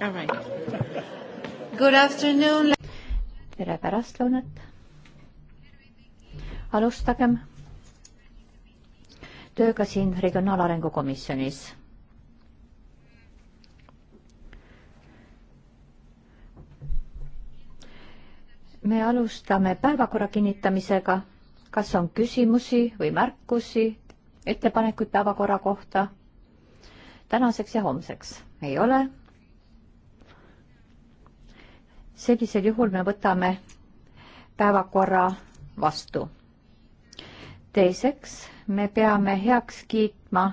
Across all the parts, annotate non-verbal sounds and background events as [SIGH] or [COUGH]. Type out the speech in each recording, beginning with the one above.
All right. Good afternoon. tere pärastlõunat. alustagem tööga siin Regionaalarengu Komisjonis. me alustame päevakorra kinnitamisega. kas on küsimusi või märkusi, ettepanekuid päevakorra kohta? tänaseks ja homseks ei ole sellisel juhul me võtame päevakorra vastu. teiseks, me peame heaks kiitma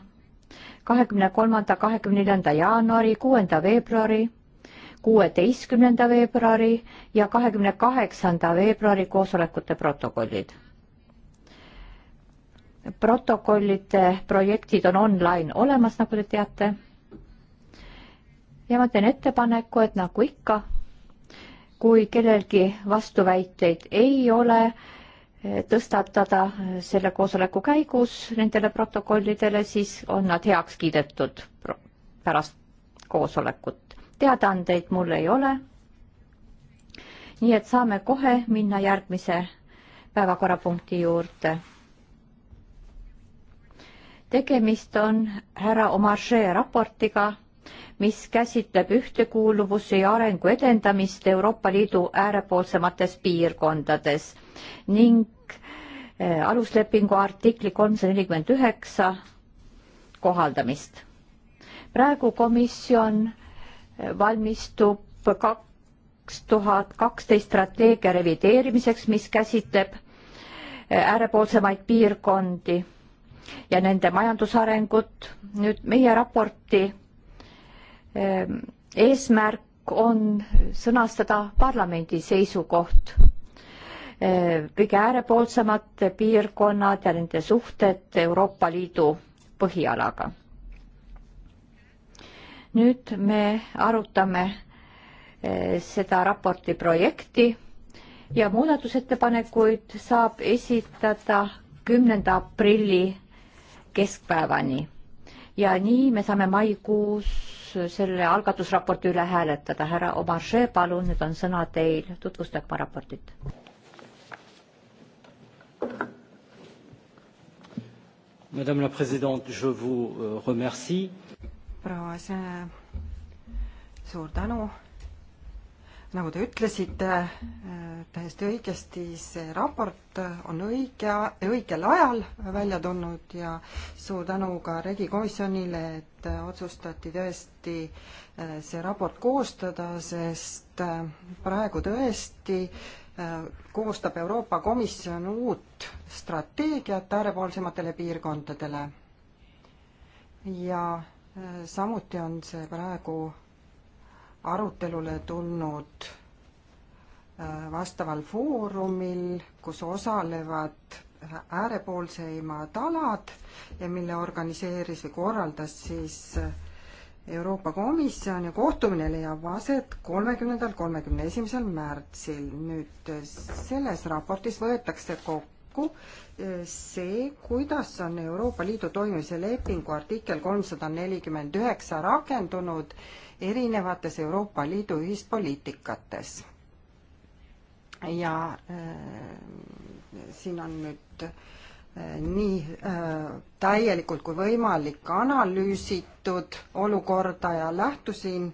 kahekümne kolmanda, kahekümne neljanda jaanuari, kuuenda veebruari, kuueteistkümnenda veebruari ja kahekümne kaheksanda veebruari koosolekute protokollid. protokollide projektid on online olemas, nagu te teate. ja ma teen ettepaneku, et nagu ikka, kui kellelgi vastuväiteid ei ole, eh, tõstatada eh, selle koosoleku käigus nendele protokollidele, siis on nad heaks kiidetud pärast koosolekut. teadaandeid mul ei ole. nii et saame kohe minna järgmise päevakorrapunkti juurde. tegemist on härra Omašee raportiga mis käsitleb ühtekuuluvuse ja arengu edendamist Euroopa Liidu äärepoolsemates piirkondades ning eh, aluslepingu artikli kolmsada nelikümmend üheksa kohaldamist. praegu komisjon eh, valmistub kaks tuhat kaksteist strateegia revideerimiseks, mis käsitleb eh, äärepoolsemaid piirkondi ja nende majandusarengut. nüüd meie raporti Ehm, eesmärk on sõnastada parlamendi seisukoht. Ehm, kõige äärepoolsemad piirkonnad ja nende suhted Euroopa Liidu põhialaga. nüüd me arutame ehm, seda raporti projekti ja muudatusettepanekuid saab esitada kümnenda aprilli keskpäevani ja nii me saame maikuus selle algatusraporti üle hääletada. härra Omaršee, palun, nüüd on sõna teil, tutvustage oma raportit. Madame la présidente, je vous euh, remercie. proua, suur tänu nagu te ütlesite äh, täiesti õigesti, see raport on õige, õigel ajal välja tulnud ja suur tänu ka Regi komisjonile, et äh, otsustati tõesti äh, see raport koostada, sest praegu tõesti koostab Euroopa Komisjon uut strateegiat äärepoolsematele piirkondadele. ja samuti on see praegu arutelule tulnud äh, vastaval foorumil, kus osalevad äärepoolseimad alad ja mille organiseeris või korraldas siis äh, Euroopa Komisjon ja kohtumine leiab aset kolmekümnendal, kolmekümne esimesel märtsil. nüüd äh, selles raportis võetakse kokku see, kuidas on Euroopa Liidu toimimise lepingu artikkel kolmsada nelikümmend üheksa rakendunud erinevates Euroopa Liidu ühispoliitikates. ja äh, siin on nüüd äh, nii äh, täielikult kui võimalik analüüsitud olukorda ja lähtusin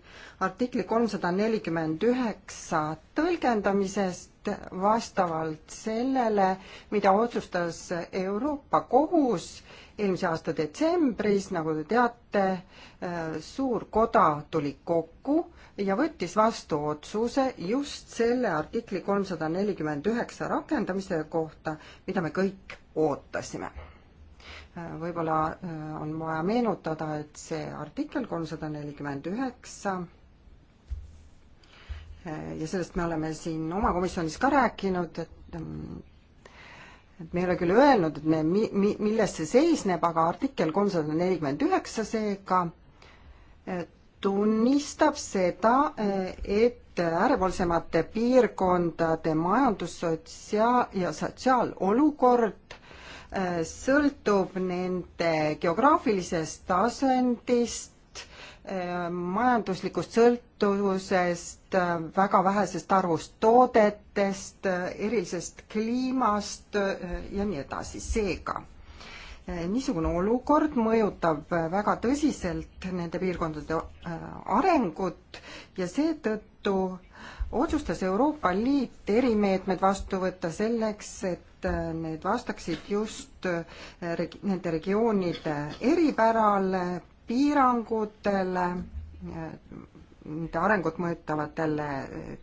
artikli kolmsada nelikümmend üheksa tõlgendamisest vastavalt sellele, mida otsustas Euroopa Kohus eelmise aasta detsembris, nagu te teate, äh, suur koda tuli kokku ja võttis vastu otsuse just selle artikli kolmsada nelikümmend üheksa rakendamise kohta, mida me kõik ootasime. Äh, võib-olla äh, on vaja meenutada, et see artikkel kolmsada nelikümmend üheksa ja sellest me oleme siin oma komisjonis ka rääkinud, et mm, et me ei ole küll öelnud, et me, mi-, mi-, milles see seisneb, aga artikkel kolmsada nelikümmend üheksa seega eh, tunnistab seda, eh, et äärepoolsemate piirkondade majandus, sotsiaal- ja sotsiaalolukord eh, sõltub nende geograafilisest asendist, majanduslikust sõltuvusest, Äh, väga vähesest arvust toodetest, äh, erilisest kliimast äh, ja nii edasi, seega niisugune olukord mõjutab väga tõsiselt nende piirkondade arengut ja seetõttu otsustas Euroopa Liit erimeetmed vastu võtta selleks, et need vastaksid just reg-, nende regioonide eripärale, piirangutele, nende arengut mõjutavatele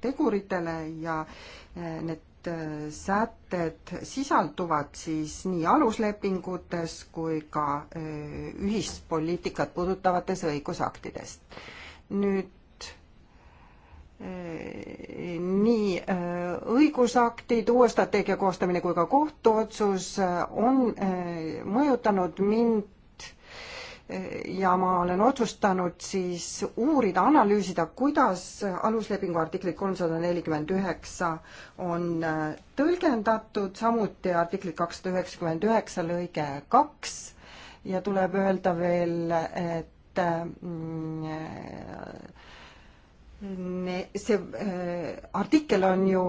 teguritele ja eh, need eh, sätted sisalduvad siis nii aluslepingutes kui ka eh, ühispoliitikat puudutavates õigusaktides. nüüd nii õigusaktid, uue strateegia koostamine kui ka kohtuotsus on mõjutanud mind ja ma olen otsustanud siis uurida, analüüsida, kuidas aluslepingu artiklit kolmsada nelikümmend üheksa on äh, tõlgendatud, samuti artiklit kakssada üheksakümmend üheksa lõige kaks ja tuleb öelda veel, et äh, mm, äh, see artikkel on ju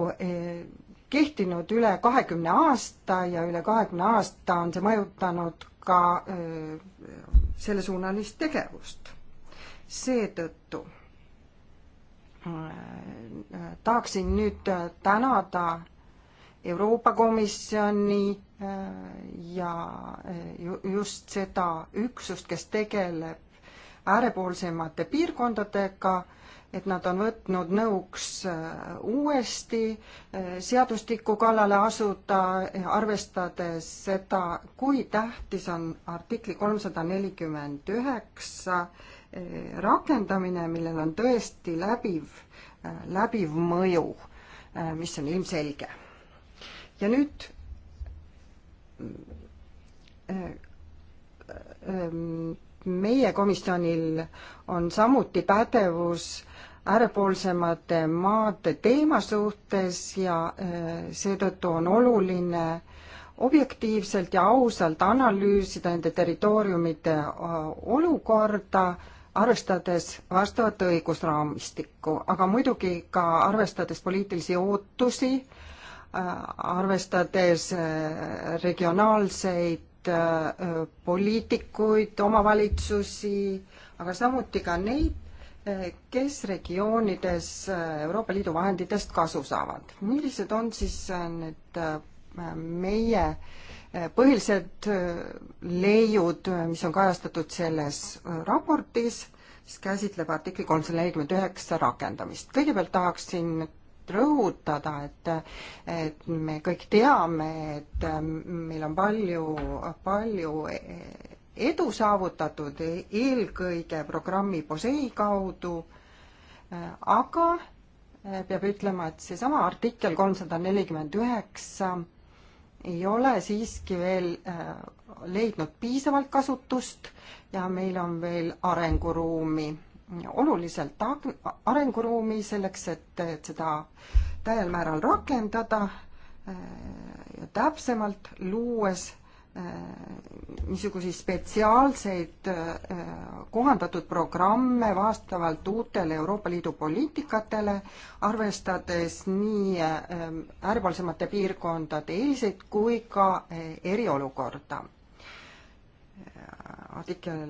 kehtinud üle kahekümne aasta ja üle kahekümne aasta on see mõjutanud ka öö, sellesuunalist tegevust. seetõttu äh, tahaksin nüüd tänada Euroopa Komisjoni äh, ja äh, just seda üksust, kes tegeleb äärepoolsemate piirkondadega et nad on võtnud nõuks äh, uuesti äh, seadustiku kallale asuda, arvestades seda, kui tähtis on artikli kolmsada nelikümmend üheksa äh, rakendamine, millel on tõesti läbiv, läbiv mõju, mis on ilmselge. ja nüüd meie komisjonil on samuti pädevus äärepoolsemate maade teema suhtes ja äh, seetõttu on oluline objektiivselt ja ausalt analüüsida nende territooriumide äh, olukorda, arvestades vastavat õigusraamistikku, aga muidugi ka arvestades poliitilisi ootusi, äh, arvestades regionaalseid poliitikuid, omavalitsusi, aga samuti ka neid kes regioonides äh, Euroopa Liidu vahenditest kasu saavad. millised on siis äh, need äh, meie põhilised leiud, mis on kajastatud selles raportis, mis käsitleb artikli kolmsada nelikümmend üheksa rakendamist. kõigepealt tahaksin rõhutada, et, et me kõik teame, et meil on palju, palju edu saavutatud eelkõige programmi POSEI kaudu, äh, aga äh, peab ütlema, et seesama artikkel kolmsada nelikümmend üheksa ei ole siiski veel äh, leidnud piisavalt kasutust ja meil on veel arenguruumi, oluliselt arenguruumi selleks, et, et seda täiel määral rakendada ja täpsemalt luues Äh, niisuguseid spetsiaalseid äh, kohandatud programme vastavalt uutele Euroopa Liidu poliitikatele, arvestades nii äh, ärbalsemate piirkondade eeliseid kui ka eriolukorda. artikkel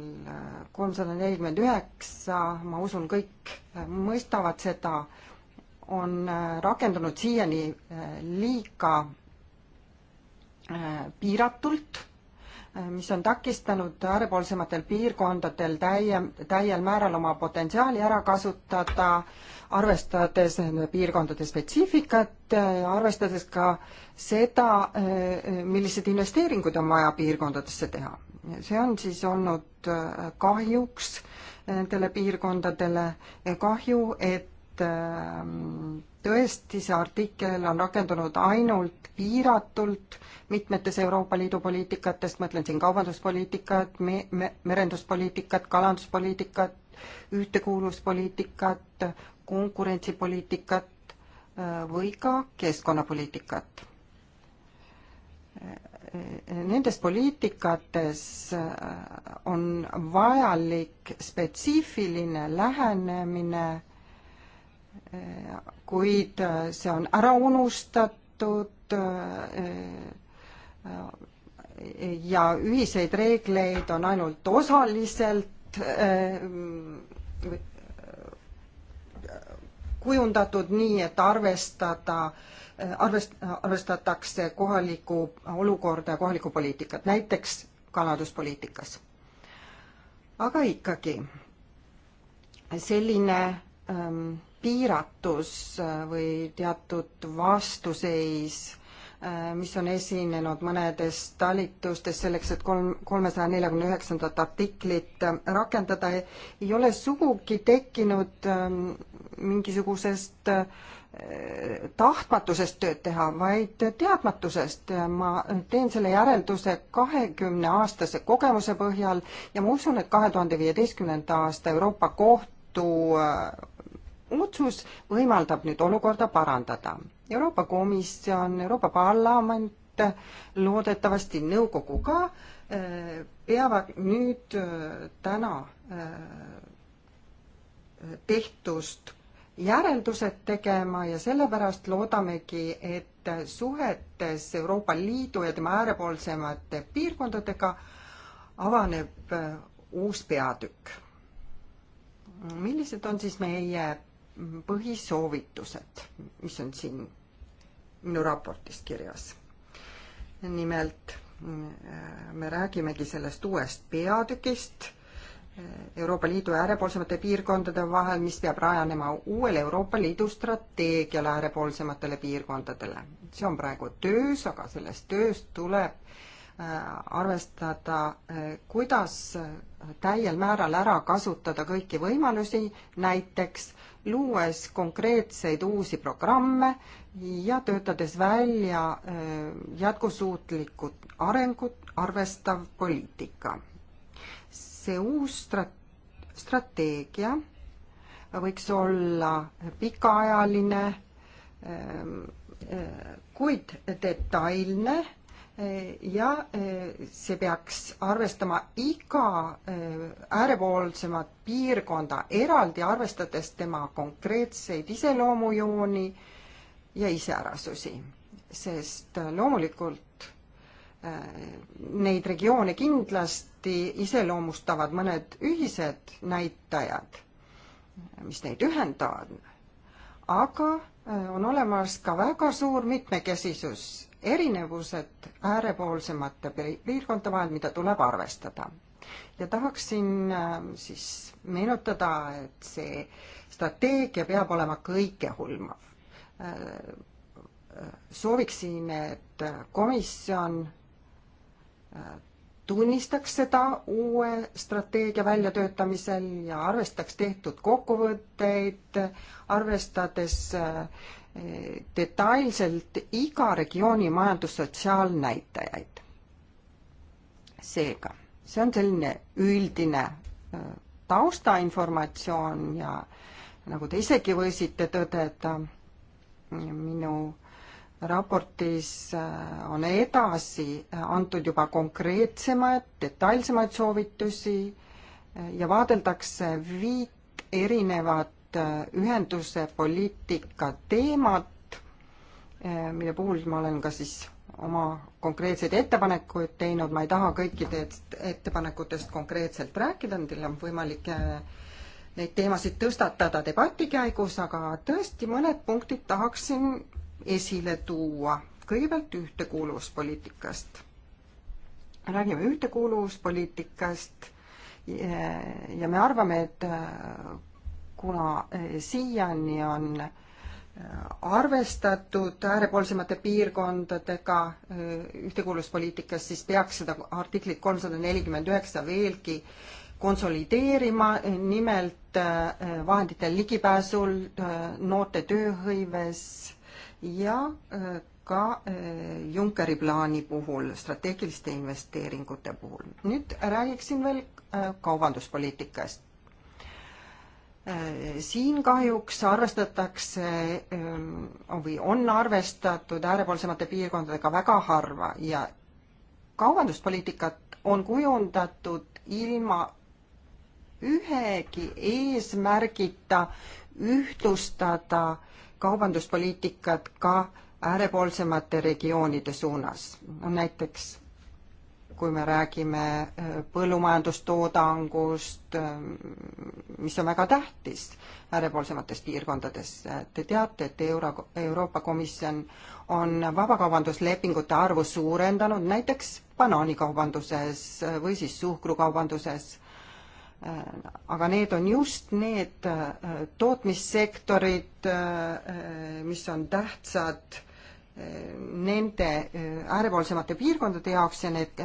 kolmsada nelikümmend üheksa, ma usun, kõik mõistavad seda, on rakendunud siiani liiga Äh, piiratult, äh, mis on takistanud äärepoolsematel piirkondadel täie, täiel määral oma potentsiaali ära kasutada, arvestades nende piirkondade spetsiifikat, äh, arvestades ka seda, millised investeeringud on vaja piirkondadesse teha. see on siis olnud kahjuks nendele piirkondadele, kahju, et Ähm, tõesti see artikkel on rakendunud ainult piiratult mitmetes Euroopa Liidu poliitikatest, mõtlen siin kaubanduspoliitikat, me-, me-, merenduspoliitikat, kalanduspoliitikat, ühtekuuluvuspoliitikat, konkurentsipoliitikat äh, või ka keskkonnapoliitikat. Nendes poliitikates äh, on vajalik spetsiifiline lähenemine kuid äh, see on ära unustatud äh, äh, ja ühiseid reegleid on ainult osaliselt kujundatud nii, et arvestada, arvest-, arvestatakse kohalikku olukorda ja kohalikku poliitikat, näiteks kalanduspoliitikas. aga ikkagi selline ähm, piiratus äh, või teatud vastuseis, äh, mis on esinenud mõnedes talitustes selleks, et kolm, kolmesaja neljakümne üheksandat artiklit äh, rakendada, ei ole sugugi tekkinud ähm, mingisugusest tahtmatusest tööd teha, vaid teadmatusest. ma teen selle järelduse kahekümne aastase kogemuse põhjal ja ma usun, et kahe tuhande viieteistkümnenda aasta Euroopa Kohtu otsus võimaldab nüüd olukorda parandada. Euroopa Komisjon, Euroopa Parlament, loodetavasti nõukogu ka, äh, peavad nüüd äh, täna äh, tehtust järeldused tegema ja sellepärast loodamegi, et suhetes Euroopa Liidu ja tema äärepoolsemate piirkondadega avaneb uus peatükk. millised on siis meie põhisoovitused, mis on siin minu raportis kirjas. nimelt äh, me räägimegi sellest uuest peatükist äh, Euroopa Liidu äärepoolsemate piirkondade vahel, mis peab rajanema uuele Euroopa Liidu strateegiale äärepoolsematele piirkondadele. see on praegu töös, aga sellest tööst tuleb äh, Äh, arvestada, äh, kuidas äh, täiel määral ära kasutada kõiki võimalusi, näiteks luues konkreetseid uusi programme ja töötades välja jätkusuutlikud arengut arvestav poliitika. see uus strat-, strateegia võiks olla pikaajaline, ähm, kuid detailne Eh, ja eh, see peaks arvestama iga eh, äärepoolsemat piirkonda eraldi, arvestades tema konkreetseid iseloomujooni ja iseärasusi. sest loomulikult neid regioone kindlasti iseloomustavad mõned ühised näitajad, mis neid ühendavad, aga Äh, on olemas ka väga suur mitmekesisus, erinevused äärepoolsemate piirkondade vahel, mida tuleb arvestada. ja tahaksin äh, siis meenutada, et see strateegia peab olema kõikehõlmav. Äh, sooviksin, et komisjon tunnistaks seda uue strateegia väljatöötamisel ja arvestaks tehtud kokkuvõtteid, arvestades eh, detailselt iga regiooni majandussotsiaalnäitajaid. seega, see on selline üldine eh, taustainformatsioon ja nagu te isegi võisite tõdeda, minu raportis äh, on edasi äh, antud juba konkreetsemaid, detailsemaid soovitusi äh, ja vaadeldakse viit erinevat ühenduse poliitika teemat, mille puhul ma olen ka siis oma konkreetseid ettepanekuid teinud, ma ei taha kõikidest ettepanekutest konkreetselt rääkida, teil on võimalik neid teemasid tõstatada debati käigus, aga tõesti mõned punktid tahaksin esile tuua. kõigepealt ühtekuuluvuspoliitikast. räägime ühtekuuluvuspoliitikast eh, ja me arvame, et eh, kuna eh, siiani on arvestatud äärepoolsemate piirkondadega ühtekuuluvuspoliitikas, siis peaks seda artiklit kolmsada nelikümmend üheksa veelgi konsolideerima, nimelt vahendite ligipääsul, noorte tööhõives ja äh, ka äh, Junckeri plaani puhul, strateegiliste investeeringute puhul. nüüd räägiksin veel äh, kaubanduspoliitikast. siin kahjuks arvestatakse või on arvestatud äärepoolsemate piirkondadega väga harva ja kaubanduspoliitikat on kujundatud ilma ühegi eesmärgita ühtlustada äh, kaubanduspoliitikat ka äärepoolsemate regioonide suunas. näiteks kui me räägime äh, põllumajandustoodangust, äh, mis on väga tähtis äärepoolsemates piirkondades. Te teate, et Euro-, Euroopa Komisjon on vabakaubanduslepingute arvu suurendanud näiteks banaanikaubauses või siis suhkrukaubanduses Äh, aga need on just need äh, tootmissektorid, äh, mis on tähtsad nende äärepoolsemate piirkondade jaoks ja need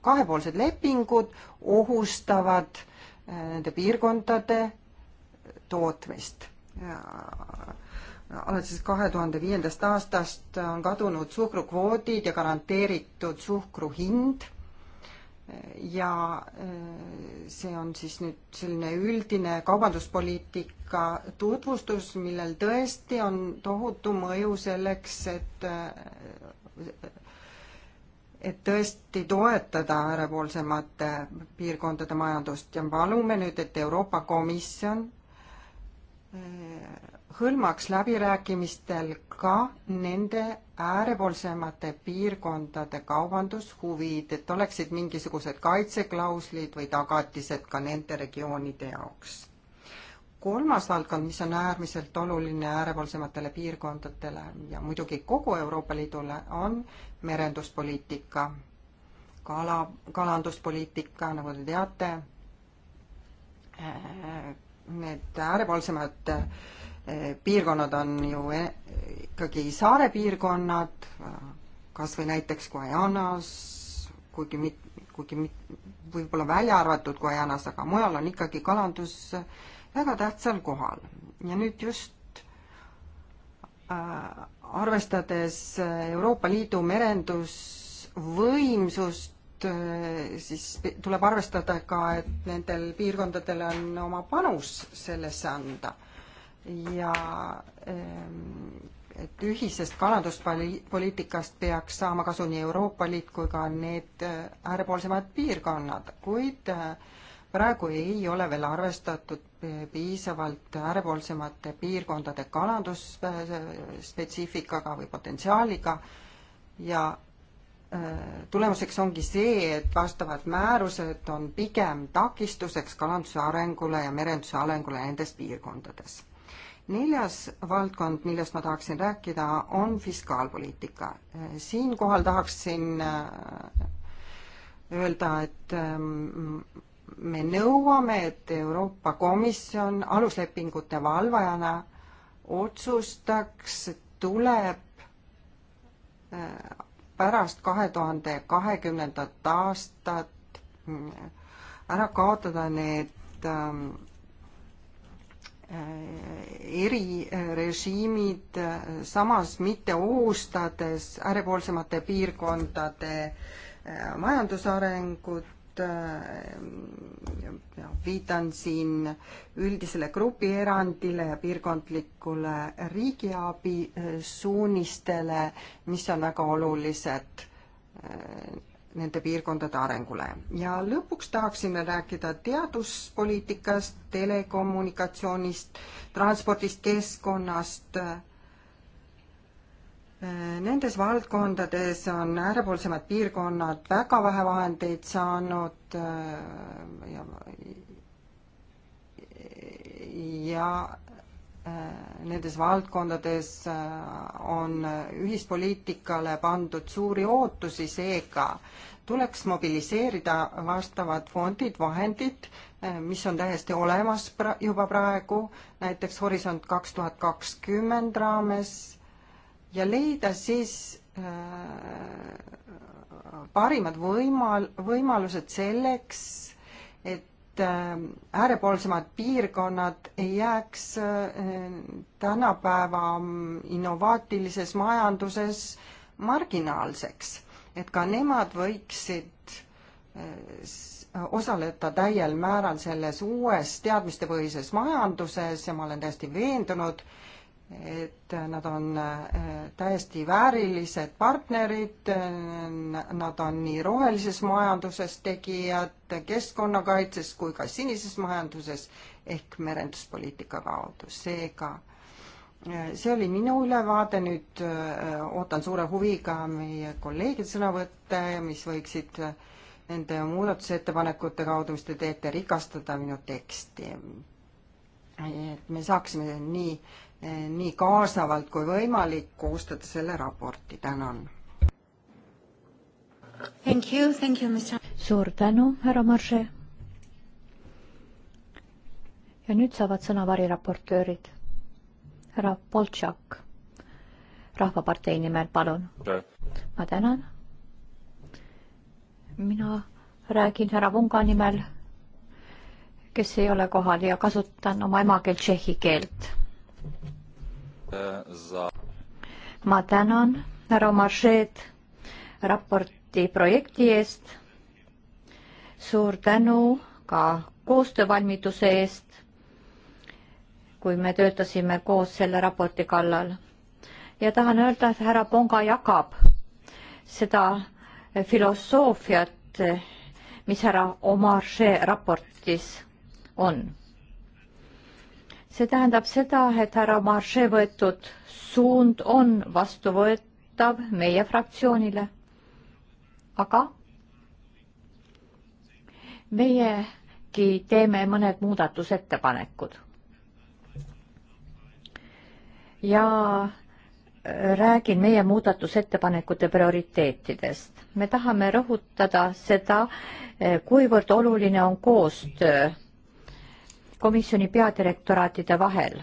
kahepoolsed lepingud ohustavad nende piirkondade tootmist. alates kahe tuhande viiendast aastast on kadunud suhkrukvoodid ja garanteeritud suhkru hind ja äh, see on siis nüüd selline üldine kaubanduspoliitika tutvustus, millel tõesti on tohutu mõju selleks, et äh, et tõesti toetada äärepoolsemate piirkondade majandust ja palume nüüd, et Euroopa Komisjon äh, hõlmaks läbirääkimistel ka nende äärepoolsemate piirkondade kaubandushuvid, et oleksid mingisugused kaitseklauslid või tagatised ka nende regioonide jaoks. kolmas valdkond, mis on äärmiselt oluline äärepoolsematele piirkondadele ja muidugi kogu Euroopa Liidule, on merenduspoliitika, kala, kalanduspoliitika, nagu te teate, need äärepoolsemad äh, piirkonnad on ju eh, ikkagi saare piirkonnad, kas või näiteks Guajanas, kuigi mit-, kuigi mit-, võib-olla välja arvatud Guajanas, aga mujal on ikkagi kalandus väga tähtsal kohal. ja nüüd just äh, arvestades äh, Euroopa Liidu merendusvõimsust äh,, siis tuleb arvestada ka, et nendel piirkondadel on oma panus sellesse anda äh, ja ehm, et ühisest kalanduspoliitikast peaks saama kasu nii Euroopa Liit kui ka need äh, äärepoolsemad piirkonnad, kuid äh, praegu ei ole veel arvestatud äh, piisavalt äärepoolsemate piirkondade kalandusspetsiifikaga või potentsiaaliga ja tulemuseks ongi see, et vastavad määrused on pigem takistuseks kalanduse arengule ja merenduse arengule nendes piirkondades neljas valdkond, millest ma tahaksin rääkida, on fiskaalpoliitika. siinkohal tahaksin äh, öelda, et ähm, me nõuame, et Euroopa Komisjon aluslepingute valvajana otsustaks, tuleb äh, pärast kahe tuhande kahekümnendat aastat mm, ära kaotada need ähm, Äh, erirežiimid, äh, samas mitte ohustades äärepoolsemate piirkondade äh, majandusarengut, viitan siin üldisele grupierandile ja piirkondlikule riigiabi suunistele, mis on väga olulised nende piirkondade arengule. ja lõpuks tahaksime rääkida teaduspoliitikast, telekommunikatsioonist, transpordist, keskkonnast. Nendes valdkondades on äärepoolsemad piirkonnad väga vähe vahendeid saanud ja ja Äh, nendes valdkondades äh, on ühispoliitikale pandud suuri ootusi, seega tuleks mobiliseerida vastavad fondid, vahendid, äh, mis on täiesti olemas pra-, juba praegu, näiteks Horisont kaks tuhat kakskümmend raames, ja leida siis äh, parimad võimal-, võimalused selleks, et Äh, äärepoolsemad piirkonnad ei jääks äh, tänapäeva mm, innovaatilises majanduses marginaalseks, et ka nemad võiksid äh, osaleda täiel määral selles uues teadmistepõhises majanduses ja ma olen täiesti veendunud, et nad on eh, täiesti väärilised partnerid, nad on nii rohelises majanduses tegijad, keskkonnakaitses kui ka sinises majanduses ehk merenduspoliitika kaudu, seega eh, see oli minu ülevaade, nüüd eh, ootan suure huviga meie kolleegide sõnavõtte, mis võiksid nende muudatusettepanekute kaudu, mis te teete, rikastada minu teksti. et me saaksime nii äh, Eh, nii kaasavalt kui võimalik koostada selle raporti, tänan. suur tänu, härra Marše. ja nüüd saavad sõna variraportöörid. härra Boltšak, Rahvapartei nimel, palun. ma tänan. mina räägin härra Vunga nimel, kes ei ole kohal ja kasutan oma emakeelt tšehhi keelt ma tänan härra Omaršeed raporti projekti eest. suur tänu ka koostöövalmiduse eest, kui me töötasime koos selle raporti kallal. ja tahan öelda, et härra Ponga jagab seda filosoofiat, mis härra Omaršee raportis on see tähendab seda, et härra Marche võetud suund on vastuvõetav meie fraktsioonile. aga meiegi teeme mõned muudatusettepanekud. ja räägin meie muudatusettepanekute prioriteetidest. me tahame rõhutada seda, kuivõrd oluline on koostöö komisjoni peadirektoraatide vahel.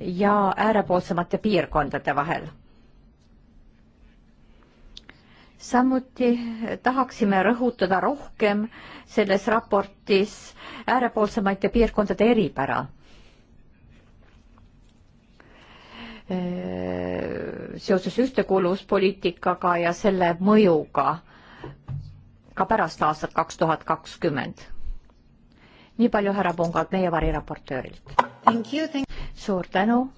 ja äärepoolsemate piirkondade vahel. samuti tahaksime rõhutada rohkem selles raportis äärepoolsemate piirkondade eripära seoses ühtekuuluvuspoliitikaga ja selle mõjuga ka pärast aastat kaks tuhat kakskümmend. nii palju, härra Pungalt, meie variraportöörilt. suur tänu.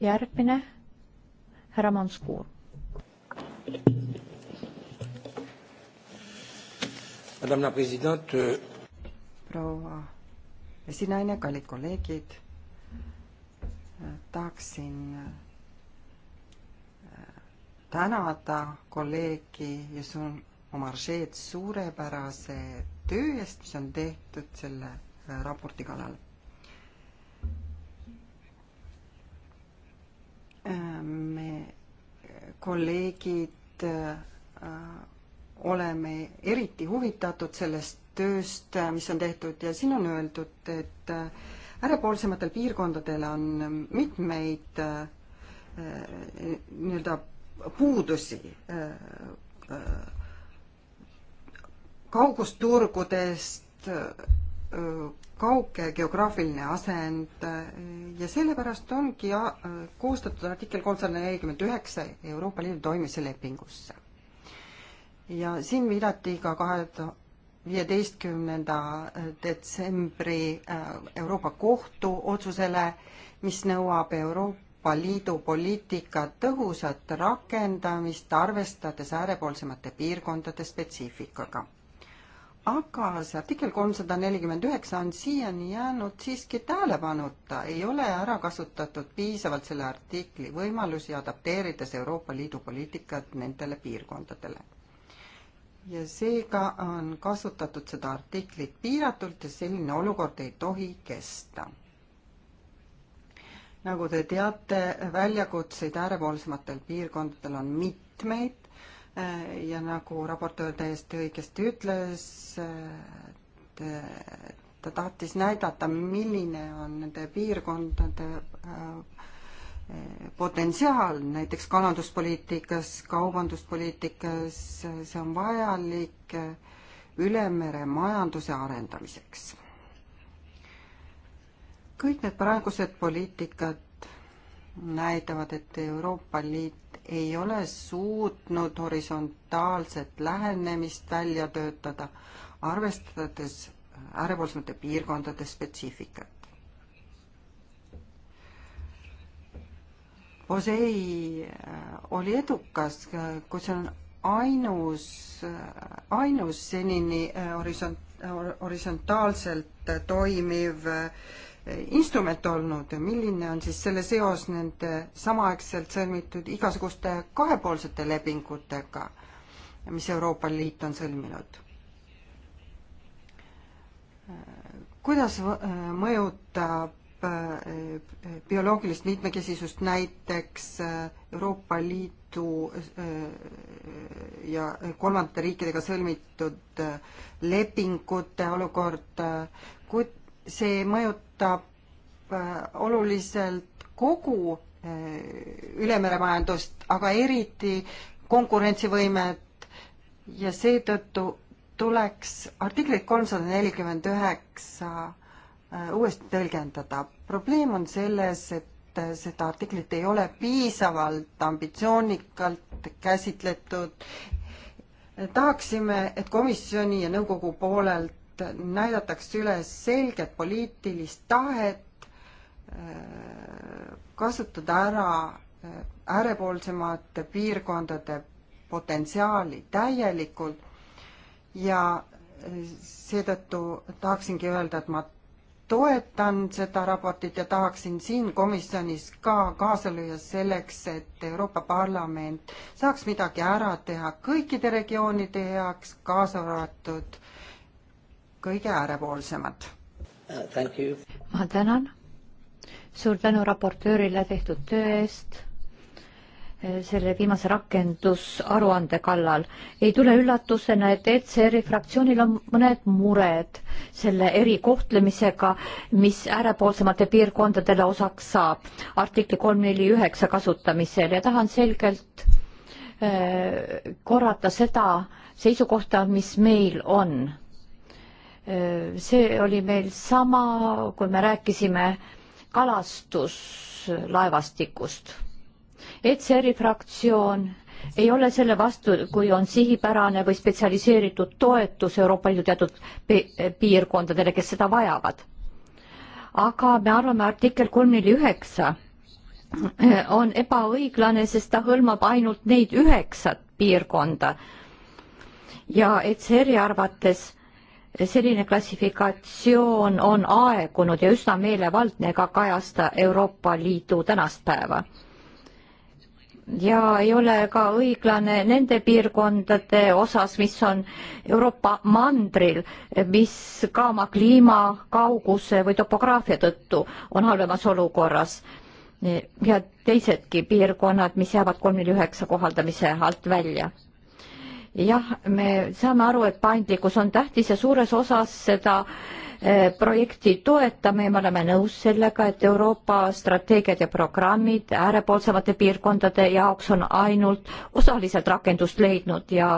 järgmine, härra Manskuur. Euh, proua esinaine, kallid kolleegid, tahaksin äh, tänada kolleegi Jusun Omaršeed suurepärase töö eest, mis on tehtud selle äh, raporti kallal. Äh, me äh, kolleegid oleme eriti huvitatud sellest tööst, mis on tehtud ja siin on öeldud, et äärepoolsematel piirkondadel on mitmeid nii-öelda puudusi kaugusturgudest kauge geograafiline asend ja sellepärast ongi äh, koostatud artikkel kolmsada nelikümmend üheksa Euroopa Liidu toimimise lepingusse. ja siin viidati ka kahe viieteistkümnenda detsembri äh, Euroopa Kohtu otsusele, mis nõuab Euroopa Liidu poliitika tõhusat rakendamist, arvestades äärepoolsemate piirkondade spetsiifikaga aga see artikkel kolmsada nelikümmend üheksa on siiani jäänud siiski tähelepanuta, ei ole ära kasutatud piisavalt selle artikli võimalusi, adapteerides Euroopa Liidu poliitikat nendele piirkondadele. ja seega on kasutatud seda artiklit piiratult ja selline olukord ei tohi kesta. nagu te teate, väljakutseid äärepoolsematel piirkondadel on mitmeid ja nagu raportöör täiesti õigesti ütles, ta tahtis näidata, milline on nende piirkondade äh, potentsiaal näiteks kalanduspoliitikas, kaubanduspoliitikas, see on vajalik ülemere majanduse arendamiseks. kõik need praegused poliitikad näitavad, et Euroopa Liit ei ole suutnud horisontaalset lähenemist välja töötada, arvestades äärepoolsemate piirkondade spetsiifikat. Posei äh, oli edukas, kui see on ainus, äh, ainus senini äh, horisont, horisontaalselt toimiv äh, instrument olnud ja milline on siis selle seos nende samaaegselt sõlmitud igasuguste kahepoolsete lepingutega, mis Euroopa Liit on sõlminud? kuidas mõjutab äh, bioloogilist mitmekesisust näiteks äh, Euroopa Liidu äh, ja kolmandate riikidega sõlmitud lepingute olukord, kui see mõjutab mõjutab äh, oluliselt kogu äh, ülemeremajandust, aga eriti konkurentsivõimet ja seetõttu tuleks artiklit kolmsada nelikümmend üheksa äh, uuesti tõlgendada. probleem on selles, et seda artiklit ei ole piisavalt ambitsioonikalt käsitletud. tahaksime, et komisjoni ja nõukogu poolelt et näidatakse üles selget poliitilist tahet äh, kasutada ära äh, äärepoolsemate piirkondade potentsiaali täielikult ja seetõttu tahaksingi öelda, et ma toetan seda raportit ja tahaksin siin komisjonis ka kaasa lüüa selleks, et Euroopa Parlament saaks midagi ära teha kõikide regioonide heaks, kaasa arvatud kõige äärepoolsemad. Uh, ma tänan. suur tänu raportöörile tehtud töö eest eh, selle viimase rakendusaruande kallal. ei tule üllatusena, et ECR-i fraktsioonil on mõned mured selle erikohtlemisega, mis äärepoolsemate piirkondadele osaks saab artikli kolm neli üheksa kasutamisel ja tahan selgelt eh, korrata seda seisukohta, mis meil on see oli meil sama, kui me rääkisime kalastuslaevastikust. ECR-i fraktsioon ei ole selle vastu, kui on sihipärane või spetsialiseeritud toetus Euroopa Liidu teatud piirkondadele, kes seda vajavad. aga me arvame, artikkel kolm neli üheksa on ebaõiglane, sest ta hõlmab ainult neid üheksat piirkonda. ja ECR-i arvates selline klassifikatsioon on aegunud ja üsna meelevaldne ega kajasta Euroopa Liidu tänast päeva. ja ei ole ka õiglane nende piirkondade osas, mis on Euroopa mandril, mis ka oma kliima, kauguse või topograafia tõttu on halvemas olukorras ja teisedki piirkonnad, mis jäävad kolm neli üheksa kohaldamise alt välja jah, me saame aru, et paindlikkus on tähtis ja suures osas seda eh, projekti toetame ja me oleme nõus sellega, et Euroopa strateegiad ja programmid äärepoolsemate piirkondade jaoks on ainult osaliselt rakendust leidnud ja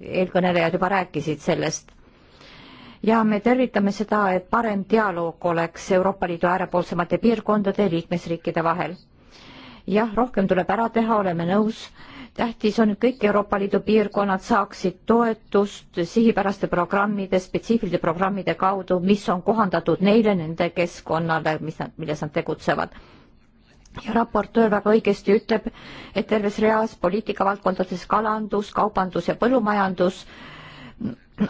eelkõnelejad juba rääkisid sellest. ja me tervitame seda, et parem dialoog oleks Euroopa Liidu äärepoolsemate piirkondade ja liikmesriikide vahel. jah, rohkem tuleb ära teha, oleme nõus tähtis on, et kõik Euroopa Liidu piirkonnad saaksid toetust sihipäraste programmide, spetsiifiliste programmide kaudu, mis on kohandatud neile, nende keskkonnale, mis nad, milles nad tegutsevad. ja raportöör väga õigesti ütleb, et terves reas poliitikavaldkondades kalandus, kaubandus ja põllumajandus äh,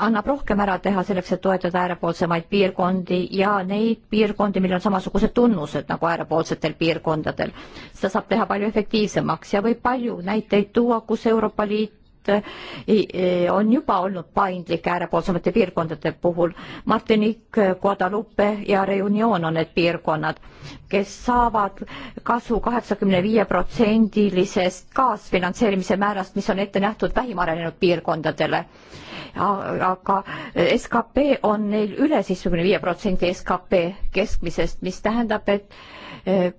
annab rohkem ära teha selleks, et toetada äärepoolsemaid piirkondi ja neid piirkondi, millel on samasugused tunnused nagu äärepoolsetel piirkondadel. seda saab teha palju efektiivsemaks ja võib palju näiteid tuua, kus Euroopa Liit Eh, eh, on juba olnud paindlik äärepoolsemate piirkondade puhul. Martinique, Guadalupe ja Reunion on need piirkonnad, kes saavad kasu kaheksakümne viie protsendilisest kaasfinantseerimise määrast, mis on ette nähtud vähim arenenud piirkondadele. aga skp on neil üle seitsmekümne viie protsendi skp keskmisest, mis tähendab, et eh,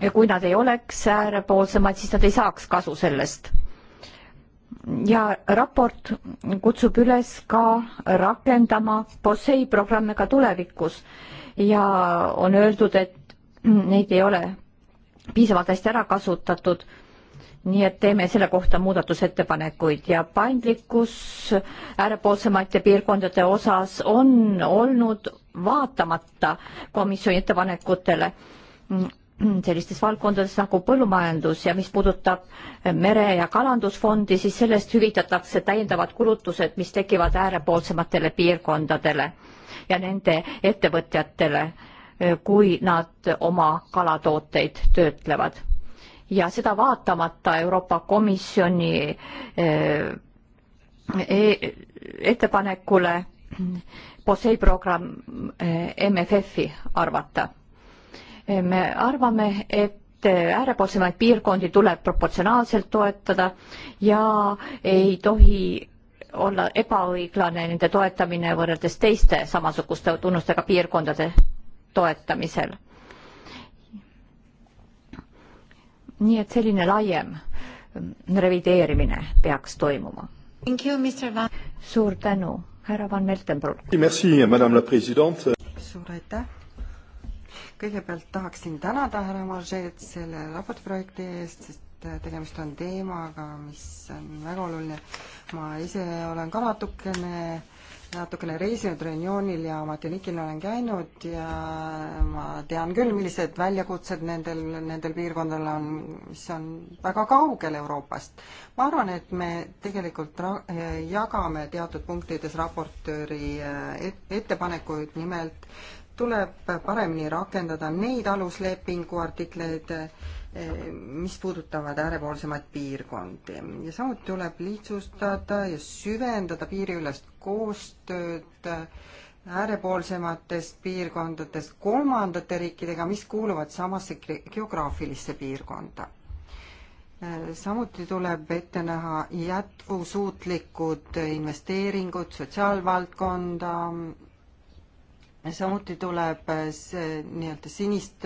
ja kui nad ei oleks äärepoolsemad, siis nad ei saaks kasu sellest. ja raport kutsub üles ka rakendama POSEI programme ka tulevikus ja on öeldud, et neid ei ole piisavalt hästi ära kasutatud nii et teeme selle kohta muudatusettepanekuid ja paindlikkus äärepoolsemate piirkondade osas on olnud vaatamata komisjoni ettepanekutele [CLEARS THROAT] sellistes valdkondades nagu põllumajandus ja mis puudutab eh, mere- ja kalandusfondi, siis sellest hüvitatakse täiendavad kulutused, mis tekivad äärepoolsematele piirkondadele ja nende ettevõtjatele, eh, kui nad oma kalatooteid töötlevad. ja seda vaatamata Euroopa Komisjoni eh, e-, ettepanekule POSEI programm MFF-i arvata me arvame, et äärepoolsemaid piirkondi tuleb proportsionaalselt toetada ja ei tohi olla ebaõiglane nende toetamine võrreldes teiste samasuguste tunnustega piirkondade toetamisel. nii et selline laiem revideerimine peaks toimuma. suur tänu, härra Van Meltenbrug. suur aitäh kõigepealt tahaksin tänada härra Marget selle raportprojekti eest, sest äh, tegemist on teemaga, mis on väga oluline. ma ise olen ka natukene, natukene reisinud Reunionil ja Martiniquil olen käinud ja ma tean küll, millised väljakutsed nendel, nendel piirkondadel on, mis on väga kaugel Euroopast. ma arvan, et me tegelikult ra-, jagame teatud punktides raportööri äh, et-, ettepanekuid, nimelt tuleb paremini rakendada neid aluslepingu artikleid, eh, mis puudutavad äärepoolsemaid piirkondi ja samuti tuleb lihtsustada ja süvendada piiriülest koostööd äärepoolsematest piirkondadest kolmandate riikidega, mis kuuluvad samasse geograafilisse piirkonda. Eh, samuti tuleb ette näha jätkusuutlikud investeeringud sotsiaalvaldkonda, samuti tuleb see nii-öelda sinist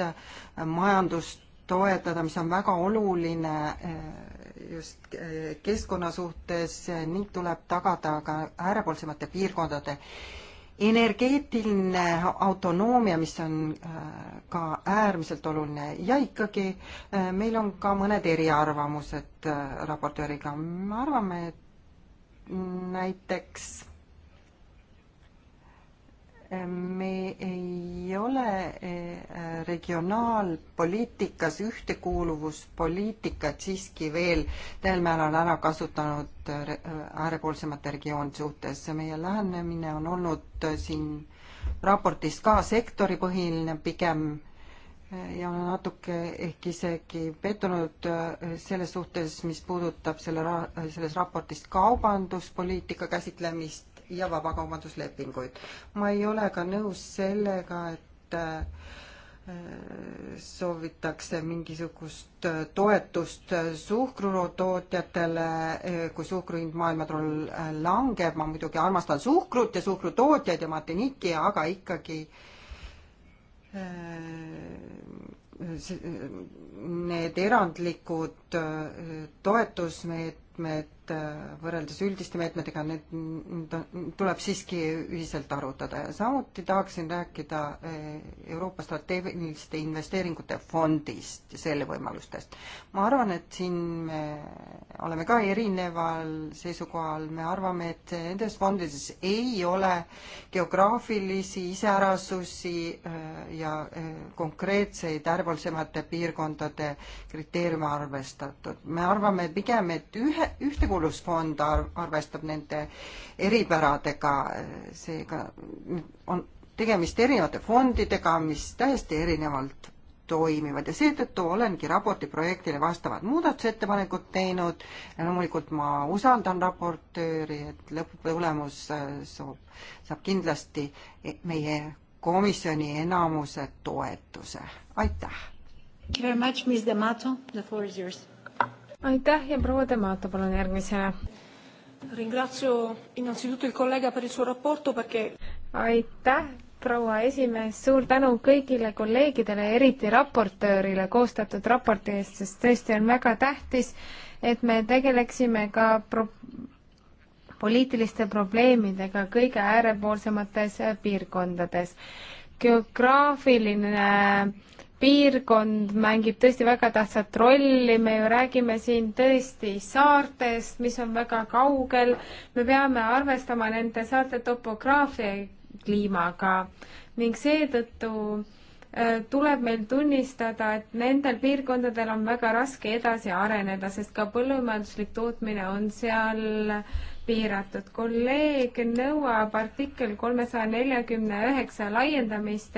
majandust toetada, mis on väga oluline eh, just eh, keskkonna suhtes ning tuleb tagada ka äärepoolsemate piirkondade energeetiline autonoomia, mis on eh, ka äärmiselt oluline ja ikkagi meil on ka mõned eriarvamused raportööriga. me arvame, et näiteks me ei ole eh, regionaalpoliitikas ühtekuuluvuspoliitikat siiski veel täiel määral ära kasutanud eh, äärepoolsemate regioonide suhtes. meie lähenemine on olnud eh, siin raportis ka sektoripõhiline pigem ja olen natuke ehk isegi pettunud selles suhtes, mis puudutab selle ra-, selles raportis kaubanduspoliitika käsitlemist, ja vabakaubanduslepinguid. ma ei ole ka nõus sellega, et äh, soovitakse mingisugust äh, toetust äh, suhkrutootjatele, kui suhkru hind maailmaturul langeb, ma muidugi armastan suhkrut ja suhkrutootjaid ja Martiniki, aga ikkagi need erandlikud toetusmeetmed Äh, võrreldes üldiste meetmetega, need tuleb siiski ühiselt arutada ja samuti tahaksin rääkida äh, Euroopa strateegiliste investeeringute fondist ja selle võimalustest. ma arvan, et siin me oleme ka erineval seisukohal, me arvame, et nendes fondides ei ole geograafilisi iseärasusi äh, ja konkreetseid ärevulsemate piirkondade kriteeriume arvestatud. me arvame pigem, et ühe, ühte ühtekuuluvusfond ar-, arvestab nende eripäradega, seega on tegemist erinevate fondidega, mis täiesti erinevalt toimivad ja seetõttu olengi raporti projektile vastavad muudatusettepanekud teinud ja loomulikult ma usaldan raportööri, et lõpptulemus äh, saab, saab kindlasti e-, meie komisjoni enamuse toetuse. aitäh! Thank you very much, Ms D'Amato, the floor is yours aitäh ja proua Demato, palun järgmisena. aitäh, proua esimees, suur tänu kõigile kolleegidele, eriti raportöörile koostatud raporti eest, sest tõesti on väga tähtis, et me tegeleksime ka pro poliitiliste probleemidega kõige äärepoolsemates piirkondades. geograafiline äh, piirkond mängib tõesti väga tähtsat rolli, me ju räägime siin tõesti saartest, mis on väga kaugel, me peame arvestama nende saarte topograafia kliimaga ning seetõttu äh, tuleb meil tunnistada, et nendel piirkondadel on väga raske edasi areneda, sest ka põllumajanduslik tootmine on seal äh, piiratud. kolleeg nõuab artikkel kolmesaja neljakümne üheksa laiendamist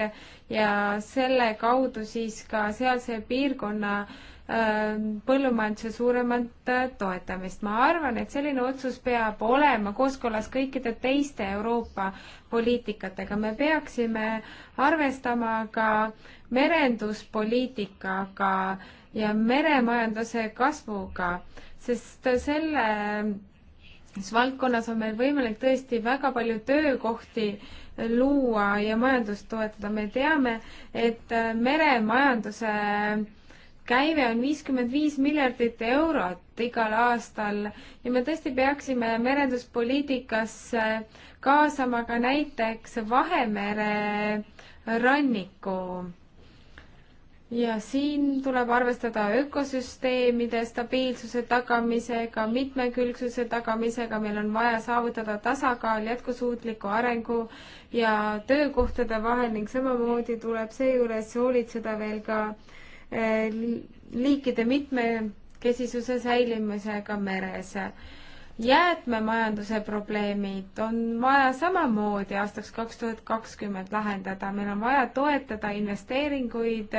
ja selle kaudu siis ka sealse piirkonna ähm, põllumajanduse suuremat äh, toetamist. ma arvan, et selline otsus peab olema kooskõlas kõikide teiste Euroopa poliitikatega. me peaksime arvestama ka merenduspoliitikaga ja meremajanduse kasvuga, sest selle selles valdkonnas on meil võimalik tõesti väga palju töökohti luua ja majandust toetada. me teame, et äh, meremajanduse käive on viiskümmend viis miljardit eurot igal aastal ja me tõesti peaksime merenduspoliitikasse kaasama ka näiteks Vahemere ranniku ja siin tuleb arvestada ökosüsteemide stabiilsuse tagamisega, mitmekülgsuse tagamisega, meil on vaja saavutada tasakaal jätkusuutliku arengu ja töökohtade vahel ning samamoodi tuleb seejuures hoolitseda veel ka eh, liikide mitmekesisuse säilimisega meres jäätmemajanduse probleemid on vaja samamoodi aastaks kaks tuhat kakskümmend lahendada, meil on vaja toetada investeeringuid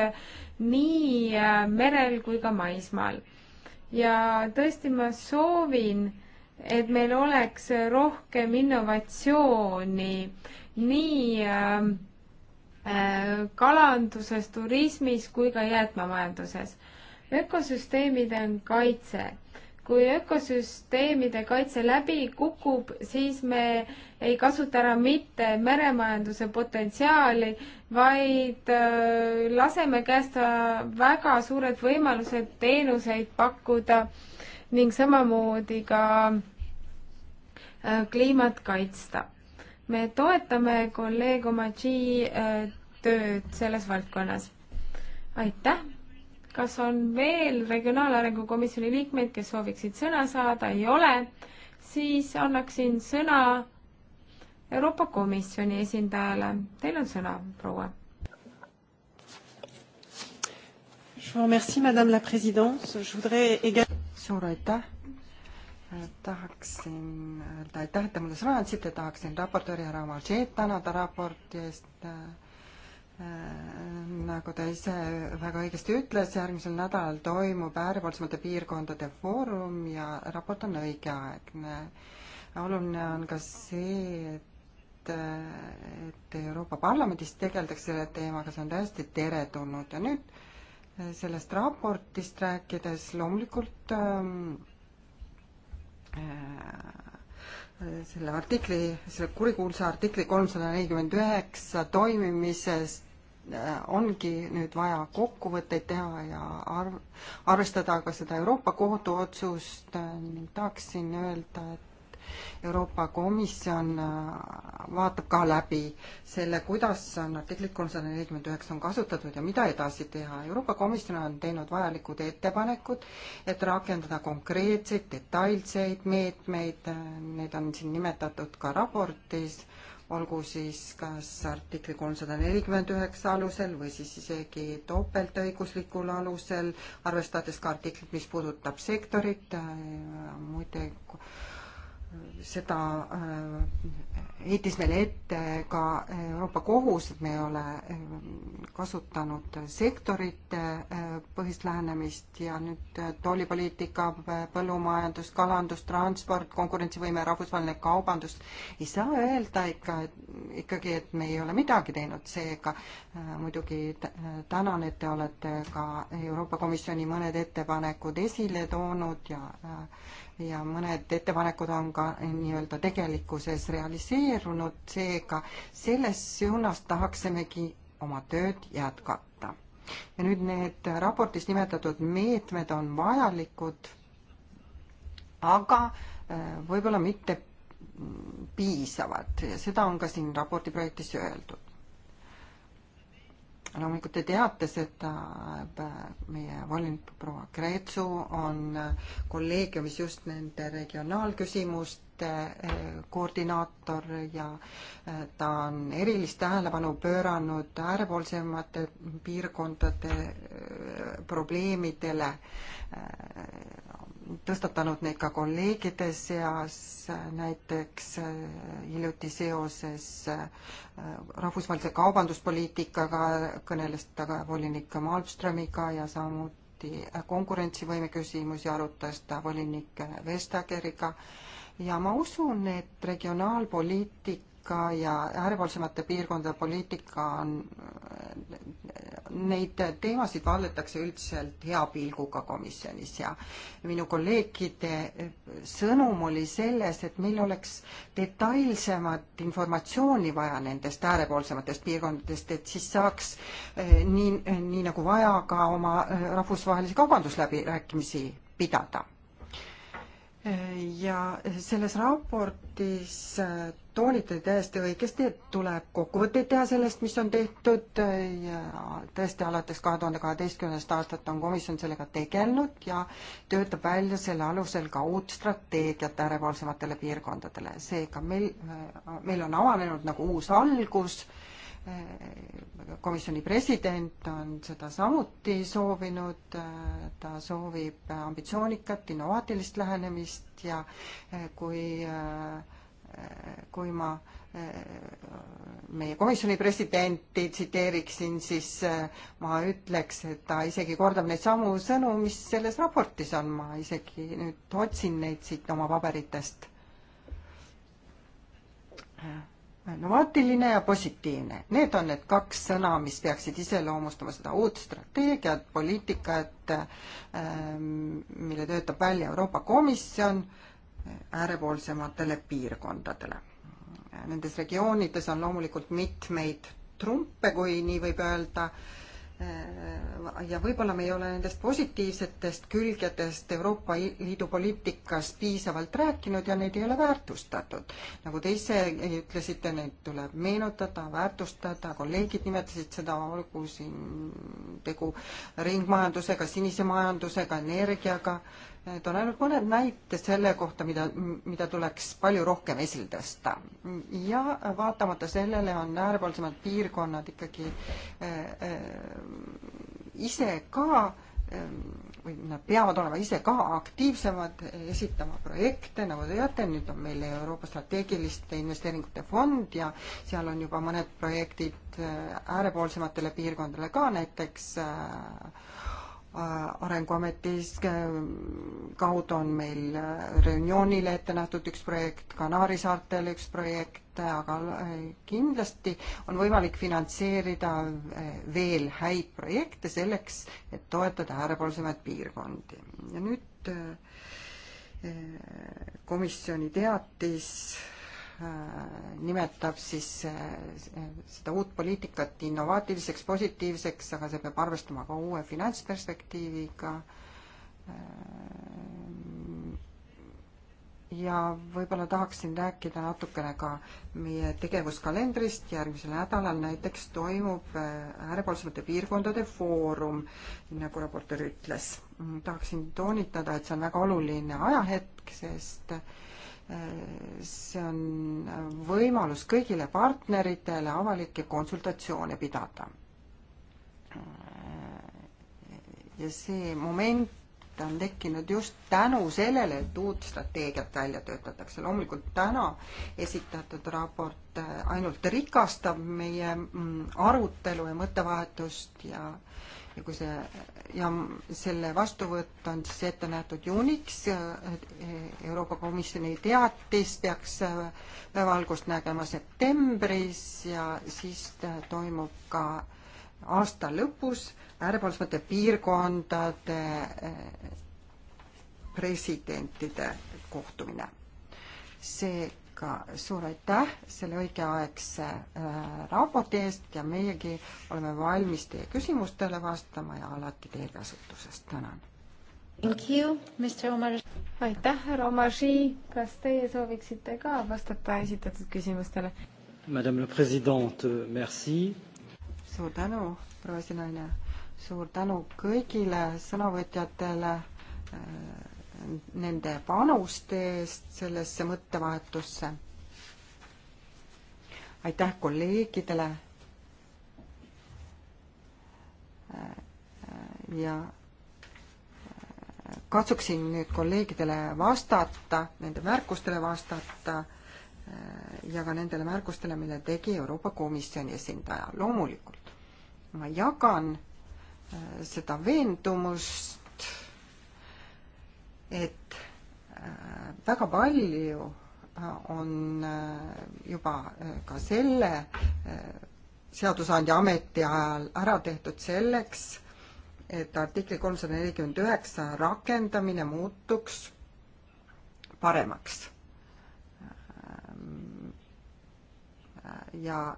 nii äh, merel kui ka maismaal. ja tõesti, ma soovin, et meil oleks rohkem innovatsiooni nii äh, äh, kalanduses, turismis kui ka jäätmemajanduses. ökosüsteemide kaitse kui ökosüsteemide kaitse läbi kukub, siis me ei kasuta ära mitte meremajanduse potentsiaali, vaid äh, laseme käest väga suured võimalused teenuseid pakkuda ning samamoodi ka äh, kliimat kaitsta. me toetame kolleeg Omachi äh, tööd selles valdkonnas. aitäh! kas on veel Regionaalarengu Komisjoni liikmeid, kes sooviksid sõna saada? ei ole. siis annaksin sõna Euroopa Komisjoni esindajale. Teil on sõna, proua. suur aitäh tahaksin öelda aitäh, et te mulle sõna andsite, tahaksin raportööri härra Omažeed tänada raporti eest äh, Äh, nagu ta ise väga õigesti ütles, järgmisel nädalal toimub äärepoolsemate piirkondade foorum ja raport on õigeaegne. oluline on ka see, et, et Euroopa Parlamendis tegeldakse selle teemaga, see on täiesti teretulnud ja nüüd äh, sellest raportist rääkides loomulikult ähm, äh, selle artikli, selle kurikuulsa artikli kolmsada nelikümmend üheksa toimimisest Äh, ongi nüüd vaja kokkuvõtteid teha ja arv, arvestada ka seda Euroopa Kohtu otsust äh, ning tahaksin öelda, et Euroopa Komisjon äh, vaatab ka läbi selle, kuidas on artiklit kolmsada nelikümmend üheksa on kasutatud ja mida edasi teha. Euroopa Komisjon on teinud vajalikud ettepanekud, et rakendada konkreetseid detailseid meetmeid, need on siin nimetatud ka raportis olgu siis kas artikli kolmsada nelikümmend üheksa alusel või siis isegi topeltõiguslikul alusel, arvestades ka artiklit, mis puudutab sektorit, äh, muide seda äh, heitis meile ette ka Euroopa Kohus, et me ei ole äh, kasutanud sektorite äh, põhist lähenemist ja nüüd tollipoliitika, põllumajandus, kalandus, transport, konkurentsivõime, rahvusvaheline kaubandus, ei saa öelda ikka, ikkagi, et me ei ole midagi teinud, seega muidugi tänan, et te olete ka Euroopa Komisjoni mõned ettepanekud esile toonud ja ja mõned ettepanekud on ka nii-öelda tegelikkuses realiseerunud, seega selles suunas tahaksimegi oma tööd jätkata. ja nüüd need raportis nimetatud meetmed on vajalikud, aga äh, võib-olla mitte piisavad ja seda on ka siin raporti projektis öeldud loomulikult te teate seda, äh, meie volinik proua Kreetsu on äh, kolleegiumis just nende regionaalküsimuste äh, koordinaator ja ta on erilist tähelepanu pööranud äärepoolsemate piirkondade probleemidele tõstatanud neid ka kolleegide seas, näiteks äh, hiljuti seoses äh, rahvusvahelise kaubanduspoliitikaga kõneles ta ka volinik Malmströmiga ja samuti äh, konkurentsivõime küsimusi arutas ta volinik Vestageriga ja ma usun, et regionaalpoliitika poliitika ja äärepoolsemate piirkondade poliitika on, neid teemasid vaadatakse üldiselt hea pilguga komisjonis ja minu kolleegide sõnum oli selles, et meil oleks detailsemat informatsiooni vaja nendest äärepoolsematest piirkondadest, et siis saaks eh, nii, nii nagu vaja, ka oma eh, rahvusvahelisi kaubandusläbirääkimisi pidada eh, ja selles raportis toonitati täiesti õigesti, et tuleb kokkuvõtteid teha sellest, mis on tehtud ja tõesti alates kahe tuhande kaheteistkümnendast aastat on komisjon sellega tegelenud ja töötab välja selle alusel ka uut strateegiat äärepoolsematele piirkondadele. seega meil, meil on avanenud nagu uus algus, komisjoni president on seda samuti soovinud, ta soovib ambitsioonikat, innovaatilist lähenemist ja kui äh, kui ma meie komisjoni presidenti tsiteeriksin, siis äh, ma ütleks, et ta isegi kordab neid samu sõnu, mis selles raportis on, ma isegi nüüd otsin neid siit oma paberitest. innovaatiline äh, ja positiivne, need on need kaks sõna, mis peaksid iseloomustama seda uut strateegiat, poliitikat, äh, mille töötab välja Euroopa Komisjon äärepoolsematele piirkondadele. Nendes regioonides on loomulikult mitmeid trumpe, kui nii võib öelda, ja võib-olla me ei ole nendest positiivsetest külgedest Euroopa Liidu poliitikas piisavalt rääkinud ja neid ei ole väärtustatud. nagu te ise ütlesite, neid tuleb meenutada, väärtustada, kolleegid nimetasid seda, olgu siin tegu ringmajandusega, sinise majandusega, energiaga Need on ainult mõned näited selle kohta, mida, mida tuleks palju rohkem esile tõsta. ja vaatamata sellele on äärepoolsemad piirkonnad ikkagi äh, äh, ise ka äh, või nad peavad olema ise ka aktiivsemad, esitama projekte, nagu te teate, nüüd on meil Euroopa strateegiliste investeeringute fond ja seal on juba mõned projektid äh, äärepoolsematele piirkondadele ka, näiteks äh, Äh, arenguametis äh, kaudu on meil äh, Reunionile ette nähtud üks projekt, Kanaari saartel üks projekt, aga kindlasti on võimalik finantseerida veel häid projekte selleks, et toetada äärepoolsemaid piirkondi. ja nüüd komisjoni teatis Äh, nimetab siis äh, seda uut poliitikat innovaatiliseks, positiivseks, aga see peab arvestama ka uue finantsperspektiiviga. Äh, ja võib-olla tahaksin rääkida natukene ka meie tegevuskalendrist, järgmisel nädalal näiteks toimub äärepoolsemate piirkondade foorum, nagu raportöör ütles. tahaksin toonitada, et see on väga oluline ajahetk, sest äh, see on võimalus kõigile partneritele avalikke konsultatsioone pidada. ja see moment on tekkinud just tänu sellele, et uut strateegiat välja töötatakse. loomulikult täna esitatud raport ainult rikastab meie mm, arutelu ja mõttevahetust ja ja kui see ja selle vastuvõtt on siis ette nähtud juuniks, eh, Euroopa Komisjoni teatis peaks päevavalgust eh, nägema septembris ja siis eh, toimub ka aasta lõpus äärepoolsemate piirkondade presidentide kohtumine. see ka suur aitäh selle õigeaegse äh, raporti eest ja meiegi oleme valmis teie küsimustele vastama ja alati teie käsutuses. tänan. Thank you, Mr Omar. aitäh, härra Omarži. kas teie sooviksite ka vastata esitatud küsimustele? Madame la president, merci. suur tänu, proua esinaine. suur tänu kõigile sõnavõtjatele äh, nende panuste eest sellesse mõttevahetusse. aitäh kolleegidele. ja katsuksin nüüd kolleegidele vastata, nende märkustele vastata ja ka nendele märkustele, mille tegi Euroopa Komisjoni esindaja. loomulikult ma jagan äh, seda veendumust, et äh, väga palju äh, on äh, juba ka selle seadusandja ametiajal ära tehtud selleks, et artikli kolmsada nelikümmend üheksa rakendamine muutuks paremaks. Ähm, ja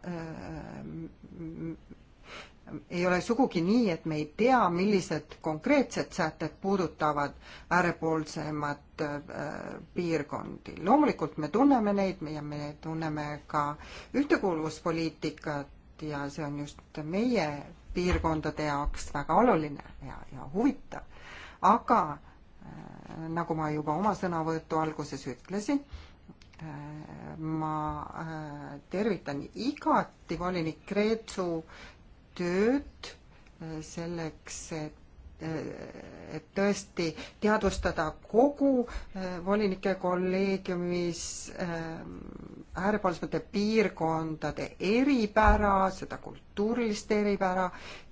ei ole sugugi nii, et me ei tea, millised konkreetsed sätted puudutavad äärepoolsemat äh, piirkondi. loomulikult me tunneme neid ja me tunneme ka ühtekuuluvuspoliitikat ja see on just meie piirkondade jaoks väga oluline ja, ja huvitav. aga äh, nagu ma juba oma sõnavõtu alguses ütlesin, äh, ma tervitan igati volinik Kreetsu tööd äh, selleks, et äh, et tõesti teadvustada kogu äh, volinike kolleegiumis äärepoolsemate piirkondade eripära, seda kultuurilist eripära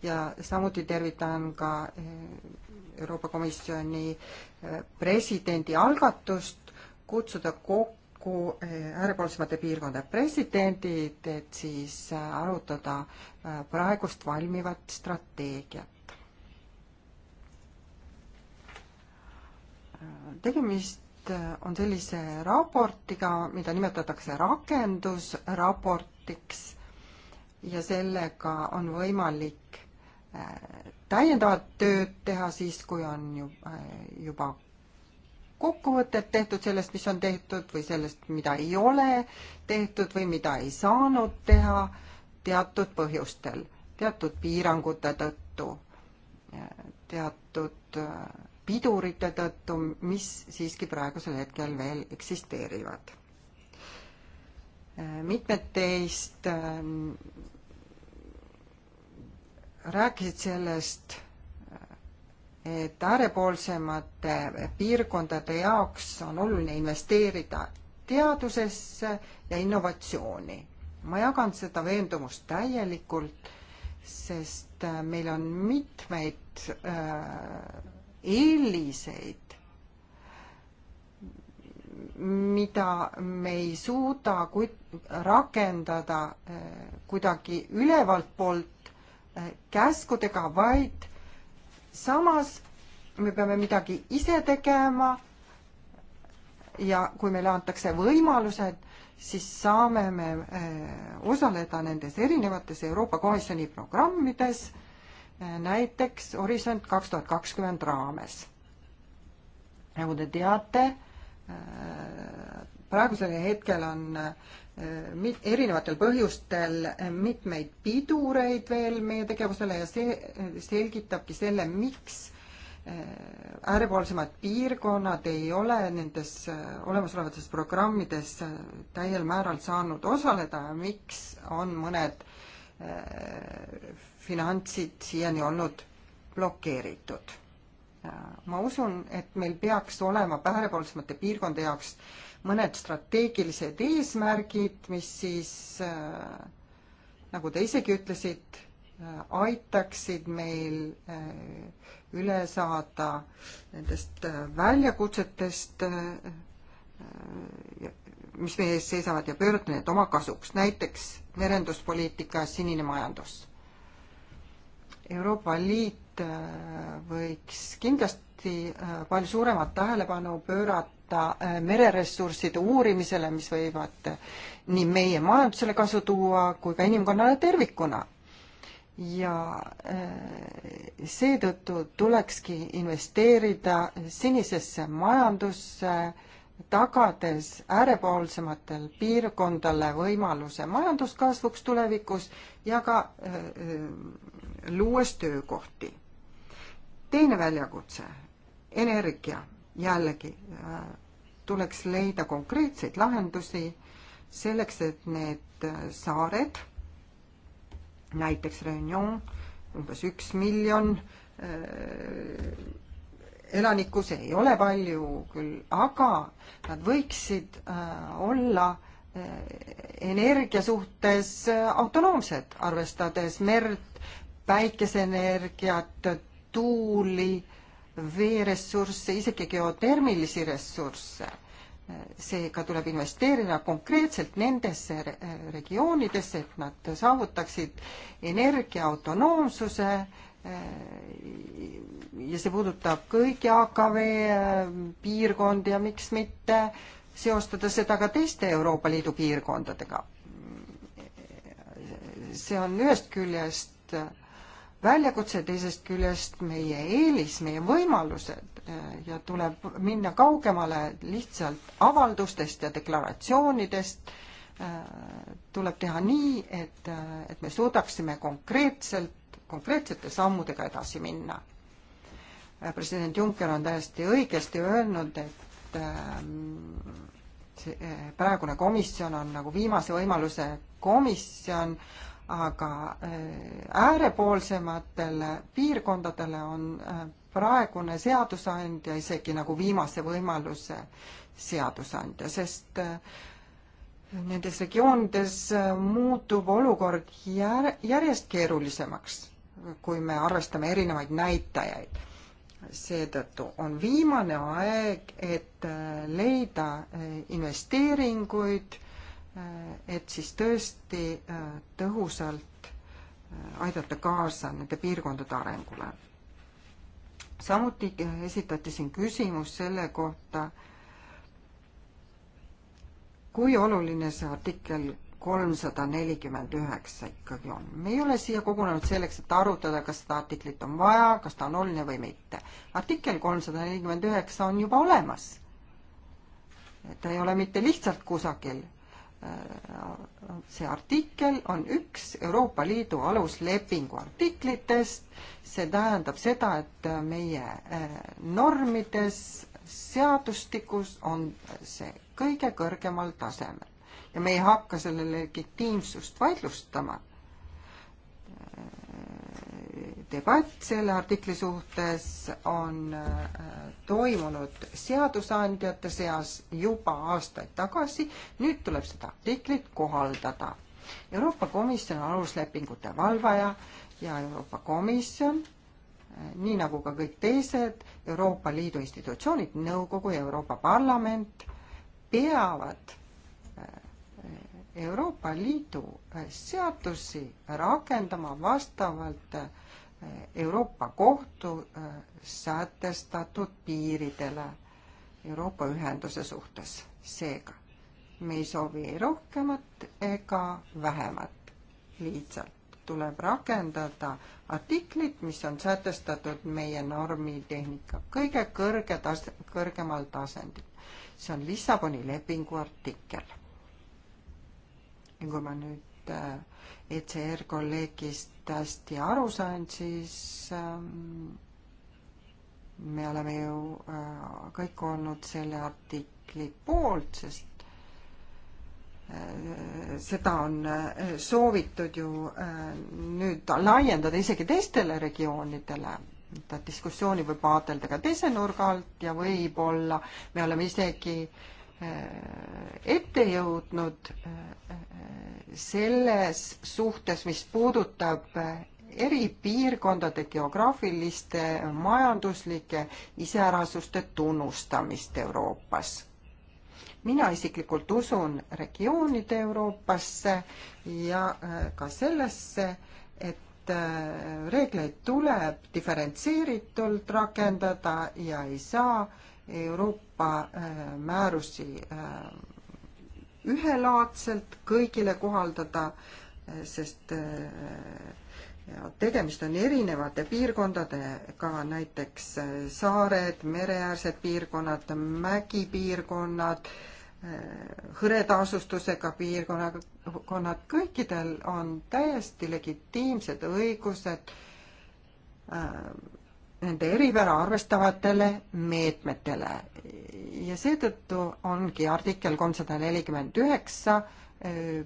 ja samuti tervitan ka Euroopa Komisjoni presidendi algatust kutsuda kokku nõukogu eh, äärepoolsemate piirkondade presidendid, et siis eh, arutada eh, praegust valmivat strateegiat. tegemist on sellise raportiga, mida nimetatakse rakendusraportiks ja sellega on võimalik täiendavat tööd teha siis, kui on juba kokkuvõtet tehtud sellest, mis on tehtud või sellest, mida ei ole tehtud või mida ei saanud teha teatud põhjustel, teatud piirangute tõttu, teatud äh, pidurite tõttu, mis siiski praegusel hetkel veel eksisteerivad. Äh, mitmed teist äh, rääkisid sellest et äärepoolsemate piirkondade jaoks on oluline investeerida teadusesse ja innovatsiooni. ma jagan seda veendumust täielikult, sest meil on mitmeid äh, eeliseid, mida me ei suuda kuid-, rakendada äh, kuidagi ülevalt poolt äh, käskudega, vaid samas me peame midagi ise tegema ja kui meile antakse võimalused, siis saame me eh, osaleda nendes erinevates Euroopa Komisjoni programmides, eh, näiteks Horisont kaks tuhat kakskümmend raames. nagu te teate, eh, praegusel hetkel on eh, mit-, erinevatel põhjustel mitmeid pidureid veel meie tegevusele ja see selgitabki selle, miks eh, äärepoolsemad piirkonnad ei ole nendes eh, olemasolevates programmides täiel määral saanud osaleda ja miks on mõned finantsid siiani olnud blokeeritud. ma usun, et meil peaks olema äärepoolsemate piirkondade jaoks äh, mõned strateegilised eesmärgid, mis siis äh, nagu te isegi ütlesite, äh, aitaksid meil äh, üle saada nendest väljakutsetest, mis meie ees seisavad ja pöörata need oma kasuks, näiteks merenduspoliitika sinine majandus. Euroopa Liit võiks kindlasti palju suuremat tähelepanu pöörata suunata äh, mereressursside uurimisele, mis võivad äh, nii meie majandusele kasu tuua kui ka inimkonnale tervikuna. ja äh, seetõttu tulekski investeerida sinisesse majandusse, tagades äärepoolsematel piirkondadele võimaluse majanduskasvuks tulevikus ja ka öö, luues töökohti. teine väljakutse, energia jällegi tuleks leida konkreetseid lahendusi selleks, et need saared, näiteks Reunion, umbes üks miljon äh, elanikku, see ei ole palju küll, aga nad võiksid äh, olla äh, energia suhtes autonoomsed, arvestades merd, päikeseenergiat, tuuli veeressursse, isegi geotermilisi ressursse. seega tuleb investeerida konkreetselt nendesse regioonidesse, et nad saavutaksid energiaautonoomsuse eh, ja see puudutab kõiki AKV eh, piirkondi ja miks mitte seostada seda ka teiste Euroopa Liidu piirkondadega. see on ühest küljest äh, väljakutse, teisest küljest meie eelis, meie võimalused äh, ja tuleb minna kaugemale lihtsalt avaldustest ja deklaratsioonidest. Äh, tuleb teha nii, et, äh, et me suudaksime konkreetselt, konkreetsete sammudega edasi minna. president Juncker on täiesti õigesti öelnud, et ähm, praegune komisjon on nagu viimase võimaluse komisjon, aga äh, äärepoolsematele piirkondadele on äh, praegune seadusandja isegi nagu viimase võimaluse seadusandja, sest äh, nendes regioonides muutub olukord jär-, järjest keerulisemaks, kui me arvestame erinevaid näitajaid. seetõttu on viimane aeg, et leida investeeringuid Äh, et siis tõesti äh, tõhusalt äh, aidata kaasa nende piirkondade arengule. samuti esitati siin küsimus selle kohta, kui oluline see artikkel kolmsada nelikümmend üheksa ikkagi on. me ei ole siia kogunenud selleks, et arutada, kas seda artiklit on vaja, kas ta on oluline või mitte. artikkel kolmsada nelikümmend üheksa on juba olemas. ta ei ole mitte lihtsalt kusagil see artikkel on üks Euroopa Liidu aluslepingu artiklitest, see tähendab seda, et meie eh, normides, seadustikus on see kõige kõrgemal tasemel ja me ei hakka selle legitiimsust vaidlustama. Eh, debatt selle artikli suhtes on äh, toimunud seadusandjate seas juba aastaid tagasi, nüüd tuleb seda artiklit kohaldada. Euroopa Komisjon on aluslepingute valvaja ja Euroopa Komisjon, äh, nii nagu ka kõik teised Euroopa Liidu institutsioonid, Nõukogu ja Euroopa Parlament, peavad äh, Euroopa Liidu seadusi rakendama vastavalt Euroopa Kohtu äh, sätestatud piiridele Euroopa ühenduse suhtes. seega me ei soovi ei rohkemat ega vähemat, lihtsalt tuleb rakendada artiklit, mis on sätestatud meie normitehnika kõige kõrge tas-, kõrgemal tasandil. see on Lissaboni lepingu artikkel. ja kui ma nüüd nüüd äh, ECR kolleegist hästi aru sain, siis ähm, me oleme ju äh, kõik olnud selle artikli poolt, sest äh, seda on soovitud ju nüüd laiendada isegi teistele regioonidele, et diskussiooni võib vaadelda ka teise nurga alt ja võib-olla me oleme isegi äh, Äh, ette jõudnud äh, selles suhtes, mis puudutab äh, eri piirkondade geograafiliste majanduslike iseärasuste tunnustamist Euroopas. mina isiklikult usun regioonide Euroopasse ja ka sellesse, et reegleid tuleb diferentseeritult rakendada ja ei saa äh, Euroopa äh, määrusi äh, ühelaadselt kõigile kohaldada, äh, sest tegemist on erinevate piirkondadega, näiteks saared, mereäärsed piirkonnad, mägipiirkonnad, hõreda asustusega piirkonnad, kõikidel on täiesti legitiimsed õigused nende eripära arvestavatele meetmetele ja seetõttu ongi artikkel kolmsada nelikümmend üheksa äh,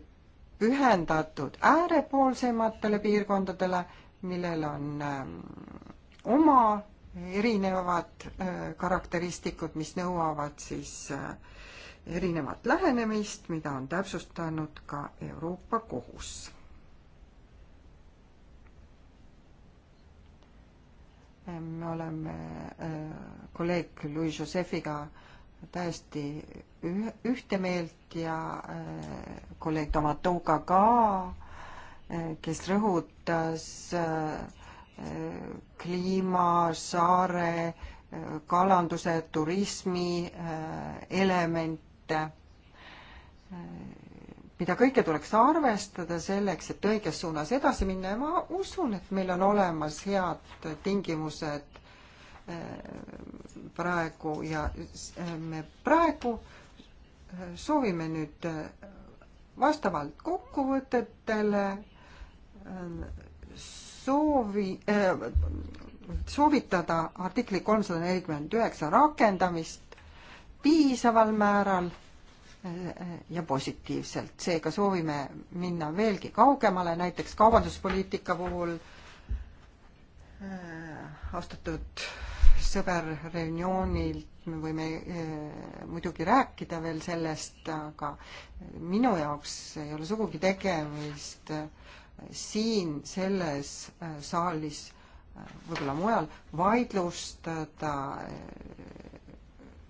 pühendatud äärepoolsematele piirkondadele, millel on ähm, oma erinevad äh, karakteristikud, mis nõuavad siis äh, erinevat lähenemist, mida on täpsustanud ka Euroopa Kohus me oleme äh, kolleeg Louis Josefiga täiesti ühe, ühte meelt ja äh, kolleeg Tomatoga ka, äh, kes rõhutas kliima, saare, kalanduse, turismi elemente mida kõike tuleks arvestada selleks, et õiges suunas edasi minna ja ma usun, et meil on olemas head tingimused äh, praegu ja äh, me praegu äh, soovime nüüd vastavalt kokkuvõtetele soovi, soovitada artikli kolmsada nelikümmend üheksa rakendamist piisaval määral ja positiivselt. seega soovime minna veelgi kaugemale, näiteks kaubanduspoliitika puhul äh, austatud sõber reunioonilt me võime äh, muidugi rääkida veel sellest, aga minu jaoks ei ole sugugi tegemist äh, siin selles saalis võib-olla mujal vaidlustada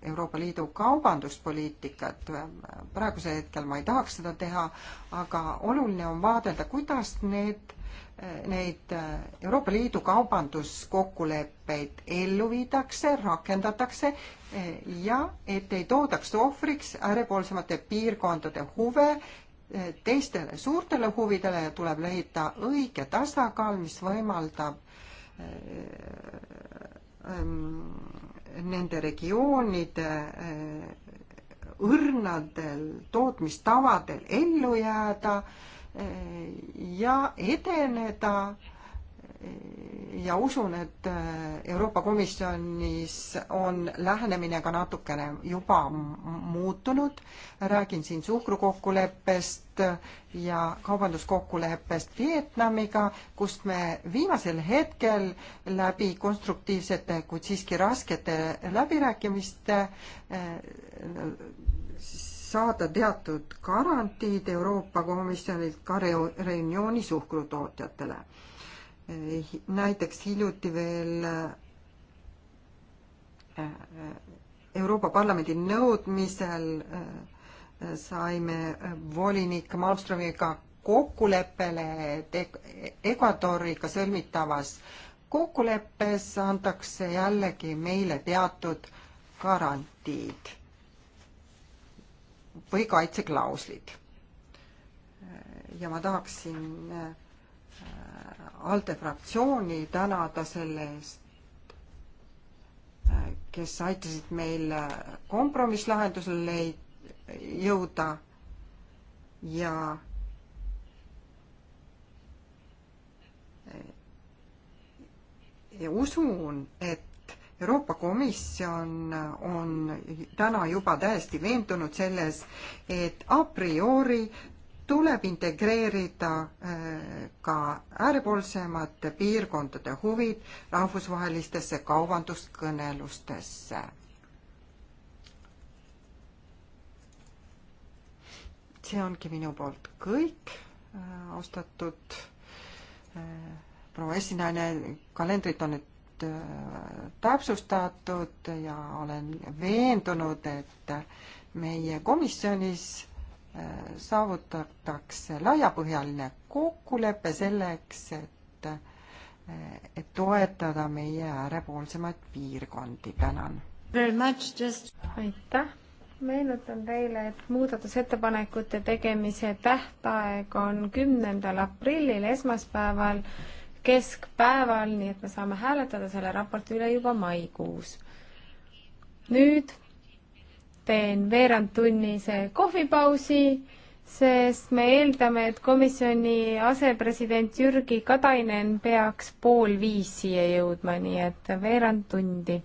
Euroopa Liidu kaubanduspoliitikat. praegusel hetkel ma ei tahaks seda teha, aga oluline on vaadelda, kuidas need, neid Euroopa Liidu kaubanduskokkuleppeid ellu viidakse, rakendatakse ja et ei toodaks ohvriks äärepoolsemate piirkondade huve teistele suurtele huvidele ja tuleb leida õige tasakaal, mis võimaldab ähm, nende regioonide äh, õrnadel tootmistavadel ellu jääda äh, ja edeneda ja usun, et äh, Euroopa Komisjonis on lähenemine ka natukene juba muutunud. räägin siin suhkrukokkuleppest ja kaubanduskokkuleppest Vietnamiga, kust me viimasel hetkel läbi konstruktiivsete, kuid siiski raskete läbirääkimiste äh, saada teatud garantiid Euroopa Komisjonilt ka reuniooni suhkrutootjatele näiteks hiljuti veel äh, Euroopa Parlamendi nõudmisel äh, saime volinik Malmströmiga kokkuleppele, et Ecuadoriga sõlmitavas kokkuleppes antakse jällegi meile teatud garantiid või kaitseklauslid. ja ma tahaksin äh, ALDE fraktsiooni tänada selle eest, kes aitasid meil kompromisslahendusele jõuda ja ja usun, et Euroopa Komisjon on täna juba täiesti veendunud selles, et a priori tuleb integreerida äh, ka äärepoolsemate piirkondade huvid rahvusvahelistesse kaubanduskõnelustesse. see ongi minu poolt kõik, äh, austatud äh, proua esinaine, kalendrit on nüüd täpsustatud ja olen veendunud, et meie komisjonis saavutatakse laiapõhjaline kokkulepe selleks, et, et toetada meie äärepoolsemaid piirkondi. tänan. Just... aitäh meenutan teile, et muudatusettepanekute tegemise tähtaeg on kümnendal aprillil, esmaspäeval, keskpäeval, nii et me saame hääletada selle raporti üle juba maikuus. nüüd teen veerandtunnise kohvipausi, sest me eeldame, et komisjoni asepresident Jürgi Katainen peaks pool viis siia jõudma, nii et veerand tundi.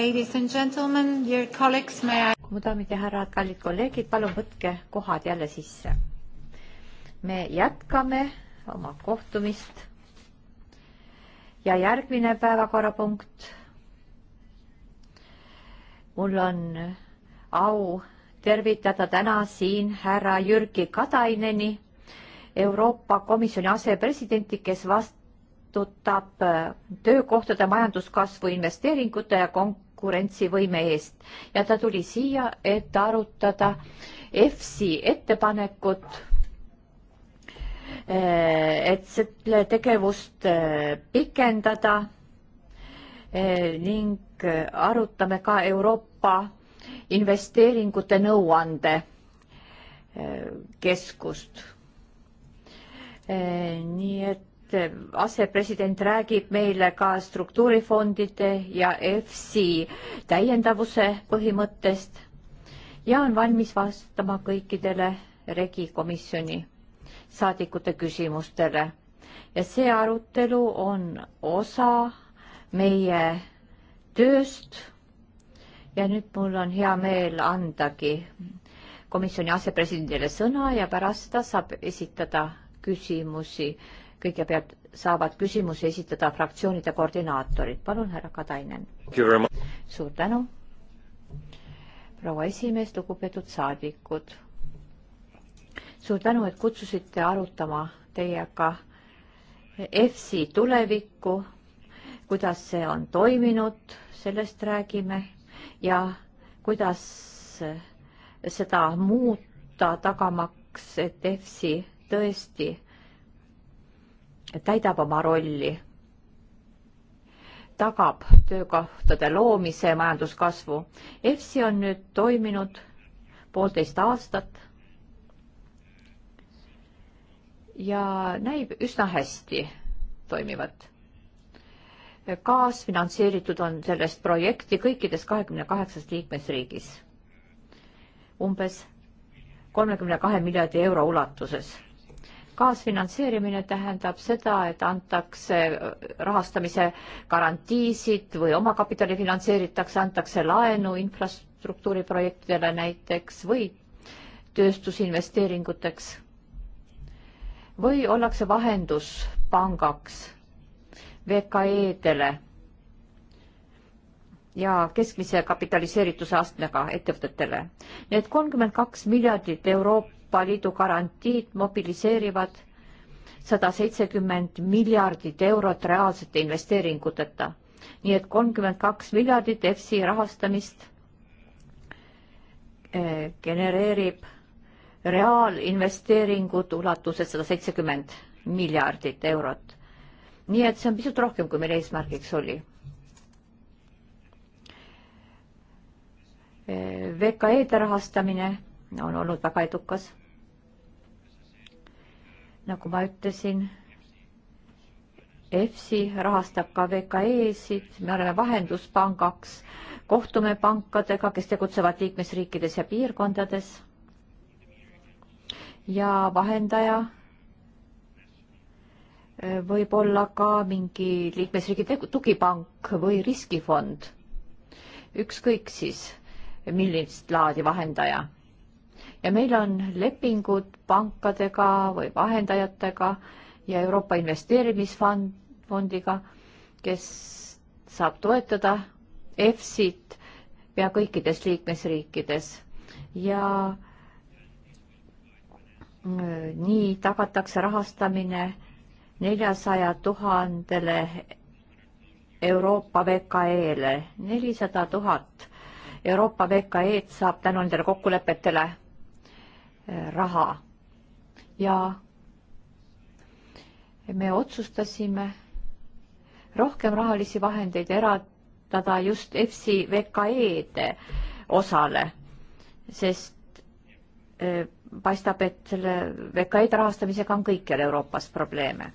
Ladies and gentlemen, dear colleagues, may I... mu daamid ja härrad, kallid kolleegid, palun võtke kohad jälle sisse. me jätkame oma kohtumist. ja järgmine päevakorrapunkt. mul on au tervitada täna siin härra Jürgi Kataineni, Euroopa Komisjoni asepresidenti, kes vastutab töökohtade majanduskasvu investeeringute ja konk-, konkurentsivõime eest ja ta tuli siia, et arutada EFSI ettepanekut, eh, et selle tegevust eh, pikendada eh, ning arutame ka Euroopa investeeringute nõuandekeskust. nii et asepresident räägib meile ka struktuurifondide ja EFSI täiendavuse põhimõttest ja on valmis vastama kõikidele regikomisjoni saadikute küsimustele. ja see arutelu on osa meie tööst. ja nüüd mul on hea meel andagi komisjoni asepresidendile sõna ja pärast seda saab esitada küsimusi kõigepealt saavad küsimusi esitada fraktsioonide koordinaatorid. palun, härra Katainen. suur tänu. proua esimees, lugupeetud saadikud. suur tänu, et kutsusite arutama teiega EFSi tulevikku, kuidas see on toiminud, sellest räägime ja kuidas seda muuta, tagamaks, et EFSi tõesti täidab oma rolli, tagab töökohtade loomise ja majanduskasvu. EFSI on nüüd toiminud poolteist aastat ja näib üsna hästi toimivat. kaasfinantseeritud on sellest projekti kõikides kahekümne kaheksas liikmesriigis umbes kolmekümne kahe miljardi euro ulatuses kaasfinantseerimine tähendab seda, et antakse rahastamise garantiisid või omakapitali finantseeritakse, antakse laenu infrastruktuuriprojektidele näiteks või tööstusinvesteeringuteks. või ollakse vahenduspangaks VKE-dele ja keskmise kapitaliseerituse astmega ettevõtetele. Need kolmkümmend kaks miljardit Euroopa Euroopa Liidu garantiid mobiliseerivad sada seitsekümmend miljardit eurot reaalsete investeeringuteta. nii et kolmkümmend kaks miljardit EFSI rahastamist eh, genereerib reaalinvesteeringud ulatuses sada seitsekümmend miljardit eurot. nii et see on pisut rohkem, kui meil eesmärgiks oli. Eh, VKE-de rahastamine on olnud väga edukas nagu ma ütlesin, EFSI rahastab ka VKE-sid, me oleme vahenduspangaks, kohtume pankadega, kes tegutsevad liikmesriikides ja piirkondades ja vahendaja eh, võib olla ka mingi liikmesriigi tugipank või riskifond, ükskõik siis, millist laadi vahendaja ja meil on lepingud pankadega või vahendajatega ja Euroopa Investeerimisfondiga, kes saab toetada EFSit pea kõikides liikmesriikides ja äh, nii tagatakse rahastamine neljasaja tuhandele Euroopa VKE-le, nelisada tuhat Euroopa VKE-d saab tänu nendele kokkulepetele raha. ja me otsustasime rohkem rahalisi vahendeid eraldada just EFSI VKE-de osale, sest e, paistab, et selle VKE-de rahastamisega on kõikjal Euroopas probleeme.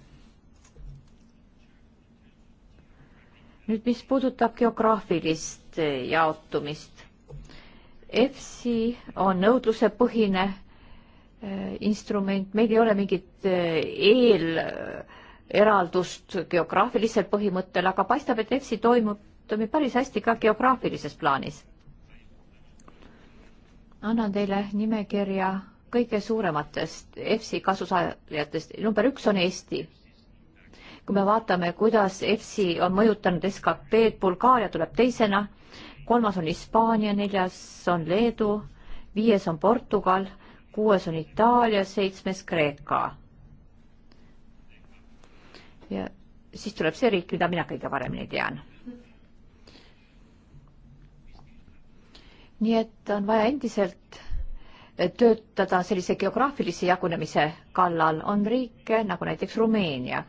nüüd, mis puudutab geograafilist e, jaotumist. EFSI on nõudlusepõhine instrument, meil ei ole mingit äh, eeleraldust geograafilisel põhimõttel, aga paistab, et EFSI toimub, toimib päris hästi ka geograafilises plaanis. annan teile nimekirja kõige suurematest EFSI kasusaajatest, number üks on Eesti. kui me vaatame, kuidas EFSI on mõjutanud SKP-d, Bulgaaria tuleb teisena, kolmas on Hispaania, neljas on Leedu, viies on Portugal kuues on Itaalia, seitsmes Kreeka. ja siis tuleb see riik, mida mina kõige paremini tean. nii et on vaja endiselt eh, töötada sellise geograafilise jagunemise kallal, on riike nagu näiteks Rumeenia,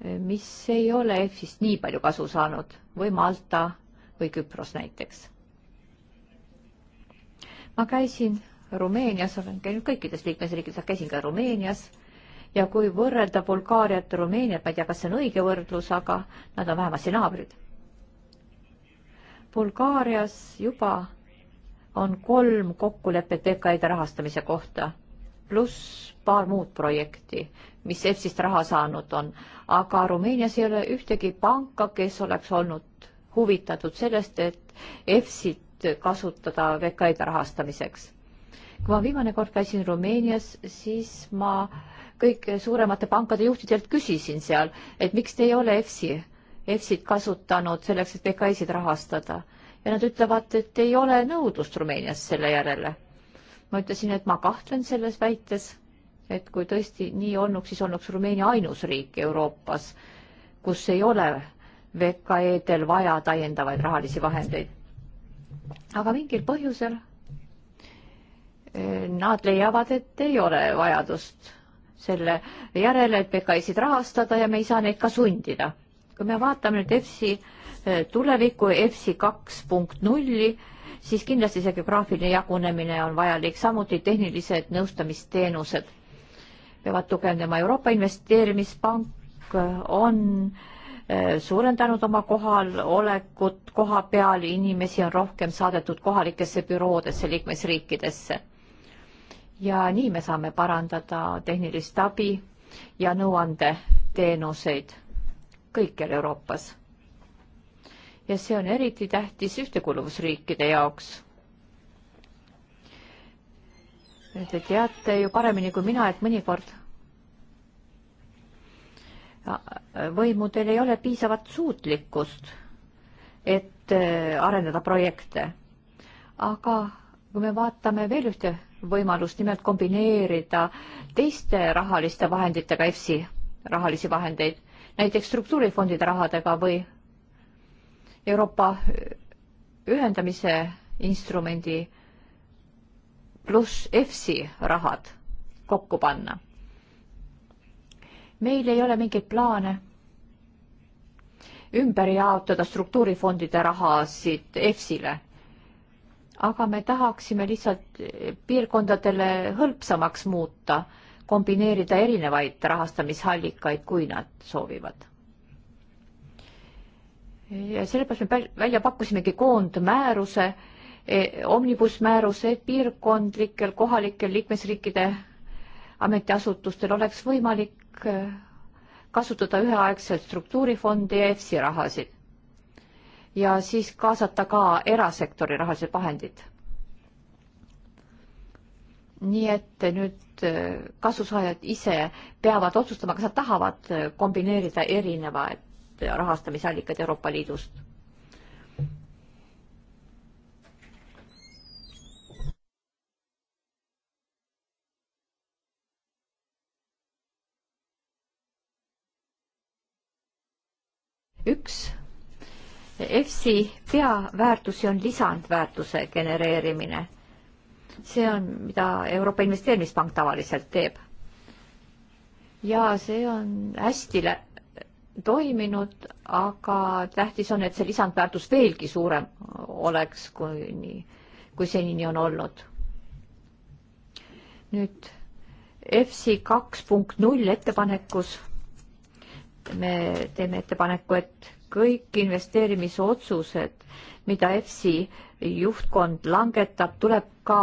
eh, mis ei ole EFSist nii palju kasu saanud või Malta või Küpros näiteks ma käisin Rumeenias, olen käinud kõikides liikmesriikides, käisin ka Rumeenias ja kui võrrelda Bulgaariat ja Rumeeniat, ma ei tea, kas see on õige võrdlus, aga nad on vähemasti naabrid. Bulgaarias juba on kolm kokkulepet EKA-de rahastamise kohta, pluss paar muud projekti, mis EFSist raha saanud on, aga Rumeenias ei ole ühtegi panka, kes oleks olnud huvitatud sellest, et EFSit kasutada VKI-de rahastamiseks. kui ma viimane kord käisin Rumeenias, siis ma kõige suuremate pankade juhtidelt küsisin seal, et miks te ei ole EFSI, EFSI-t kasutanud selleks, et VKI-sid rahastada. ja nad ütlevad, et ei ole nõudlust Rumeenias selle järele. ma ütlesin, et ma kahtlen selles väites, et kui tõesti nii olnuks, siis olnuks Rumeenia ainus riik Euroopas, kus ei ole VKE-del vaja täiendavaid rahalisi vahendeid aga mingil põhjusel eh, nad leiavad, et ei ole vajadust selle järele, et PKS-id rahastada ja me ei saa neid ka sundida. kui me vaatame nüüd EFSi eh, tulevikku, EFSi kaks punkt nulli, siis kindlasti see geograafiline jagunemine on vajalik, samuti tehnilised nõustamisteenused peavad tugevnema. Euroopa Investeerimispank eh, on äh, Äh, suurendanud oma kohalolekut koha peal, inimesi on rohkem saadetud kohalikesse büroodesse liikmesriikidesse. ja nii me saame parandada tehnilist abi ja nõuandeteenuseid kõikjal Euroopas. ja see on eriti tähtis ühtekuuluvusriikide jaoks. Te teate ju paremini kui mina, et mõnikord võimudel ei ole piisavat suutlikkust, et äh, arendada projekte. aga kui me vaatame veel ühte võimalust, nimelt kombineerida teiste rahaliste vahenditega EFSI rahalisi vahendeid, näiteks struktuurifondide rahadega või Euroopa ühendamise instrumendi pluss EFSI rahad kokku panna meil ei ole mingeid plaane ümber jaotada struktuurifondide rahasid EFSile. aga me tahaksime lihtsalt piirkondadele hõlpsamaks muuta, kombineerida erinevaid rahastamisallikaid, kui nad soovivad. ja sellepärast me välja pakkusimegi koondmääruse, e, omnibus määruse, et piirkondlikel, kohalikel liikmesriikide ametiasutustel oleks võimalik võimalik äh, kasutada üheaegselt struktuurifondi ja EFSI rahasid ja siis kaasata ka erasektori rahalised vahendid. nii et nüüd äh, kasusaajad ise peavad otsustama, kas nad tahavad äh, kombineerida erinevaid rahastamisallikad Euroopa Liidust üks EFSi peaväärtusi on lisandväärtuse genereerimine. see on, mida Euroopa Investeerimispank tavaliselt teeb. ja see on hästi toiminud, aga tähtis on, et see lisandväärtus veelgi suurem oleks, kui nii, kui senini on olnud. nüüd EFSi kaks punkt null ettepanekus me teeme ettepaneku, et kõik investeerimisotsused, mida EFSI juhtkond langetab, tuleb ka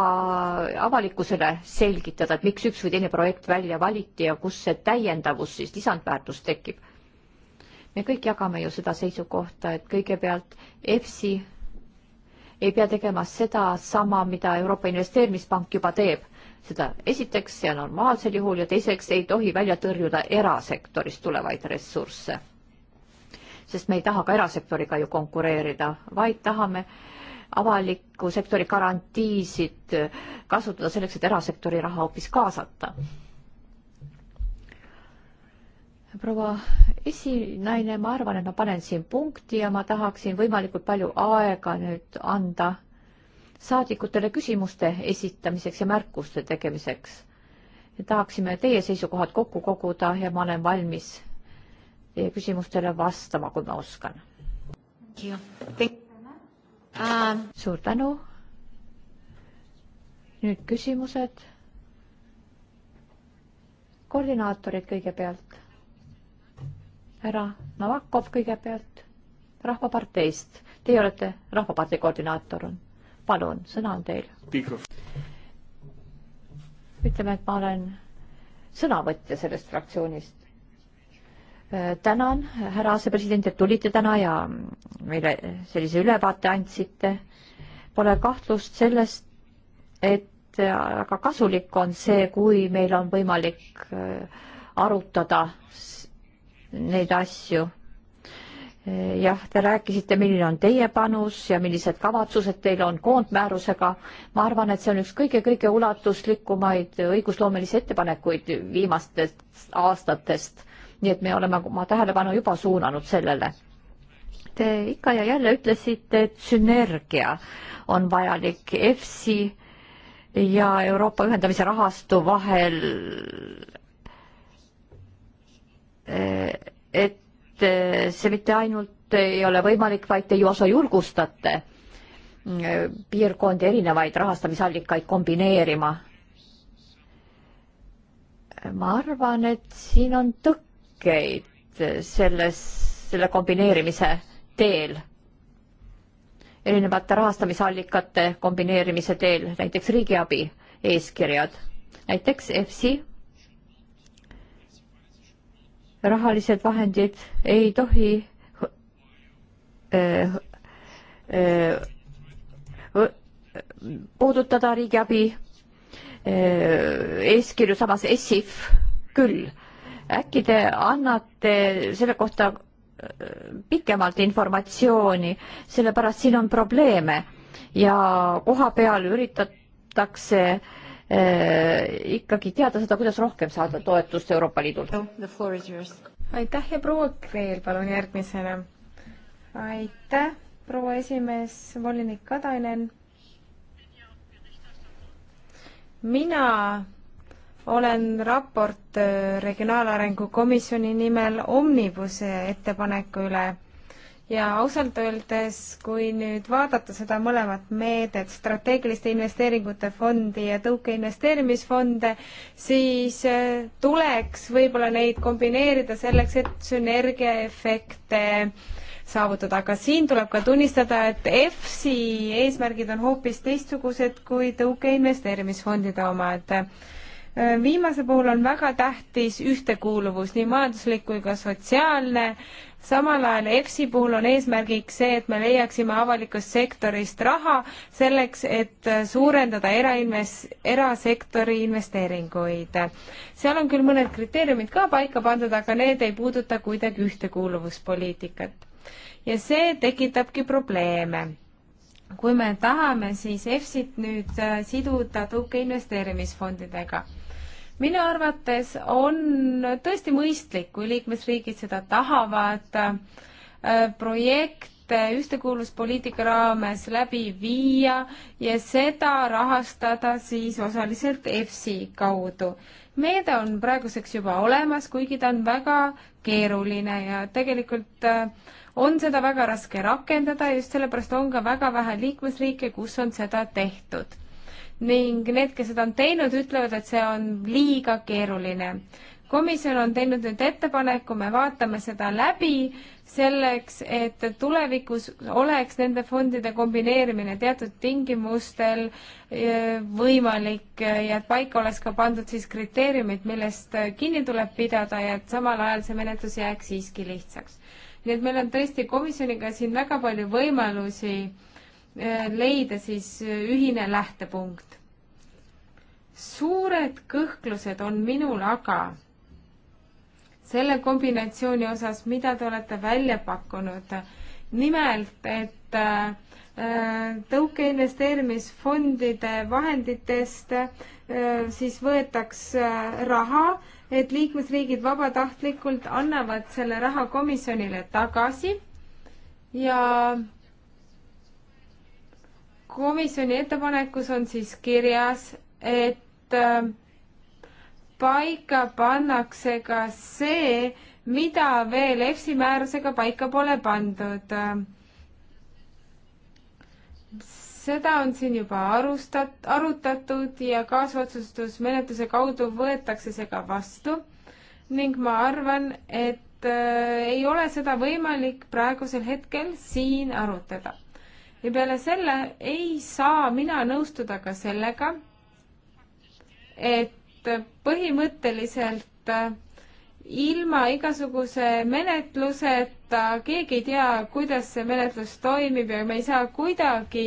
avalikkusele selgitada, et miks üks või teine projekt välja valiti ja kus see täiendavus siis, lisandväärtus tekib. me kõik jagame ju seda seisukohta, et kõigepealt EFSI ei pea tegema sedasama, mida Euroopa Investeerimispank juba teeb seda esiteks ja normaalsel juhul ja teiseks ei tohi välja tõrjuda erasektorist tulevaid ressursse. sest me ei taha ka erasektoriga ju konkureerida, vaid tahame avaliku sektori garantiisid kasutada selleks, et erasektori raha hoopis kaasata. proua esinaine, ma arvan, et ma panen siin punkti ja ma tahaksin võimalikult palju aega nüüd anda saadikutele küsimuste esitamiseks ja märkuste tegemiseks. tahaksime teie seisukohad kokku koguda ja ma olen valmis teie küsimustele vastama, kui ma oskan. Um, suur tänu. nüüd küsimused. koordinaatorid kõigepealt. härra Novakov kõigepealt Rahvaparteist. Teie olete Rahvapartei koordinaator on palun, sõna on teil. ütleme, et ma olen sõnavõtja sellest fraktsioonist. Äh, tänan, härra asepresident, et tulite täna ja meile sellise ülevaate andsite. Pole kahtlust sellest, et väga äh, kasulik on see, kui meil on võimalik äh, arutada neid asju jah, te rääkisite, milline on teie panus ja millised kavatsused teil on koondmäärusega. ma arvan, et see on üks kõige-kõige ulatuslikumaid õigusloomelisi ettepanekuid viimastest aastatest. nii et me oleme oma tähelepanu juba suunanud sellele. Te ikka ja jälle ütlesite, et sünergia on vajalik EFSI ja Euroopa ühendamise rahastu vahel. Äh, et Eh, see mitte ainult ei ole võimalik, vaid te ju osa julgustate eh, piirkondi erinevaid rahastamisallikaid kombineerima. ma arvan, et siin on tõkkeid selles, selle kombineerimise teel, erinevate rahastamisallikate kombineerimise teel, näiteks riigiabi eeskirjad, näiteks EFSI rahalised vahendid ei tohi eh, eh, puudutada riigiabi eh, eeskirju, samas ESIF küll. äkki te annate selle kohta pikemalt informatsiooni, sellepärast siin on probleeme ja koha peal üritatakse äh, Äh, ikkagi teada seda, kuidas rohkem saada toetust Euroopa Liidult. aitäh ja proua Kreel, palun järgmisena. aitäh, proua esimees, volinik Kadanen. mina olen raport Regionaalarengu Komisjoni nimel Omnibuse ettepaneku üle ja ausalt öeldes, kui nüüd vaadata seda mõlemat meedet, strateegiliste investeeringute fondi ja tõukeinvesteerimisfonde, siis äh, tuleks võib-olla neid kombineerida selleks, et sünergiaefekte saavutada, aga siin tuleb ka tunnistada, et EFSI eesmärgid on hoopis teistsugused kui tõukeinvesteerimisfondide omad et viimase puhul on väga tähtis ühtekuuluvus, nii majanduslik kui ka sotsiaalne. samal ajal EFSi puhul on eesmärgiks see, et me leiaksime avalikust sektorist raha selleks, et suurendada erainves-, erasektori investeeringuid. seal on küll mõned kriteeriumid ka paika pandud, aga need ei puuduta kuidagi ühtekuuluvuspoliitikat. ja see tekitabki probleeme kui me tahame siis EFSit nüüd siduda tõukeinvesteerimisfondidega, minu arvates on tõesti mõistlik, kui liikmesriigid seda tahavad, äh, projekte ühtekuuluvuspoliitika raames läbi viia ja seda rahastada siis osaliselt EFSI kaudu. meede on praeguseks juba olemas, kuigi ta on väga keeruline ja tegelikult äh, on seda väga raske rakendada, just sellepärast on ka väga vähe liikmesriike, kus on seda tehtud ning need, kes seda on teinud, ütlevad, et see on liiga keeruline. komisjon on teinud nüüd ettepaneku, me vaatame seda läbi selleks, et tulevikus oleks nende fondide kombineerimine teatud tingimustel e, võimalik ja et paika oleks ka pandud siis kriteeriumid, millest kinni tuleb pidada ja et samal ajal see menetlus jääks siiski lihtsaks. nii et meil on tõesti komisjoniga siin väga palju võimalusi leida siis ühine lähtepunkt. suured kõhklused on minul aga selle kombinatsiooni osas, mida te olete välja pakkunud. nimelt, et äh, tõuke investeerimisfondide vahenditest äh, siis võetaks äh, raha, et liikmesriigid vabatahtlikult annavad selle raha komisjonile tagasi ja komisjoni ettepanekus on siis kirjas, et äh, paika pannakse ka see, mida veel EFSI määrusega paika pole pandud. seda on siin juba arustat-, arutatud ja kaasotsustusmenetluse kaudu võetakse see ka vastu ning ma arvan, et äh, ei ole seda võimalik praegusel hetkel siin arutada ja peale selle ei saa mina nõustuda ka sellega, et põhimõtteliselt ilma igasuguse menetluseta, keegi ei tea, kuidas see menetlus toimib ja me ei saa kuidagi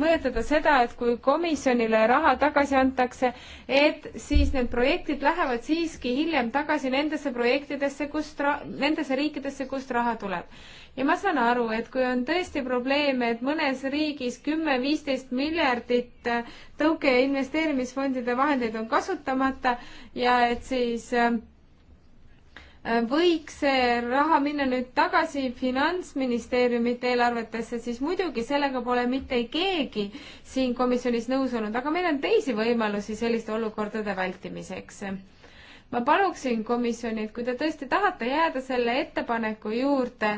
mõjutada seda, et kui komisjonile raha tagasi antakse, et siis need projektid lähevad siiski hiljem tagasi nendesse projektidesse, kust, nendesse riikidesse, kust raha tuleb. ja ma saan aru, et kui on tõesti probleeme, et mõnes riigis kümme-viisteist miljardit tõuke- ja investeerimisfondide vahendeid on kasutamata ja et siis äh, võiks see raha minna nüüd tagasi Finantsministeeriumite eelarvetesse, siis muidugi sellega pole mitte keegi siin komisjonis nõus olnud, aga meil on teisi võimalusi selliste olukordade vältimiseks ma paluksin komisjonilt, kui te tõesti tahate jääda selle ettepaneku juurde,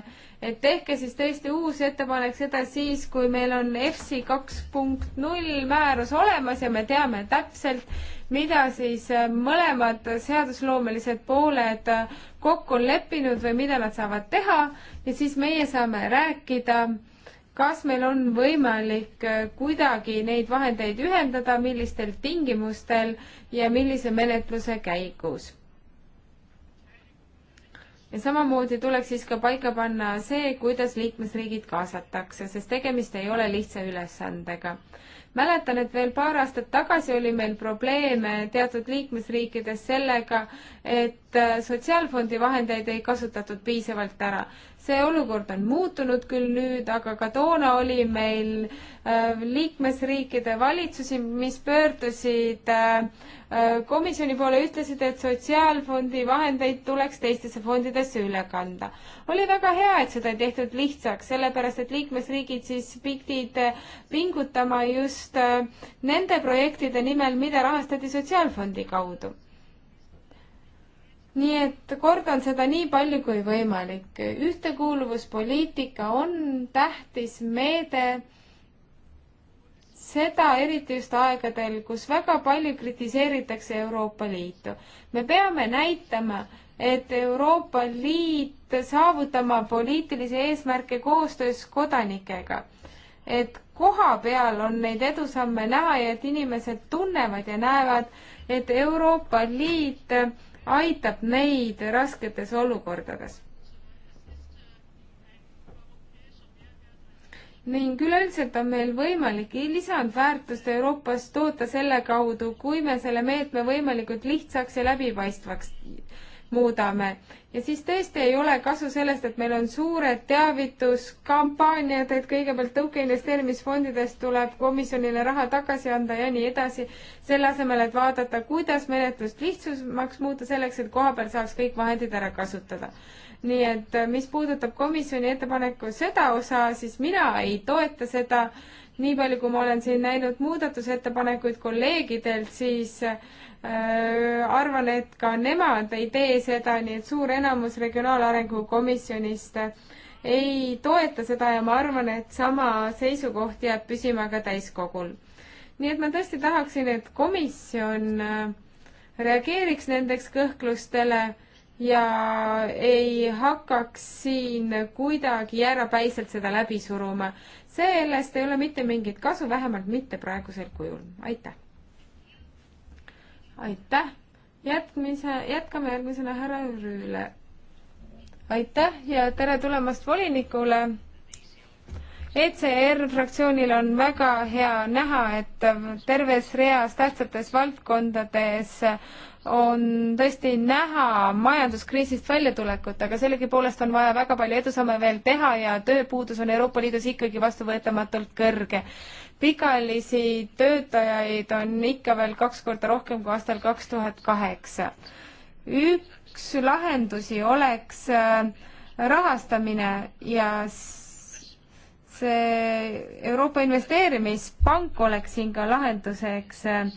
et tehke siis tõesti uus ettepanek seda siis, kui meil on EFSI kaks punkt null määrus olemas ja me teame täpselt, mida siis äh, mõlemad seadusloomelised pooled äh, kokku on leppinud või mida nad saavad teha ja siis meie saame rääkida kas meil on võimalik äh, kuidagi neid vahendeid ühendada, millistel tingimustel ja millise menetluse käigus? ja samamoodi tuleks siis ka paika panna see, kuidas liikmesriigid kaasatakse, sest tegemist ei ole lihtsa ülesandega. mäletan, et veel paar aastat tagasi oli meil probleeme teatud liikmesriikides sellega, et äh, sotsiaalfondi vahendeid ei kasutatud piisavalt ära see olukord on muutunud küll nüüd, aga ka toona oli meil äh, liikmesriikide valitsusi, mis pöördusid äh, äh, komisjoni poole, ütlesid, et sotsiaalfondi vahendeid tuleks teistesse fondidesse üle kanda. oli väga hea, et seda ei tehtud lihtsaks, sellepärast et liikmesriigid siis pidid pingutama just nende projektide nimel, mida rahastati sotsiaalfondi kaudu nii et kordan seda nii palju kui võimalik. ühtekuuluvuspoliitika on tähtis meede, seda eriti just aegadel, kus väga palju kritiseeritakse Euroopa Liitu. me peame näitama, et Euroopa Liit saavutama poliitilisi eesmärke koostöös kodanikega. et koha peal on neid edusamme näha ja et inimesed tunnevad ja näevad, et Euroopa Liit aitab neid rasketes olukordades. ning üleüldiselt on meil võimalik lisandväärtust Euroopas toota selle kaudu, kui me selle meetme võimalikult lihtsaks ja läbipaistvaks muudame. ja siis tõesti ei ole kasu sellest, et meil on suured teavituskampaaniad, et kõigepealt tõukeinvesteerimisfondidest tuleb komisjonile raha tagasi anda ja nii edasi, selle asemel, et vaadata, kuidas menetlust lihtsamaks muuta selleks, et kohapeal saaks kõik vahendid ära kasutada nii et mis puudutab komisjoni ettepaneku seda osa, siis mina ei toeta seda nii palju, kui ma olen siin näinud muudatusettepanekuid kolleegidelt, siis äh, arvan, et ka nemad ei tee seda, nii et suur enamus Regionaalarengu Komisjonist äh, ei toeta seda ja ma arvan, et sama seisukoht jääb püsima ka täiskogul. nii et ma tõesti tahaksin, et komisjon äh, reageeriks nendeks kõhklustele ja ei hakkaks siin kuidagi jäärapäiselt seda läbi suruma sellest ei ole mitte mingit kasu, vähemalt mitte praegusel kujul. aitäh! aitäh! jätmise, jätkame järgmisena härra Rüüle. aitäh ja tere tulemast volinikule! ECR fraktsioonil on väga hea näha, et terves reas tähtsates valdkondades on tõesti näha majanduskriisist väljatulekut, aga sellegipoolest on vaja väga palju edusamme veel teha ja tööpuudus on Euroopa Liidus ikkagi vastuvõetamatult kõrge. pikaajalisi töötajaid on ikka veel kaks korda rohkem kui aastal kaks tuhat kaheksa. üks lahendusi oleks äh, rahastamine ja see Euroopa Investeerimispank oleks siin ka lahenduseks äh,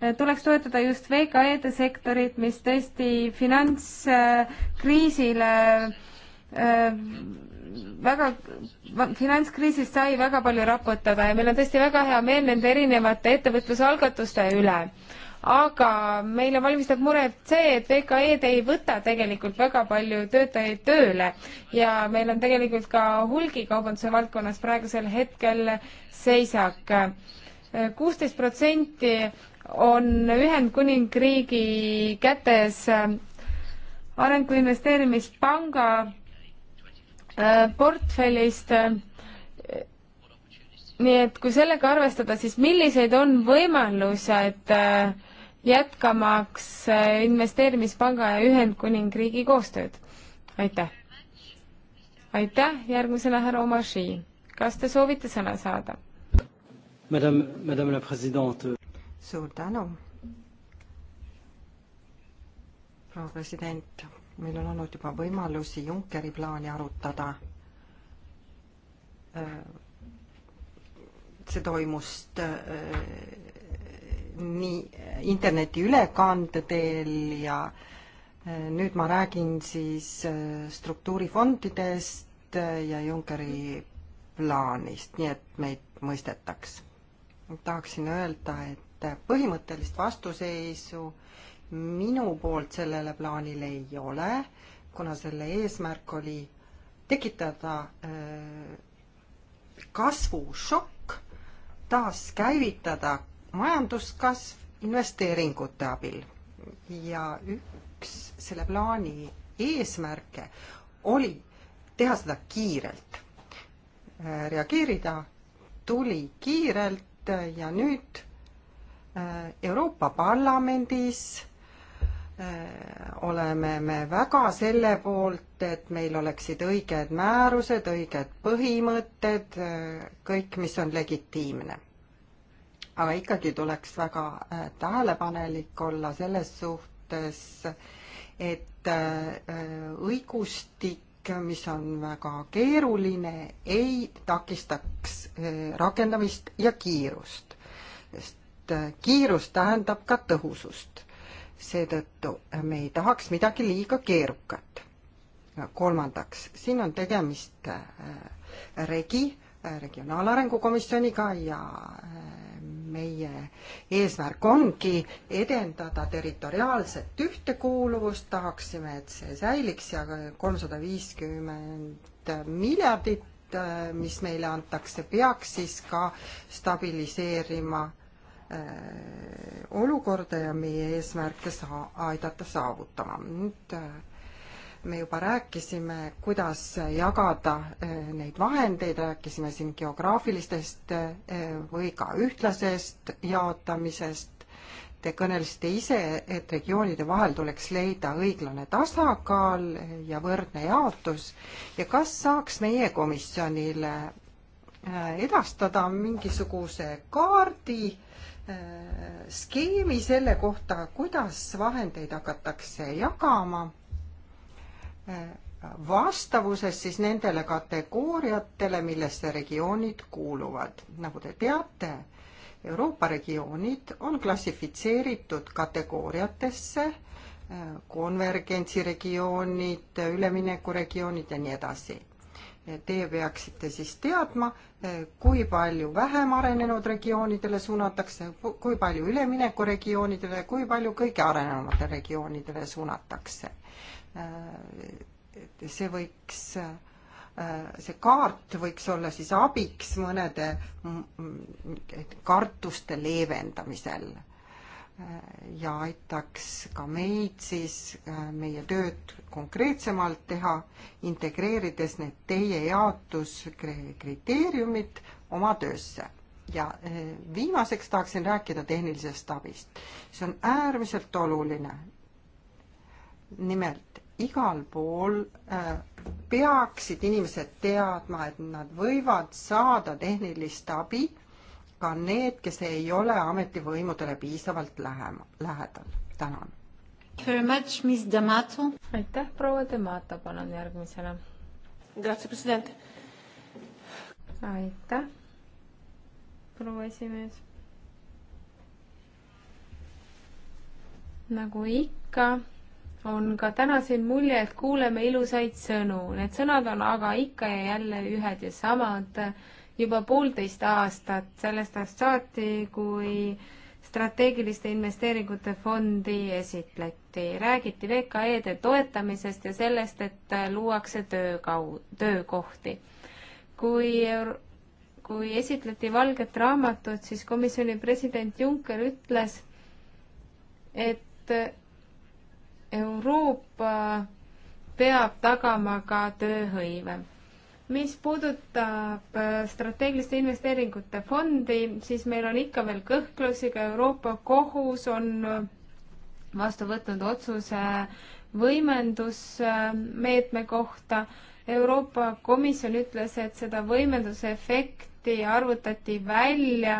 Eh, tuleks toetada just VKE-de sektorit, mis tõesti finantskriisile eh, väga, finantskriisist sai väga palju raputada ja meil on tõesti väga hea meel nende erinevate ettevõtlusalgatuste üle. aga meile valmistab muret see, et VKE-d ei võta tegelikult väga palju töötajaid tööle ja meil on tegelikult ka hulgikaubanduse valdkonnas praegusel hetkel seisak eh, kuusteist protsenti on Ühendkuningriigi kätes äh, arengu investeerimispanga äh, portfellist. Äh, nii et kui sellega arvestada, siis millised on võimalused jätkamaks investeerimispanga ja Ühendkuningriigi koostööd? aitäh. aitäh, järgmisena härra Omaši. kas te soovite sõna saada? Madame, Madame la Présidente suur tänu, proua president. meil on olnud juba võimalusi Junckeri plaani arutada. Äh, see toimus äh, nii interneti ülekande teel ja äh, nüüd ma räägin siis struktuurifondidest ja Junckeri plaanist, nii et meid mõistetaks. tahaksin öelda, et et põhimõttelist vastuseisu minu poolt sellele plaanile ei ole, kuna selle eesmärk oli tekitada äh, kasvušokk, taaskäivitada majanduskasv investeeringute abil. ja üks selle plaani eesmärke oli teha seda kiirelt. Äh, reageerida tuli kiirelt ja nüüd Äh, Euroopa Parlamendis äh, oleme me väga selle poolt, et meil oleksid õiged määrused, õiged põhimõtted, äh, kõik, mis on legitiimne. aga ikkagi tuleks väga tähelepanelik olla selles suhtes, et õigustik mis on väga keeruline, ei takistaks rakendamist ja kiirust. sest kiirus tähendab ka tõhusust. seetõttu me ei tahaks midagi liiga keerukat. kolmandaks, siin on tegemist äh, regi, äh, Regionaalarengu Komisjoniga ja äh, meie eesmärk ongi edendada territoriaalset ühtekuuluvust, tahaksime, et see säiliks ja kolmsada viiskümmend miljardit, mis meile antakse, peaks siis ka stabiliseerima Äh, olukorda ja meie eesmärke saa-, aidata saavutama. nüüd äh, me juba rääkisime, kuidas jagada äh, neid vahendeid, rääkisime siin geograafilistest või ka ühtlasest jaotamisest. Te kõnelesite ise, et regioonide vahel tuleks leida õiglane tasakaal ja võrdne jaotus ja kas saaks meie komisjonile edastada mingisuguse kaardi, Äh, skeemi selle kohta, kuidas vahendeid hakatakse jagama äh, vastavuses siis nendele kategooriatele, millesse regioonid kuuluvad. nagu te teate, Euroopa regioonid on klassifitseeritud kategooriatesse, äh, konvergentsi regioonid, üleminekuregioonid ja nii edasi. Teie peaksite siis teadma, kui palju vähem arenenud regioonidele suunatakse, kui palju üleminekuregioonidele, kui palju kõige arenenumatele regioonidele suunatakse. see võiks, see kaart võiks olla siis abiks mõnede kartuste leevendamisel ja aitaks ka meid siis äh, meie tööd konkreetsemalt teha, integreerides need teie jaotuskriteeriumid oma töösse. ja äh, viimaseks tahaksin rääkida tehnilisest abist. see on äärmiselt oluline. nimelt igal pool äh, peaksid inimesed teadma, et nad võivad saada tehnilist abi ka need, kes ei ole ametivõimudele piisavalt lähem, lähedal. tänan. aitäh, proua Demato, palun järgmisele. aitäh, proua esimees. nagu ikka on ka täna siin mulje, et kuuleme ilusaid sõnu, need sõnad on aga ikka ja jälle ühed ja samad juba poolteist aastat sellest ajast saati, kui strateegiliste investeeringute fondi esitleti. räägiti VKE-de toetamisest ja sellest, et luuakse töökau-, töökohti. kui euro-, kui esitleti Valget raamatut, siis komisjoni president Juncker ütles, et Euroopa peab tagama ka tööhõive mis puudutab äh, strateegiliste investeeringute fondi, siis meil on ikka veel kõhklusi, ka Euroopa Kohus on äh, vastu võtnud otsuse võimendusmeetme äh, kohta. Euroopa Komisjon ütles, et seda võimendusefekti arvutati välja,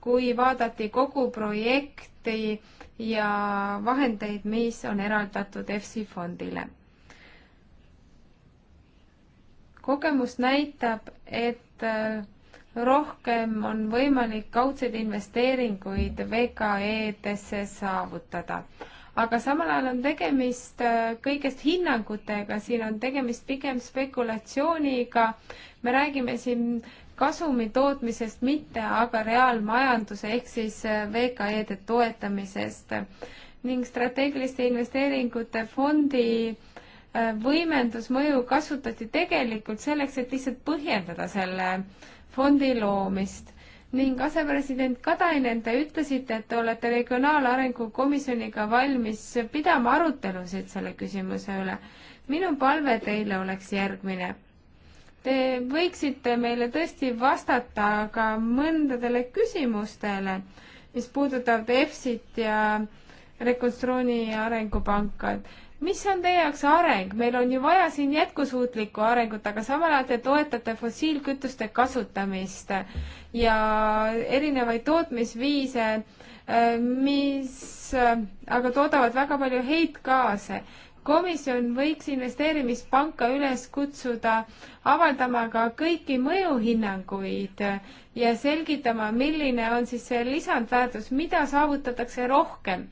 kui vaadati kogu projekti ja vahendeid, mis on eraldatud EFSI fondile kogemus näitab, et äh, rohkem on võimalik kaudseid investeeringuid VKE-desse saavutada. aga samal ajal on tegemist äh, kõigest hinnangutega, siin on tegemist pigem spekulatsiooniga, me räägime siin kasumi tootmisest mitte, aga reaalmajanduse ehk siis äh, VKE-de toetamisest ning strateegiliste investeeringute fondi Äh, võimendusmõju kasutati tegelikult selleks, et lihtsalt põhjendada selle fondi loomist ning asepresident Katainen, te ütlesite, et te olete Regionaalarengu Komisjoniga valmis pidama arutelusid selle küsimuse üle. minu palve teile oleks järgmine. Te võiksite meile tõesti vastata ka mõndadele küsimustele, mis puudutavad EFSit ja Rekonstruuni ja Arengupanka, et mis on teie jaoks areng, meil on ju vaja siin jätkusuutlikku arengut, aga samal ajal te toetate fossiilkütuste kasutamist ja erinevaid tootmisviise, äh, mis äh, aga toodavad väga palju heitgaase. komisjon võiks investeerimispanka üles kutsuda avaldama ka kõiki mõjuhinnanguid ja selgitama, milline on siis see lisandväärtus, mida saavutatakse rohkem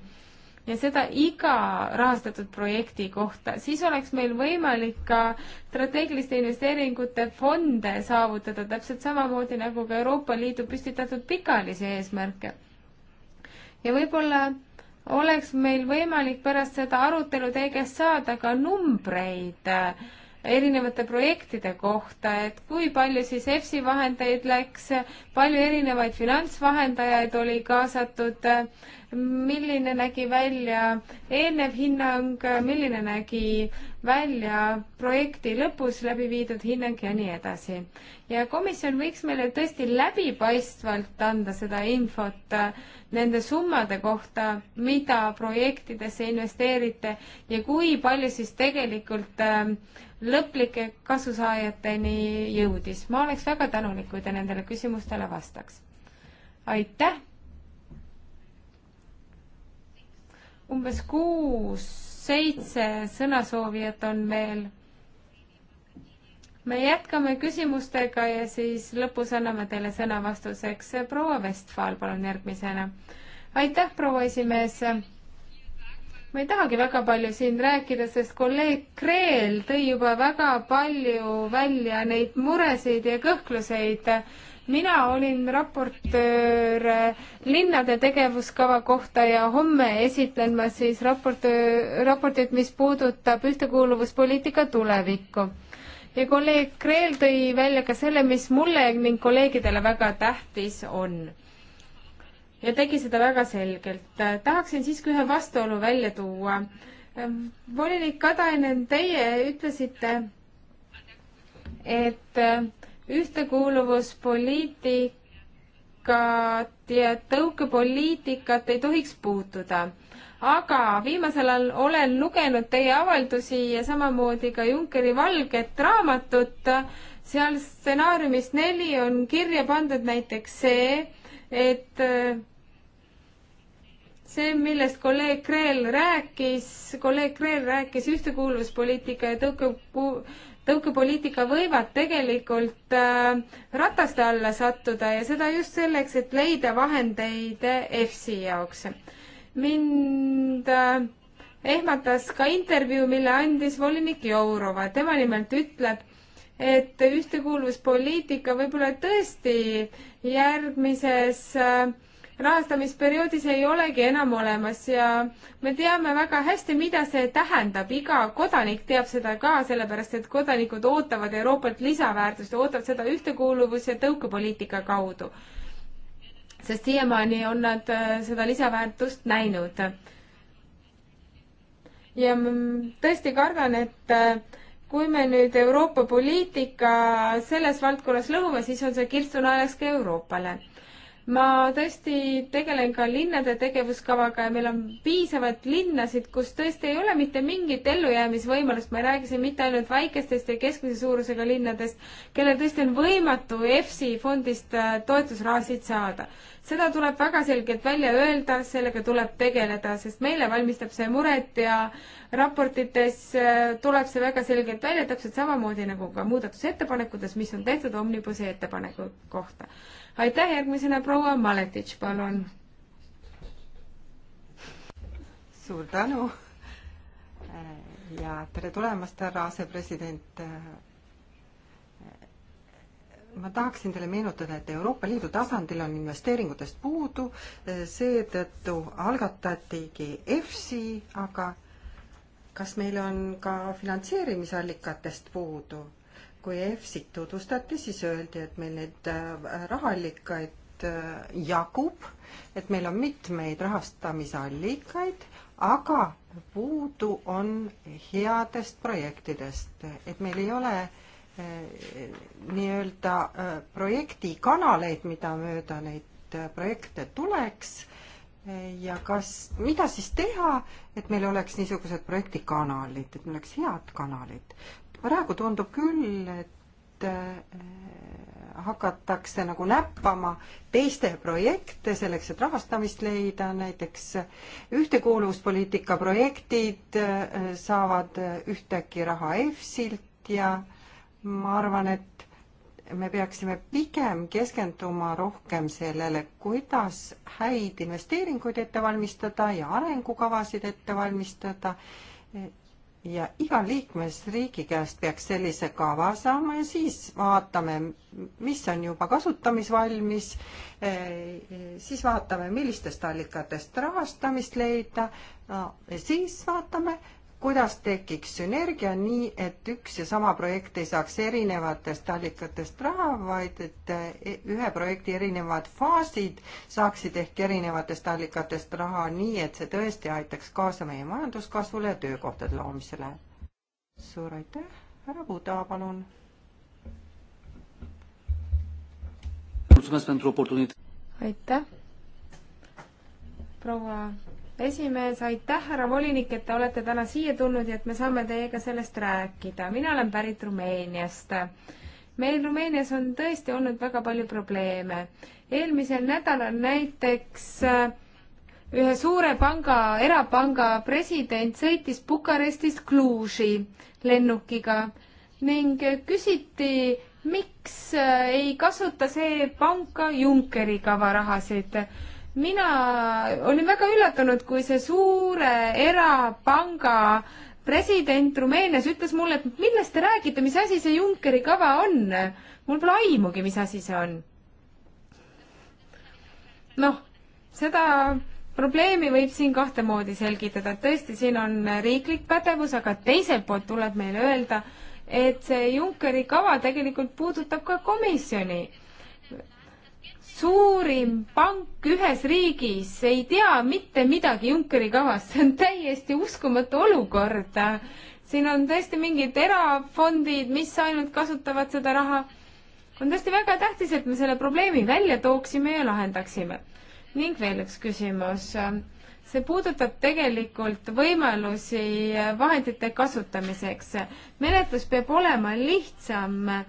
ja seda iga rahastatud projekti kohta, siis oleks meil võimalik ka strateegiliste investeeringute fonde saavutada, täpselt samamoodi nagu ka Euroopa Liidu püstitatud pikaajalisi eesmärke. ja võib-olla oleks meil võimalik pärast seda arutelu teie käest saada ka numbreid äh, erinevate projektide kohta, et kui palju siis EFSI vahendeid läks, palju erinevaid finantsvahendajaid oli kaasatud, milline nägi välja eelnev hinnang, milline nägi välja projekti lõpus läbi viidud hinnang ja nii edasi. ja komisjon võiks meile tõesti läbipaistvalt anda seda infot nende summade kohta, mida projektidesse investeerite ja kui palju siis tegelikult äh, lõplike kasusaajateni jõudis. ma oleks väga tänulik, kui te nendele küsimustele vastaks. aitäh! umbes kuus-seitse sõnasoovijat on veel. me jätkame küsimustega ja siis lõpus anname teile sõna vastuseks. proua Vestfaal, palun järgmisena. aitäh, proua esimees ma ei tahagi väga palju siin rääkida, sest kolleeg Kreel tõi juba väga palju välja neid muresid ja kõhkluseid. mina olin raportöör linnade tegevuskava kohta ja homme esitlen ma siis raportöö, raportit, mis puudutab ühtekuuluvuspoliitika tulevikku ja kolleeg Kreel tõi välja ka selle, mis mulle ning kolleegidele väga tähtis on ja tegi seda väga selgelt. tahaksin siiski ühe vastuolu välja tuua. Ehm, volinik Katainen, teie ütlesite, et eh, ühtekuuluvuspoliitikat ja tõukepoliitikat ei tohiks puutuda. aga viimasel ajal olen lugenud teie avaldusi ja samamoodi ka Junckeri valget raamatut. seal stsenaariumis neli on kirja pandud näiteks see, et eh, see, millest kolleeg Kreel rääkis, kolleeg Kreel rääkis ühtekuuluvuspoliitika ja tõukekuu-, tõukepoliitika võivad tegelikult äh, rataste alla sattuda ja seda just selleks, et leida vahendeid EFSi jaoks. mind äh, ehmatas ka intervjuu, mille andis volinik Jourova, tema nimelt ütleb, et ühtekuuluvuspoliitika võib-olla tõesti järgmises äh, rahastamisperioodis ei olegi enam olemas ja me teame väga hästi, mida see tähendab, iga kodanik teab seda ka, sellepärast et kodanikud ootavad Euroopalt lisaväärtust, ootavad seda ühtekuuluvus- ja tõukepoliitika kaudu. sest siiamaani on nad äh, seda lisaväärtust näinud. ja tõesti kardan, et äh, kui me nüüd Euroopa poliitika selles valdkonnas lõhume, siis on see kirstunaelaks ka Euroopale ma tõesti tegelen ka linnade tegevuskavaga ja meil on piisavalt linnasid, kus tõesti ei ole mitte mingit ellujäämisvõimalust, ma ei räägi siin mitte ainult väikestest ja keskmise suurusega linnadest, kellel tõesti on võimatu EFSI fondist äh, toetusrahasid saada. seda tuleb väga selgelt välja öelda, sellega tuleb tegeleda, sest meile valmistab see muret ja raportites äh, tuleb see väga selgelt välja, täpselt samamoodi nagu ka muudatusettepanekutes, mis on tehtud Omnibusi ettepaneku kohta aitäh, järgmisena proua Maletitš, palun. suur tänu ja tere tulemast, härra asepresident. ma tahaksin teile meenutada, et Euroopa Liidu tasandil on investeeringutest puudu, seetõttu algatatigi EFSI, aga kas meil on ka finantseerimisallikatest puudu? kui EFSit tutvustati, siis öeldi, et meil neid äh, rahaallikaid äh, jagub, et meil on mitmeid rahastamisallikaid, aga puudu on headest projektidest, et meil ei ole äh, nii-öelda projektikanaleid, mida mööda neid projekte tuleks ja kas, mida siis teha, et meil oleks niisugused projektikanalid, et meil oleks head kanalid praegu tundub küll, et äh, hakatakse nagu näppama teiste projekte selleks, et rahastamist leida, näiteks ühtekuuluvuspoliitika projektid äh, saavad ühtäkki raha EFSilt ja ma arvan, et me peaksime pigem keskenduma rohkem sellele, kuidas häid investeeringuid ette valmistada ja arengukavasid ette valmistada ja iga liikmesriigi käest peaks sellise kava saama ja siis vaatame, mis on juba kasutamisvalmis, e, e, siis vaatame, millistest allikatest rahastamist leida no,, siis vaatame, kuidas tekiks sünergia nii, et üks ja sama projekt ei saaks erinevatest allikatest raha, vaid et e, ühe projekti erinevad faasid saaksid ehk erinevatest allikatest raha, nii et see tõesti aitaks kaasa meie majanduskasvule ja töökohtade loomisele. suur aitäh, härra Buda, palun. aitäh, proua esimees, aitäh, härra volinik, et te olete täna siia tulnud ja et me saame teiega sellest rääkida. mina olen pärit Rumeeniast. meil Rumeenias on tõesti olnud väga palju probleeme. eelmisel nädalal näiteks äh, ühe suure panga, erapanga president sõitis Bukarestist Cluj'i lennukiga ning küsiti, miks äh, ei kasuta see pank ka Junckeri kava rahasid mina olin väga üllatunud, kui see suure erapanga president Rumeenias ütles mulle, et millest te räägite, mis asi see Junckeri kava on? mul pole aimugi, mis asi see on. noh, seda probleemi võib siin kahte moodi selgitada, et tõesti, siin on riiklik pädevus, aga teiselt poolt tuleb meile öelda, et see Junckeri kava tegelikult puudutab ka komisjoni suurim pank ühes riigis ei tea mitte midagi Junckeri kavast, see on täiesti uskumatu olukord. siin on tõesti mingid erafondid, mis ainult kasutavad seda raha. on tõesti väga tähtis, et me selle probleemi välja tooksime ja lahendaksime. ning veel üks küsimus. see puudutab tegelikult võimalusi vahendite kasutamiseks. menetlus peab olema lihtsam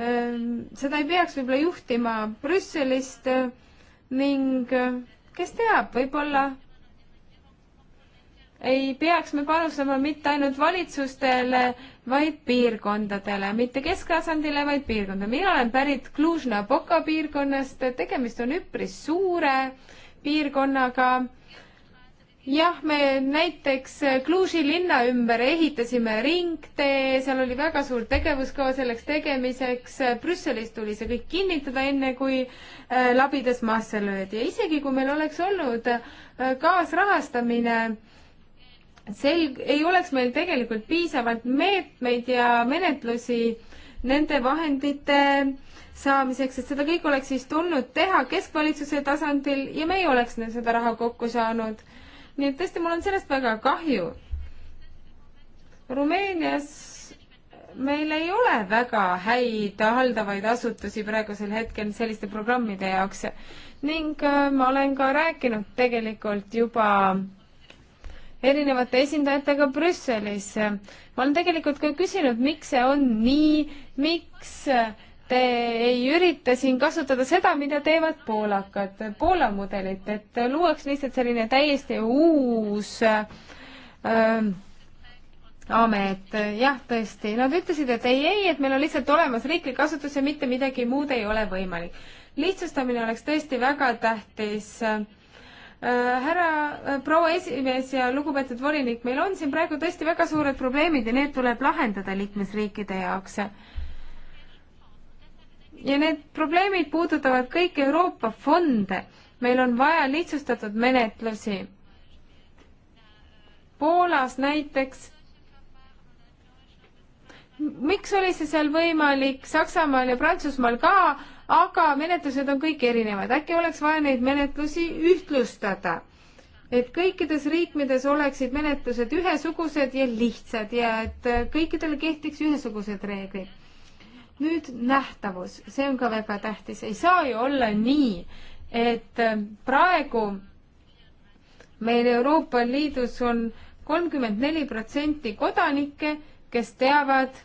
Ehm, seda ei peaks võib-olla juhtima Brüsselist äh, ning äh, kes teab, võib-olla ei peaks me panustama mitte ainult valitsustele, vaid piirkondadele, mitte kesktasandile, vaid piirkonda. mina olen pärit Cluj-Napoca piirkonnast, tegemist on üpris suure piirkonnaga jah, me näiteks Cluj'i linna ümber ehitasime ringtee, seal oli väga suur tegevuskava selleks tegemiseks, Brüsselis tuli see kõik kinnitada, enne kui äh, labidas maasse löödi ja isegi kui meil oleks olnud äh, kaasrahastamine, selg-, ei oleks meil tegelikult piisavalt meetmeid ja menetlusi nende vahendite saamiseks, et seda kõike oleks siis tulnud teha keskvalitsuse tasandil ja me ei oleks seda raha kokku saanud nii et tõesti, mul on sellest väga kahju. Rumeenias meil ei ole väga häid haldavaid asutusi praegusel hetkel selliste programmide jaoks ning äh, ma olen ka rääkinud tegelikult juba erinevate esindajatega Brüsselis. ma olen tegelikult ka küsinud, miks see on nii, miks äh, Te ei ürita siin kasutada seda, mida teevad poolakad, Poola mudelit, et luuakse lihtsalt selline täiesti uus äh, amet, jah, tõesti, nad ütlesid, et ei, ei, et meil on lihtsalt olemas riiklik asutus ja mitte midagi muud ei ole võimalik. lihtsustamine oleks tõesti väga tähtis äh,. härra äh, proua esimees ja lugupeetud volinik, meil on siin praegu tõesti väga suured probleemid ja need tuleb lahendada liikmesriikide jaoks äh, ja need probleemid puudutavad kõiki Euroopa fonde. meil on vaja lihtsustatud menetlusi. Poolas näiteks miks oli see seal võimalik Saksamaal ja Prantsusmaal ka, aga menetlused on kõik erinevad, äkki oleks vaja neid menetlusi ühtlustada? et kõikides riikides oleksid menetlused ühesugused ja lihtsad ja et kõikidele kehtiks ühesugused reeglid nüüd nähtavus, see on ka väga tähtis, ei saa ju olla nii, et äh, praegu meil Euroopa Liidus on kolmkümmend neli protsenti kodanikke, kes teavad,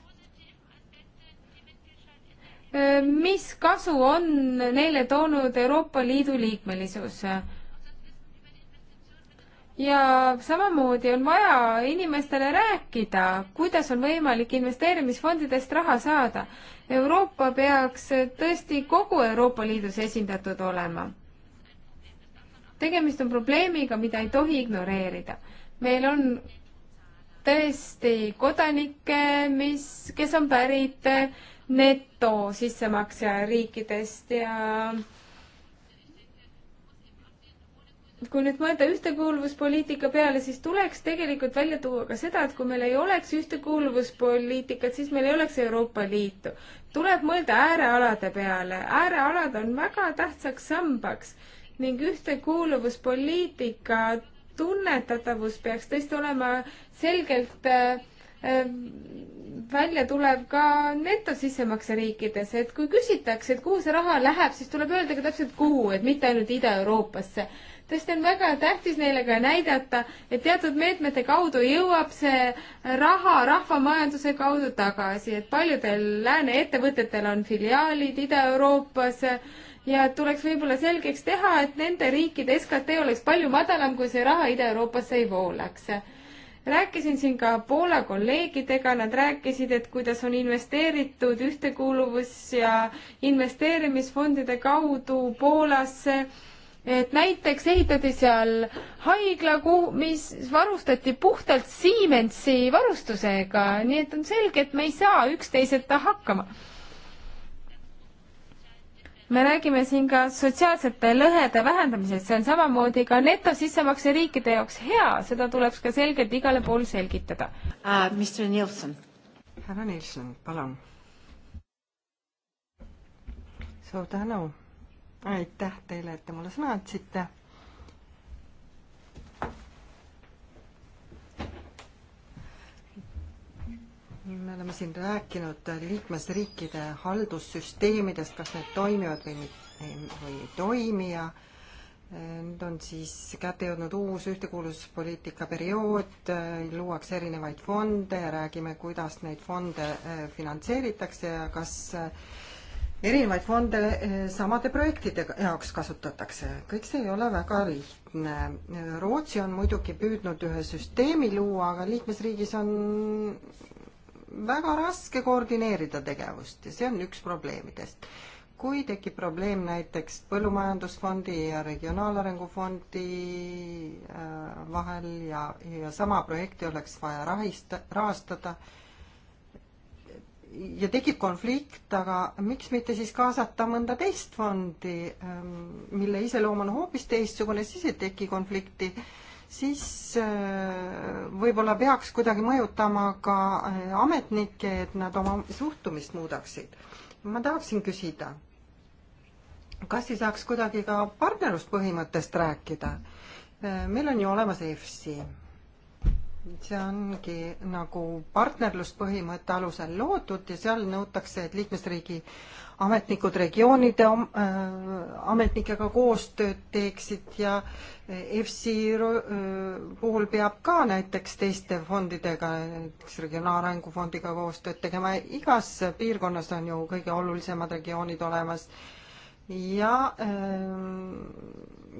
äh, mis kasu on neile toonud Euroopa Liidu liikmelisus ja samamoodi on vaja inimestele rääkida, kuidas on võimalik investeerimisfondidest raha saada. Euroopa peaks tõesti kogu Euroopa Liidus esindatud olema. tegemist on probleemiga, mida ei tohi ignoreerida. meil on tõesti kodanikke, mis, kes on pärit neto sissemaksja riikidest ja äh, kui nüüd mõelda ühtekuuluvuspoliitika peale, siis tuleks tegelikult välja tuua ka seda, et kui meil ei oleks ühtekuuluvuspoliitikat, siis meil ei oleks Euroopa Liitu. tuleb mõelda äärealade peale, äärealad on väga tähtsaks sambaks ning ühtekuuluvuspoliitika tunnetatavus peaks tõesti olema selgelt äh, ähm, välja tuleb ka netosissemakseriikides, et kui küsitakse, et kuhu see raha läheb, siis tuleb öelda ka täpselt kuhu, et mitte ainult Ida-Euroopasse tõesti on väga tähtis neile ka näidata, et teatud meetmete kaudu jõuab see raha rahvamajanduse kaudu tagasi, et paljudel lääne ettevõtetel on filiaalid Ida-Euroopas ja tuleks võib-olla selgeks teha, et nende riikide SKT oleks palju madalam, kui see raha Ida-Euroopasse ei voolaks rääkisin siin ka Poola kolleegidega, nad rääkisid, et kuidas on investeeritud ühtekuuluvus- ja investeerimisfondide kaudu Poolasse et näiteks ehitati seal haigla, kuhu, mis varustati puhtalt Siemensi varustusega, nii et on selge, et me ei saa üksteiseta hakkama. me räägime siin ka sotsiaalsete lõhede vähendamisest, see on samamoodi ka netosissemakse riikide jaoks hea, seda tuleb ka selgelt igale pool selgitada uh,. Äh, Mr Nilsson. härra Nilsson, palun. suur tänu aitäh teile, et te mulle sõna andsite. me oleme siin rääkinud liikmesriikide haldussüsteemidest, kas need toimivad või mitte või ei toimi ja eh, nüüd on siis kätte jõudnud uus ühtekuuluvuspoliitika periood, eh, luuakse erinevaid fonde ja räägime, kuidas neid fonde eh, finantseeritakse ja kas erinevaid fonde eh, samade projektide jaoks kasutatakse. kõik see ei ole väga lihtne. Rootsi on muidugi püüdnud ühe süsteemi luua, aga liikmesriigis on väga raske koordineerida tegevust ja see on üks probleemidest. kui tekib probleem näiteks Põllumajandusfondi ja Regionaalarengu Fondi äh, vahel ja, ja sama projekti oleks vaja rahista, rahastada, rahastada, ja tekib konflikt, aga miks mitte siis kaasata mõnda teist fondi, ähm, mille iseloom on hoopis teistsugune, siis ei teki konflikti. siis äh, võib-olla peaks kuidagi mõjutama ka äh, ametnikke, et nad oma suhtumist muudaksid. ma tahaksin küsida, kas ei saaks kuidagi ka partnerluspõhimõttest rääkida? Äh, meil on ju olemas EFSI see ongi nagu partnerluspõhimõtte alusel loodud ja seal nõutakse, et liikmesriigi ametnikud regioonide äh, ametnikega koostööd teeksid ja EFSI äh, puhul peab ka näiteks teiste fondidega, näiteks Regionaalarengu fondiga koostööd tegema, igas piirkonnas on ju kõige olulisemad regioonid olemas ja äh,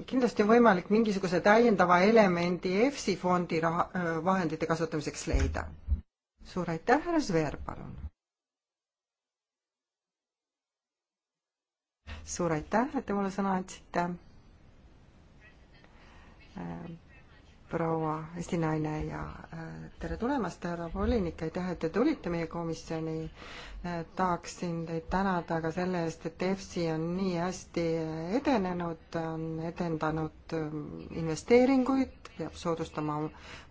kindlasti on võimalik mingisuguse täiendava elemendi EFSI fondi raha, vahendite kasutamiseks leida. suur aitäh, härra Sveer, palun. suur aitäh, et te mulle sõna andsite proua esinaine ja äh, tere tulemast, härra volinik, aitäh, et te tulite meie komisjoni. Äh, tahaksin teid tänada ka selle eest, et EFSI on nii hästi äh, edenenud, on edendanud investeeringuid, peab soodustama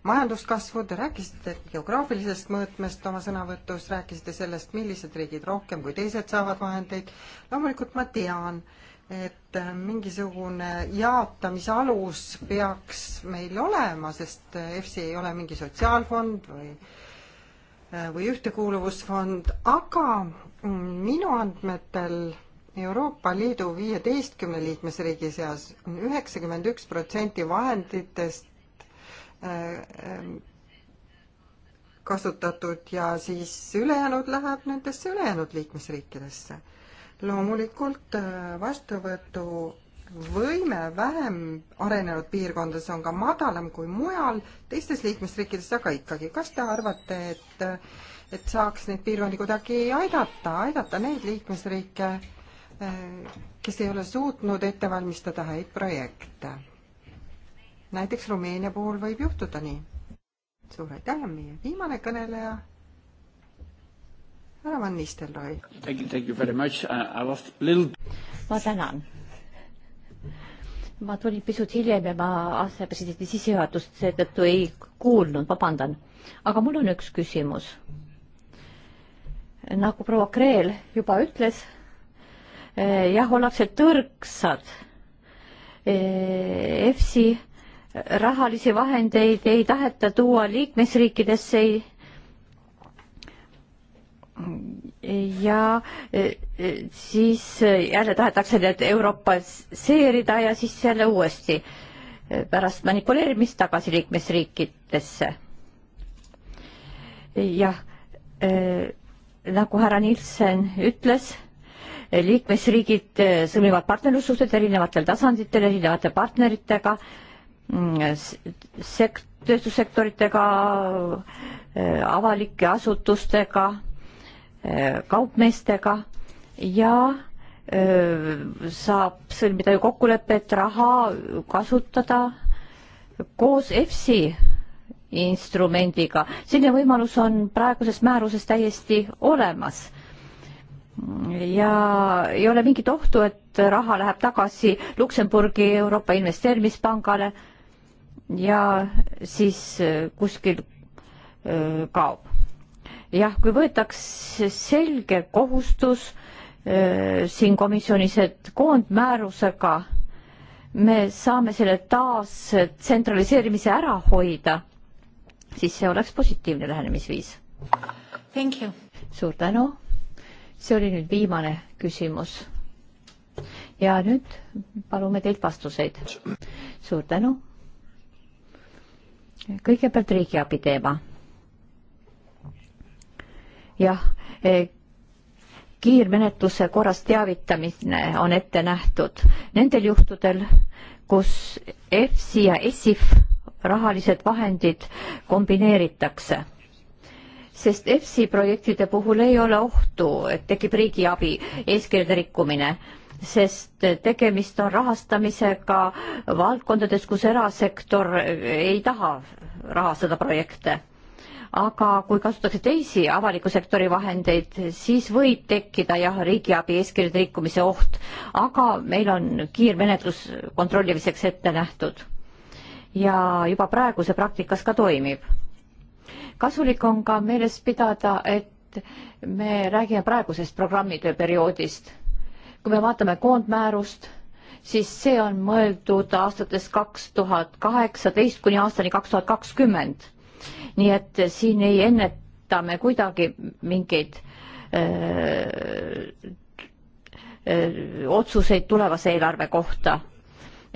majanduskasvu, te rääkisite geograafilisest mõõtmest oma sõnavõtus, rääkisite sellest, millised riigid rohkem kui teised saavad vahendeid. loomulikult ma tean, et äh, mingisugune jaotamisalus peaks meil olema, sest äh, EFSI ei ole mingi sotsiaalfond või äh, või ühtekuuluvusfond, aga mm, minu andmetel Euroopa Liidu viieteistkümne liikmesriigi seas on üheksakümmend üks protsenti vahenditest ähm, kasutatud ja siis ülejäänud läheb nendesse ülejäänud liikmesriikidesse loomulikult äh, vastuvõtuvõime vähem arenenud piirkondades on ka madalam kui mujal teistes liikmesriikides, aga ikkagi, kas te arvate, et et saaks neid piirkondi kuidagi aidata, aidata neid liikmesriike, äh, kes ei ole suutnud ette valmistada häid projekte? näiteks Rumeenia puhul võib juhtuda nii. suur aitäh, meie viimane kõneleja härra Van Nistelrooy. Little... ma tänan. ma tulin pisut hiljem ja ma asepresidendi sissejuhatust seetõttu ei kuulnud, vabandan. aga mul on üks küsimus. nagu proua Kreel juba ütles, eh, jah, ollakse tõrksad. EFSi eh, rahalisi vahendeid ei taheta tuua liikmesriikidesse, ei ja e, e, siis e, jälle tahetakse need europaseerida ja siis jälle uuesti pärast manipuleerimist tagasi liikmesriikidesse. jah, nagu härra Nilsen ütles, liikmesriigid sõlmivad partnerlussuhted erinevatel tasanditel, erinevate partneritega, mm, sekt-, tööstussektoritega, avalike asutustega Eh, kaupmeestega ja eh, saab sõlmida ju kokkulepet raha kasutada koos EFSI instrumendiga. selline võimalus on praeguses määruses täiesti olemas. ja ei ole mingit ohtu, et raha läheb tagasi Luksemburgi Euroopa Investeerimispangale ja siis eh, kuskil kaob jah, kui võetakse selge kohustus äh, siin komisjonis, et koondmäärusega me saame selle taas tsentraliseerimise ära hoida, siis see oleks positiivne lähenemisviis. suur tänu. see oli nüüd viimane küsimus. ja nüüd palume teilt vastuseid. suur tänu. kõigepealt riigiabi teema jah, e, kiirmenetluse korras teavitamine on ette nähtud nendel juhtudel, kus EFSI ja ESIF rahalised vahendid kombineeritakse. sest EFSI projektide puhul ei ole ohtu, et tekib riigiabi eeskirjade rikkumine, sest tegemist on rahastamisega valdkondades, kus erasektor ei taha rahastada projekte aga kui kasutatakse teisi avaliku sektori vahendeid, siis võib tekkida jah, riigiabi eeskirjade rikkumise oht, aga meil on kiirmenetlus kontrollimiseks ette nähtud. ja juba praegu see praktikas ka toimib. kasulik on ka meeles pidada, et me räägime praegusest programmitöö perioodist. kui me vaatame koondmäärust siis see on mõeldud aastatest kaks tuhat kaheksateist kuni aastani kaks tuhat kakskümmend nii et siin ei enneta me kuidagi mingeid öö, öö, otsuseid tulevase eelarve kohta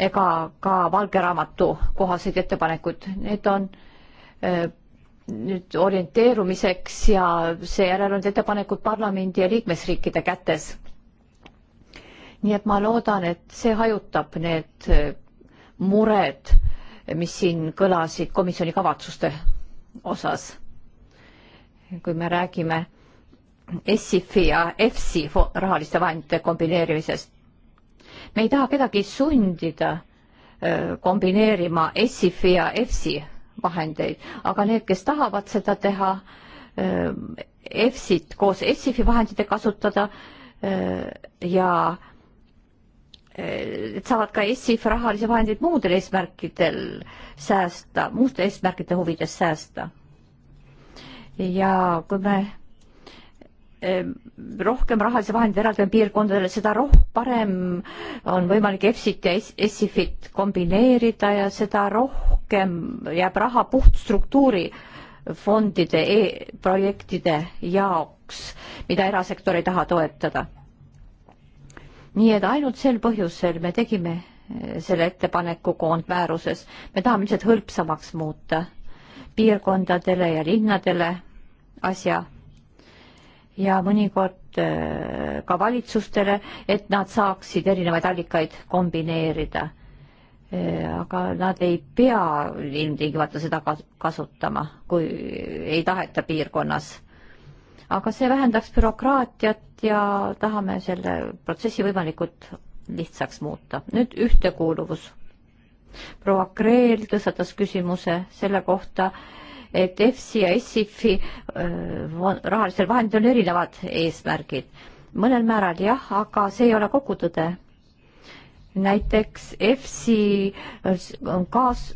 ega ka valge raamatu kohaseid ettepanekuid, need on öö, nüüd orienteerumiseks ja seejärel on ettepanekud parlamendi ja liikmesriikide kätes. nii et ma loodan, et see hajutab need mured, mis siin kõlasid komisjoni kavatsuste osas. kui me räägime ESIF-i ja EFSI rahaliste vahendite kombineerimisest. me ei taha kedagi sundida kombineerima ESIF-i ja EFSI vahendeid, aga need, kes tahavad seda teha, EFSI-t koos ESIF-i vahenditega kasutada ja Eh, et saavad ka ESIF rahalisi vahendeid muudel eesmärkidel säästa, muude eesmärkide huvides säästa. ja kui me eh, rohkem rahalisi vahendeid eraldame piirkondadele, seda roh-, parem on võimalik EFSit ja ESIFit kombineerida ja seda rohkem jääb raha puhtstruktuuri fondide e, projektide jaoks, mida erasektor ei taha toetada nii et ainult sel põhjusel me tegime eh, selle ettepaneku koondmääruses. me tahame lihtsalt hõlpsamaks muuta piirkondadele ja linnadele asja ja mõnikord eh, ka valitsustele, et nad saaksid erinevaid allikaid kombineerida. Eh, aga nad ei pea ilmtingimata seda kasutama, kui ei taheta piirkonnas aga see vähendaks bürokraatiat ja tahame selle protsessi võimalikult lihtsaks muuta. nüüd ühtekuuluvus. proua Kreel tõstatas küsimuse selle kohta, et EFSI ja ESIFi äh, rahalistel vahendil on erinevad eesmärgid. mõnel määral jah, aga see ei ole kogu tõde. näiteks EFSI äh, on kaas-,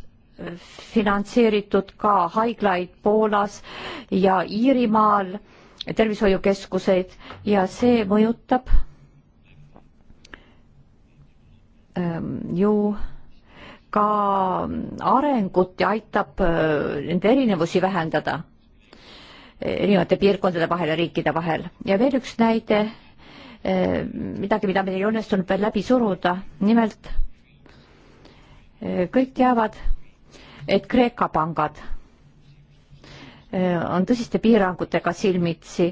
finantseeritud ka haiglaid Poolas ja Iirimaal tervishoiukeskuseid ja see mõjutab ähm, ju ka arengut ja aitab äh, nende erinevusi vähendada erinevate piirkondade vahel ja riikide vahel. ja veel üks näide, äh, midagi, mida meil ei õnnestunud veel läbi suruda, nimelt äh, kõik teavad, et Kreeka pangad Äh, on tõsiste piirangutega silmitsi,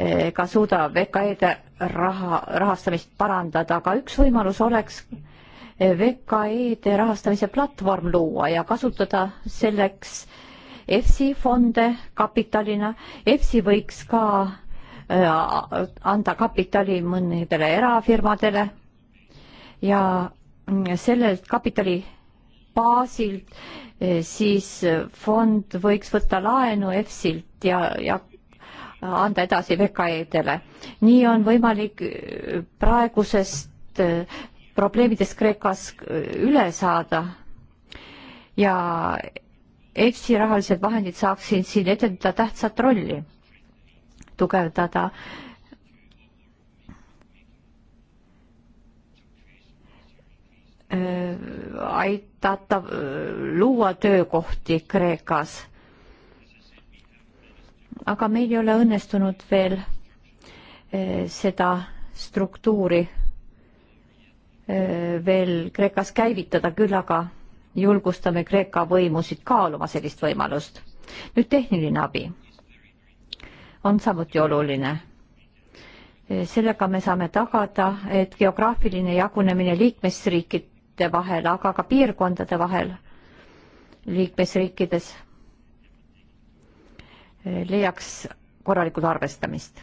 ega äh, suuda VKE-de raha, rahastamist parandada, aga üks võimalus oleks äh, VKE-de rahastamise platvorm luua ja kasutada selleks EFSI fonde kapitalina. EFSI võiks ka anda kapitali mõnedele erafirmadele ja mm, sellelt kapitali baasilt, eh, siis eh, fond võiks võtta laenu EFSilt ja, ja anda edasi VKE-dele. nii on võimalik eh, praegusest probleemidest Kreekas üle saada ja EFSi rahalised vahendid saaksid siin etendada tähtsat rolli, tugevdada äh, aidata luua töökohti Kreekas. aga meil ei ole õnnestunud veel eh, seda struktuuri eh, veel Kreekas käivitada, küll aga julgustame Kreeka võimusid kaaluma sellist võimalust. nüüd tehniline abi on samuti oluline. Eh, sellega me saame tagada, et geograafiline jagunemine liikmesriikid liikmesriikide vahel, aga ka piirkondade vahel liikmesriikides leiaks korralikult arvestamist.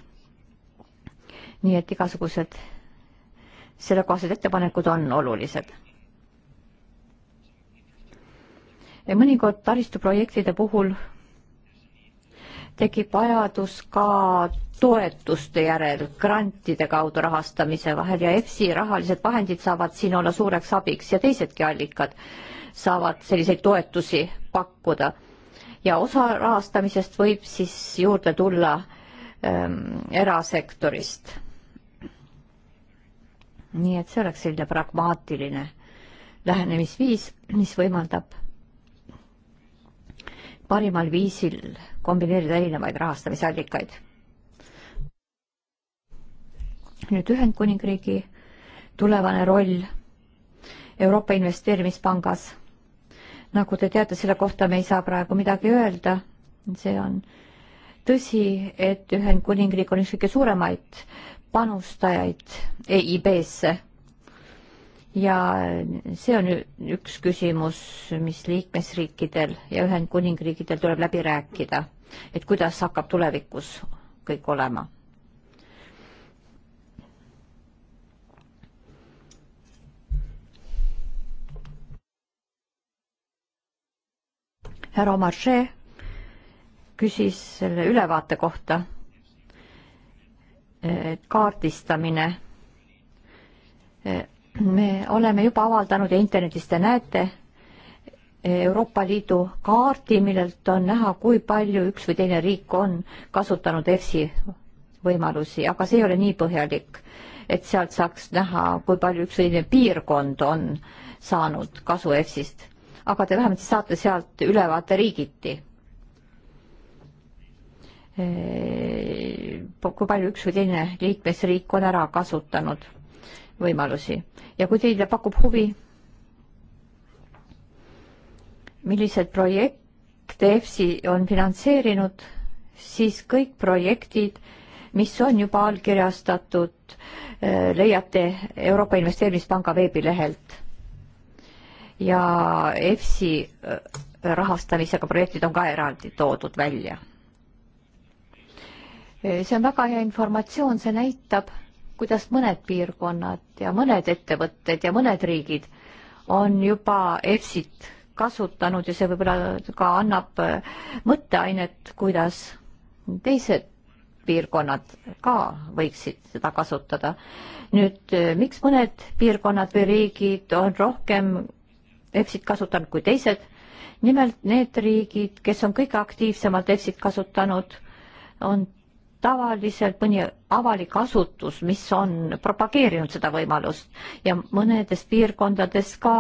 nii et igasugused sellekohased ettepanekud on olulised. mõnikord taristuprojektide puhul tekib vajadus ka toetuste järel, grantide kaudu rahastamise vahel ja EFSI rahalised vahendid saavad siin olla suureks abiks ja teisedki allikad saavad selliseid toetusi pakkuda. ja osa rahastamisest võib siis juurde tulla ähm, erasektorist. nii et see oleks selline pragmaatiline lähenemisviis, mis võimaldab parimal viisil kombineerida erinevaid rahastamisallikaid. nüüd Ühendkuningriigi tulevane roll Euroopa Investeerimispangas. nagu te teate, selle kohta me ei saa praegu midagi öelda, see on tõsi, et Ühendkuningriik on üks kõige suuremaid panustajaid EIB-sse ja see on üks küsimus, mis liikmesriikidel ja Ühendkuningriikidel tuleb läbi rääkida et kuidas hakkab tulevikus kõik olema. härra Omaršee küsis selle ülevaate kohta, kaardistamine. me oleme juba avaldanud ja internetis te näete Euroopa Liidu kaardi, millelt on näha, kui palju üks või teine riik on kasutanud EFSI võimalusi, aga see ei ole nii põhjalik, et sealt saaks näha, kui palju üks või teine piirkond on saanud kasu EFSist. aga te vähemalt saate sealt ülevaate riigiti. kui palju üks või teine liikmesriik on ära kasutanud võimalusi ja kui teile pakub huvi milliseid projekte EFSI on finantseerinud, siis kõik projektid, mis on juba allkirjastatud, eh, leiate Euroopa Investeerimispanga veebilehelt. ja EFSI eh, rahastamisega projektid on ka eraldi toodud välja. Eh, see on väga hea informatsioon, see näitab, kuidas mõned piirkonnad ja mõned ettevõtted ja mõned riigid on juba EFSit kasutanud ja see võib-olla ka annab äh, mõtteainet, kuidas teised piirkonnad ka võiksid seda kasutada. nüüd äh, miks mõned piirkonnad või riigid on rohkem EFSit kasutanud kui teised? nimelt need riigid, kes on kõige aktiivsemalt EFSit kasutanud, on tavaliselt mõni avalik asutus, mis on propageerinud seda võimalust ja mõnedes piirkondades ka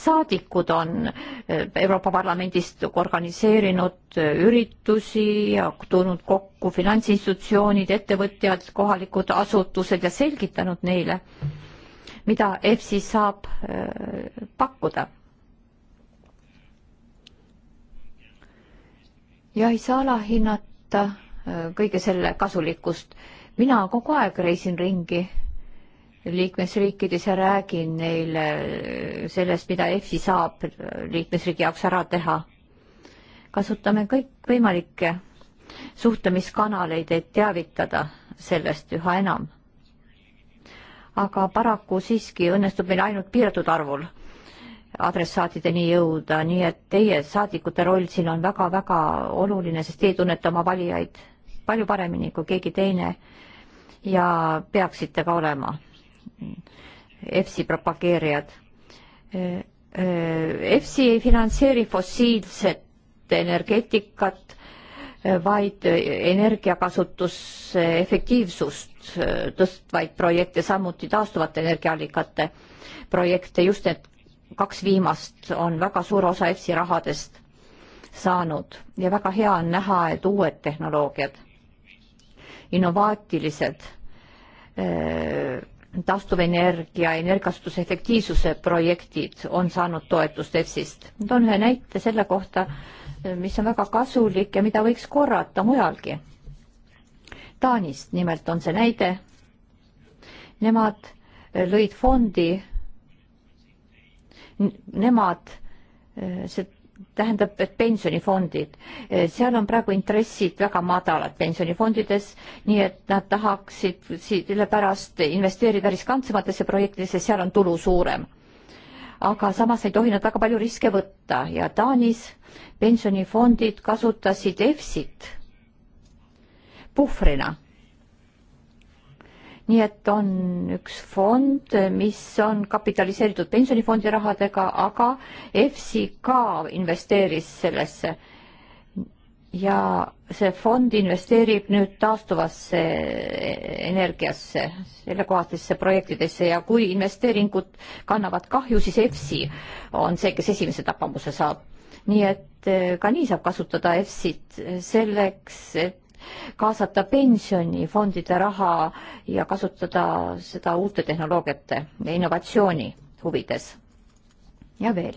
saadikud on eh, Euroopa Parlamendist organiseerinud eh, üritusi ja tulnud kokku finantsinstitutsioonid, ettevõtjad, kohalikud asutused ja selgitanud neile, mida EFSI saab eh, pakkuda ja ei saa alahinnata Äh, kõige selle kasulikkust. mina kogu aeg reisin ringi liikmesriikides ja räägin neile sellest, mida EFSI saab liikmesriigi jaoks ära teha. kasutame kõikvõimalikke suhtlemiskanaleid, et teavitada sellest üha enam. aga paraku siiski õnnestub meil ainult piiratud arvul adressaatideni jõuda, nii et teie saadikute roll siin on väga-väga oluline, sest teie tunnete oma valijaid palju paremini kui keegi teine ja peaksite ka olema EFSI propageerijad. EFSI ei finantseeri fossiilset energeetikat, vaid energiakasutuse efektiivsust tõstvaid projekte, samuti taastuvate energiaallikate projekte, just need kaks viimast on väga suur osa EFSI rahadest saanud ja väga hea on näha, et uued tehnoloogiad innovaatilised eh, taastuvenergia, energiasutuse efektiivsuse projektid on saanud toetust EFSist. toon ühe näite selle kohta, mis on väga kasulik ja mida võiks korrata mujalgi. Taanist nimelt on see näide. Nemad lõid fondi, nemad eh, see tähendab, et pensionifondid, seal on praegu intressid väga madalad pensionifondides, nii et nad tahaksid sellepärast investeerida riskantsematesse projektidesse, seal on tulu suurem. aga samas ei tohi nad väga palju riske võtta ja Taanis pensionifondid kasutasid EFSit puhvrina nii et on üks fond, mis on kapitaliseeritud pensionifondi rahadega, aga EFSI ka investeeris sellesse. ja see fond investeerib nüüd taastuvasse energiasse, sellekohatesse projektidesse ja kui investeeringud kannavad kahju, siis EFSI on see, kes esimese tapamuse saab. nii et eh, ka nii saab kasutada EFSit selleks, et kaasata pensionifondide raha ja kasutada seda uute tehnoloogiate ja innovatsiooni huvides. ja veel.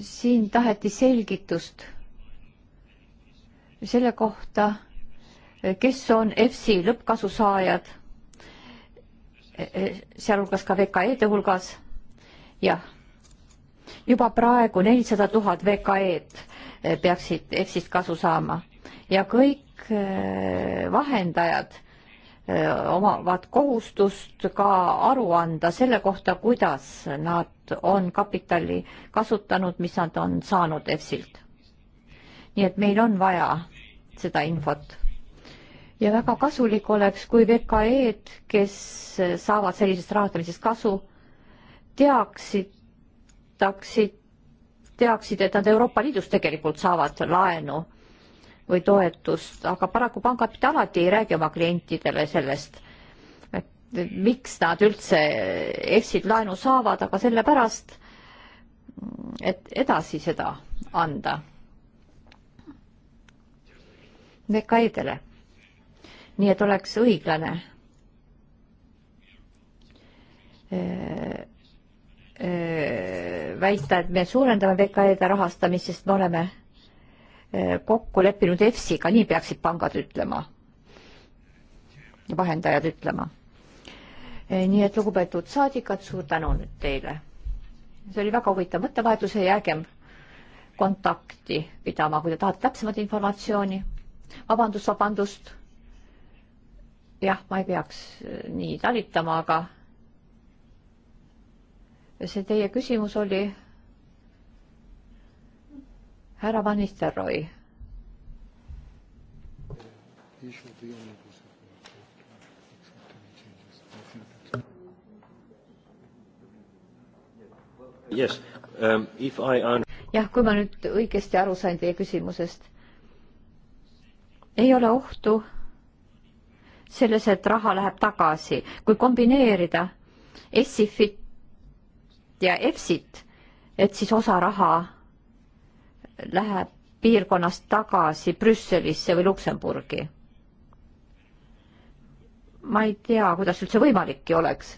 siin taheti selgitust selle kohta, kes on EFSI lõppkasusaajad, sealhulgas ka VKE-de hulgas. jah juba praegu nelisada tuhat VKE-d eh, peaksid EFSist kasu saama ja kõik eh, vahendajad eh, omavad kohustust ka aru anda selle kohta, kuidas nad on kapitali kasutanud, mis nad on saanud EFSilt. nii et meil on vaja seda infot. ja väga kasulik oleks, kui VKE-d, kes saavad sellisest rahastamisest kasu, teaksid, teataksid, teaksid, et nad Euroopa Liidus tegelikult saavad laenu või toetust, aga paraku pangad mitte alati ei räägi oma klientidele sellest, et miks nad üldse EFSid laenu saavad, aga sellepärast, et edasi seda anda VKI-dele. nii et oleks õiglane Äh, väita, et me suurendame VKE-de rahastamist, sest me oleme äh, kokku leppinud EFSiga, nii peaksid pangad ütlema, vahendajad ütlema. Äh, nii et lugupeetud saadikud, suur tänu nüüd teile. see oli väga huvitav mõttevahetus ja jäägem kontakti pidama, kui te tahate täpsemat informatsiooni. vabandust, vabandust. jah, ma ei peaks nii talitama, aga see teie küsimus oli härra Van Nistelrooy. Yes, um, if I jah, kui ma nüüd õigesti aru sain teie küsimusest, ei ole ohtu selles, et raha läheb tagasi, kui kombineerida ESIFit ja EFSit, et siis osa raha läheb piirkonnast tagasi Brüsselisse või Luksemburgi. ma ei tea, kuidas üldse võimalikki oleks.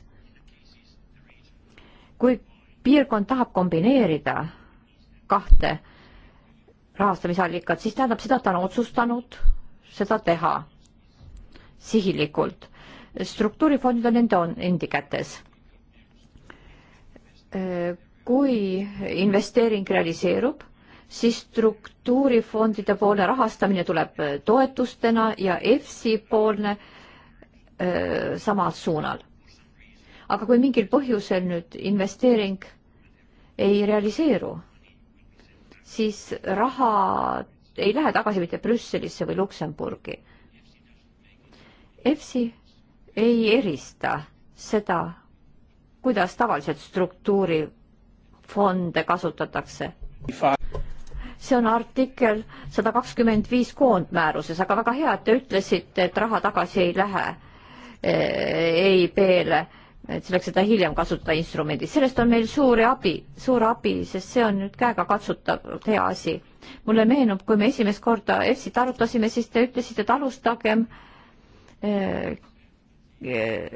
kui piirkond tahab kombineerida kahte rahastamisallikat, siis tähendab seda, et ta on otsustanud seda teha sihilikult. struktuurifondid on nende endi kätes kui investeering realiseerub, siis struktuurifondide poolne rahastamine tuleb toetustena ja EFSI poolne öö, samal suunal. aga kui mingil põhjusel nüüd investeering ei realiseeru, siis raha ei lähe tagasi mitte Brüsselisse või Luksemburgi. EFSI ei erista seda kuidas tavaliselt struktuurifonde kasutatakse? see on artikkel sada kakskümmend viis koondmääruses, aga väga hea, et te ütlesite, et raha tagasi ei lähe EIB-le, eh, e et selleks seda hiljem kasutada instrumendis. sellest on meil suuri abi, suur abi, sest see on nüüd käegakatsutav hea asi. mulle meenub, kui me esimest korda EFSit arutasime, siis te ütlesite, et alustagem eh, eh,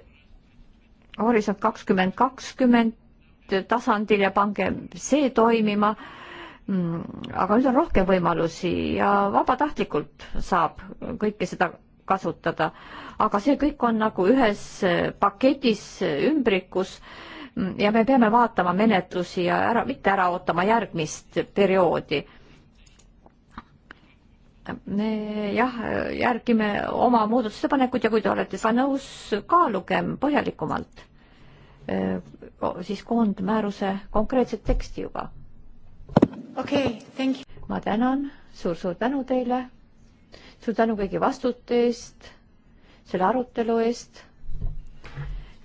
Horisont kakskümmend kakskümmend tasandil ja pange see toimima. Mm, aga nüüd on rohkem võimalusi ja vabatahtlikult saab kõike seda kasutada, aga see kõik on nagu ühes paketis ümbrikus ja me peame vaatama menetlusi ja ära, mitte ära ootama järgmist perioodi me jah, järgime oma muudatusettepanekut ja kui te olete sa nõus, kaalugem põhjalikumalt siis koondmääruse konkreetset teksti juba. okei okay,, thank you. ma tänan suur,, suur-suur tänu teile. suur tänu kõigi vastute eest, selle arutelu eest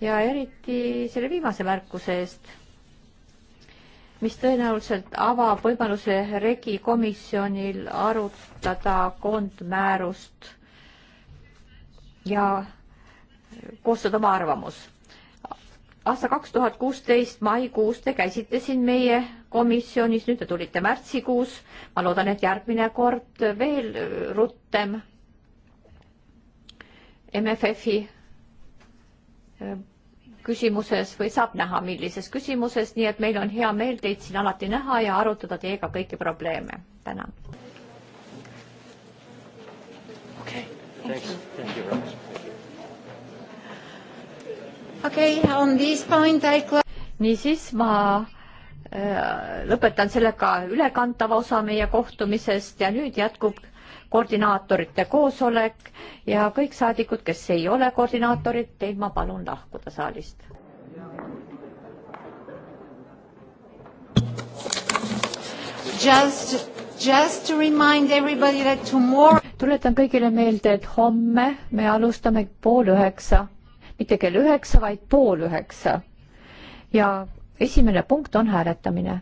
ja eriti selle viimase märkuse eest mis tõenäoliselt avab võimaluse regi komisjonil arutada koondmäärust ja koostada oma arvamus. aasta kaks tuhat kuusteist maikuus te käisite siin meie komisjonis, nüüd te tulite märtsikuus. ma loodan, et järgmine kord veel rutem MFF-i küsimuses või saab näha, millises küsimuses, nii et meil on hea meel teid siin alati näha ja arutada teiega kõiki probleeme. tänan. okei okay,, on this point I niisiis ma äh, lõpetan sellega ülekantava osa meie kohtumisest ja nüüd jätkub koordinaatorite koosolek ja kõik saadikud, kes ei ole koordinaatorid, teid ma palun lahkuda saalist. Just, just to remind everybody that tomorrow tuletan kõigile meelde, et homme me alustame pool üheksa, mitte kell üheksa, vaid pool üheksa. ja esimene punkt on hääletamine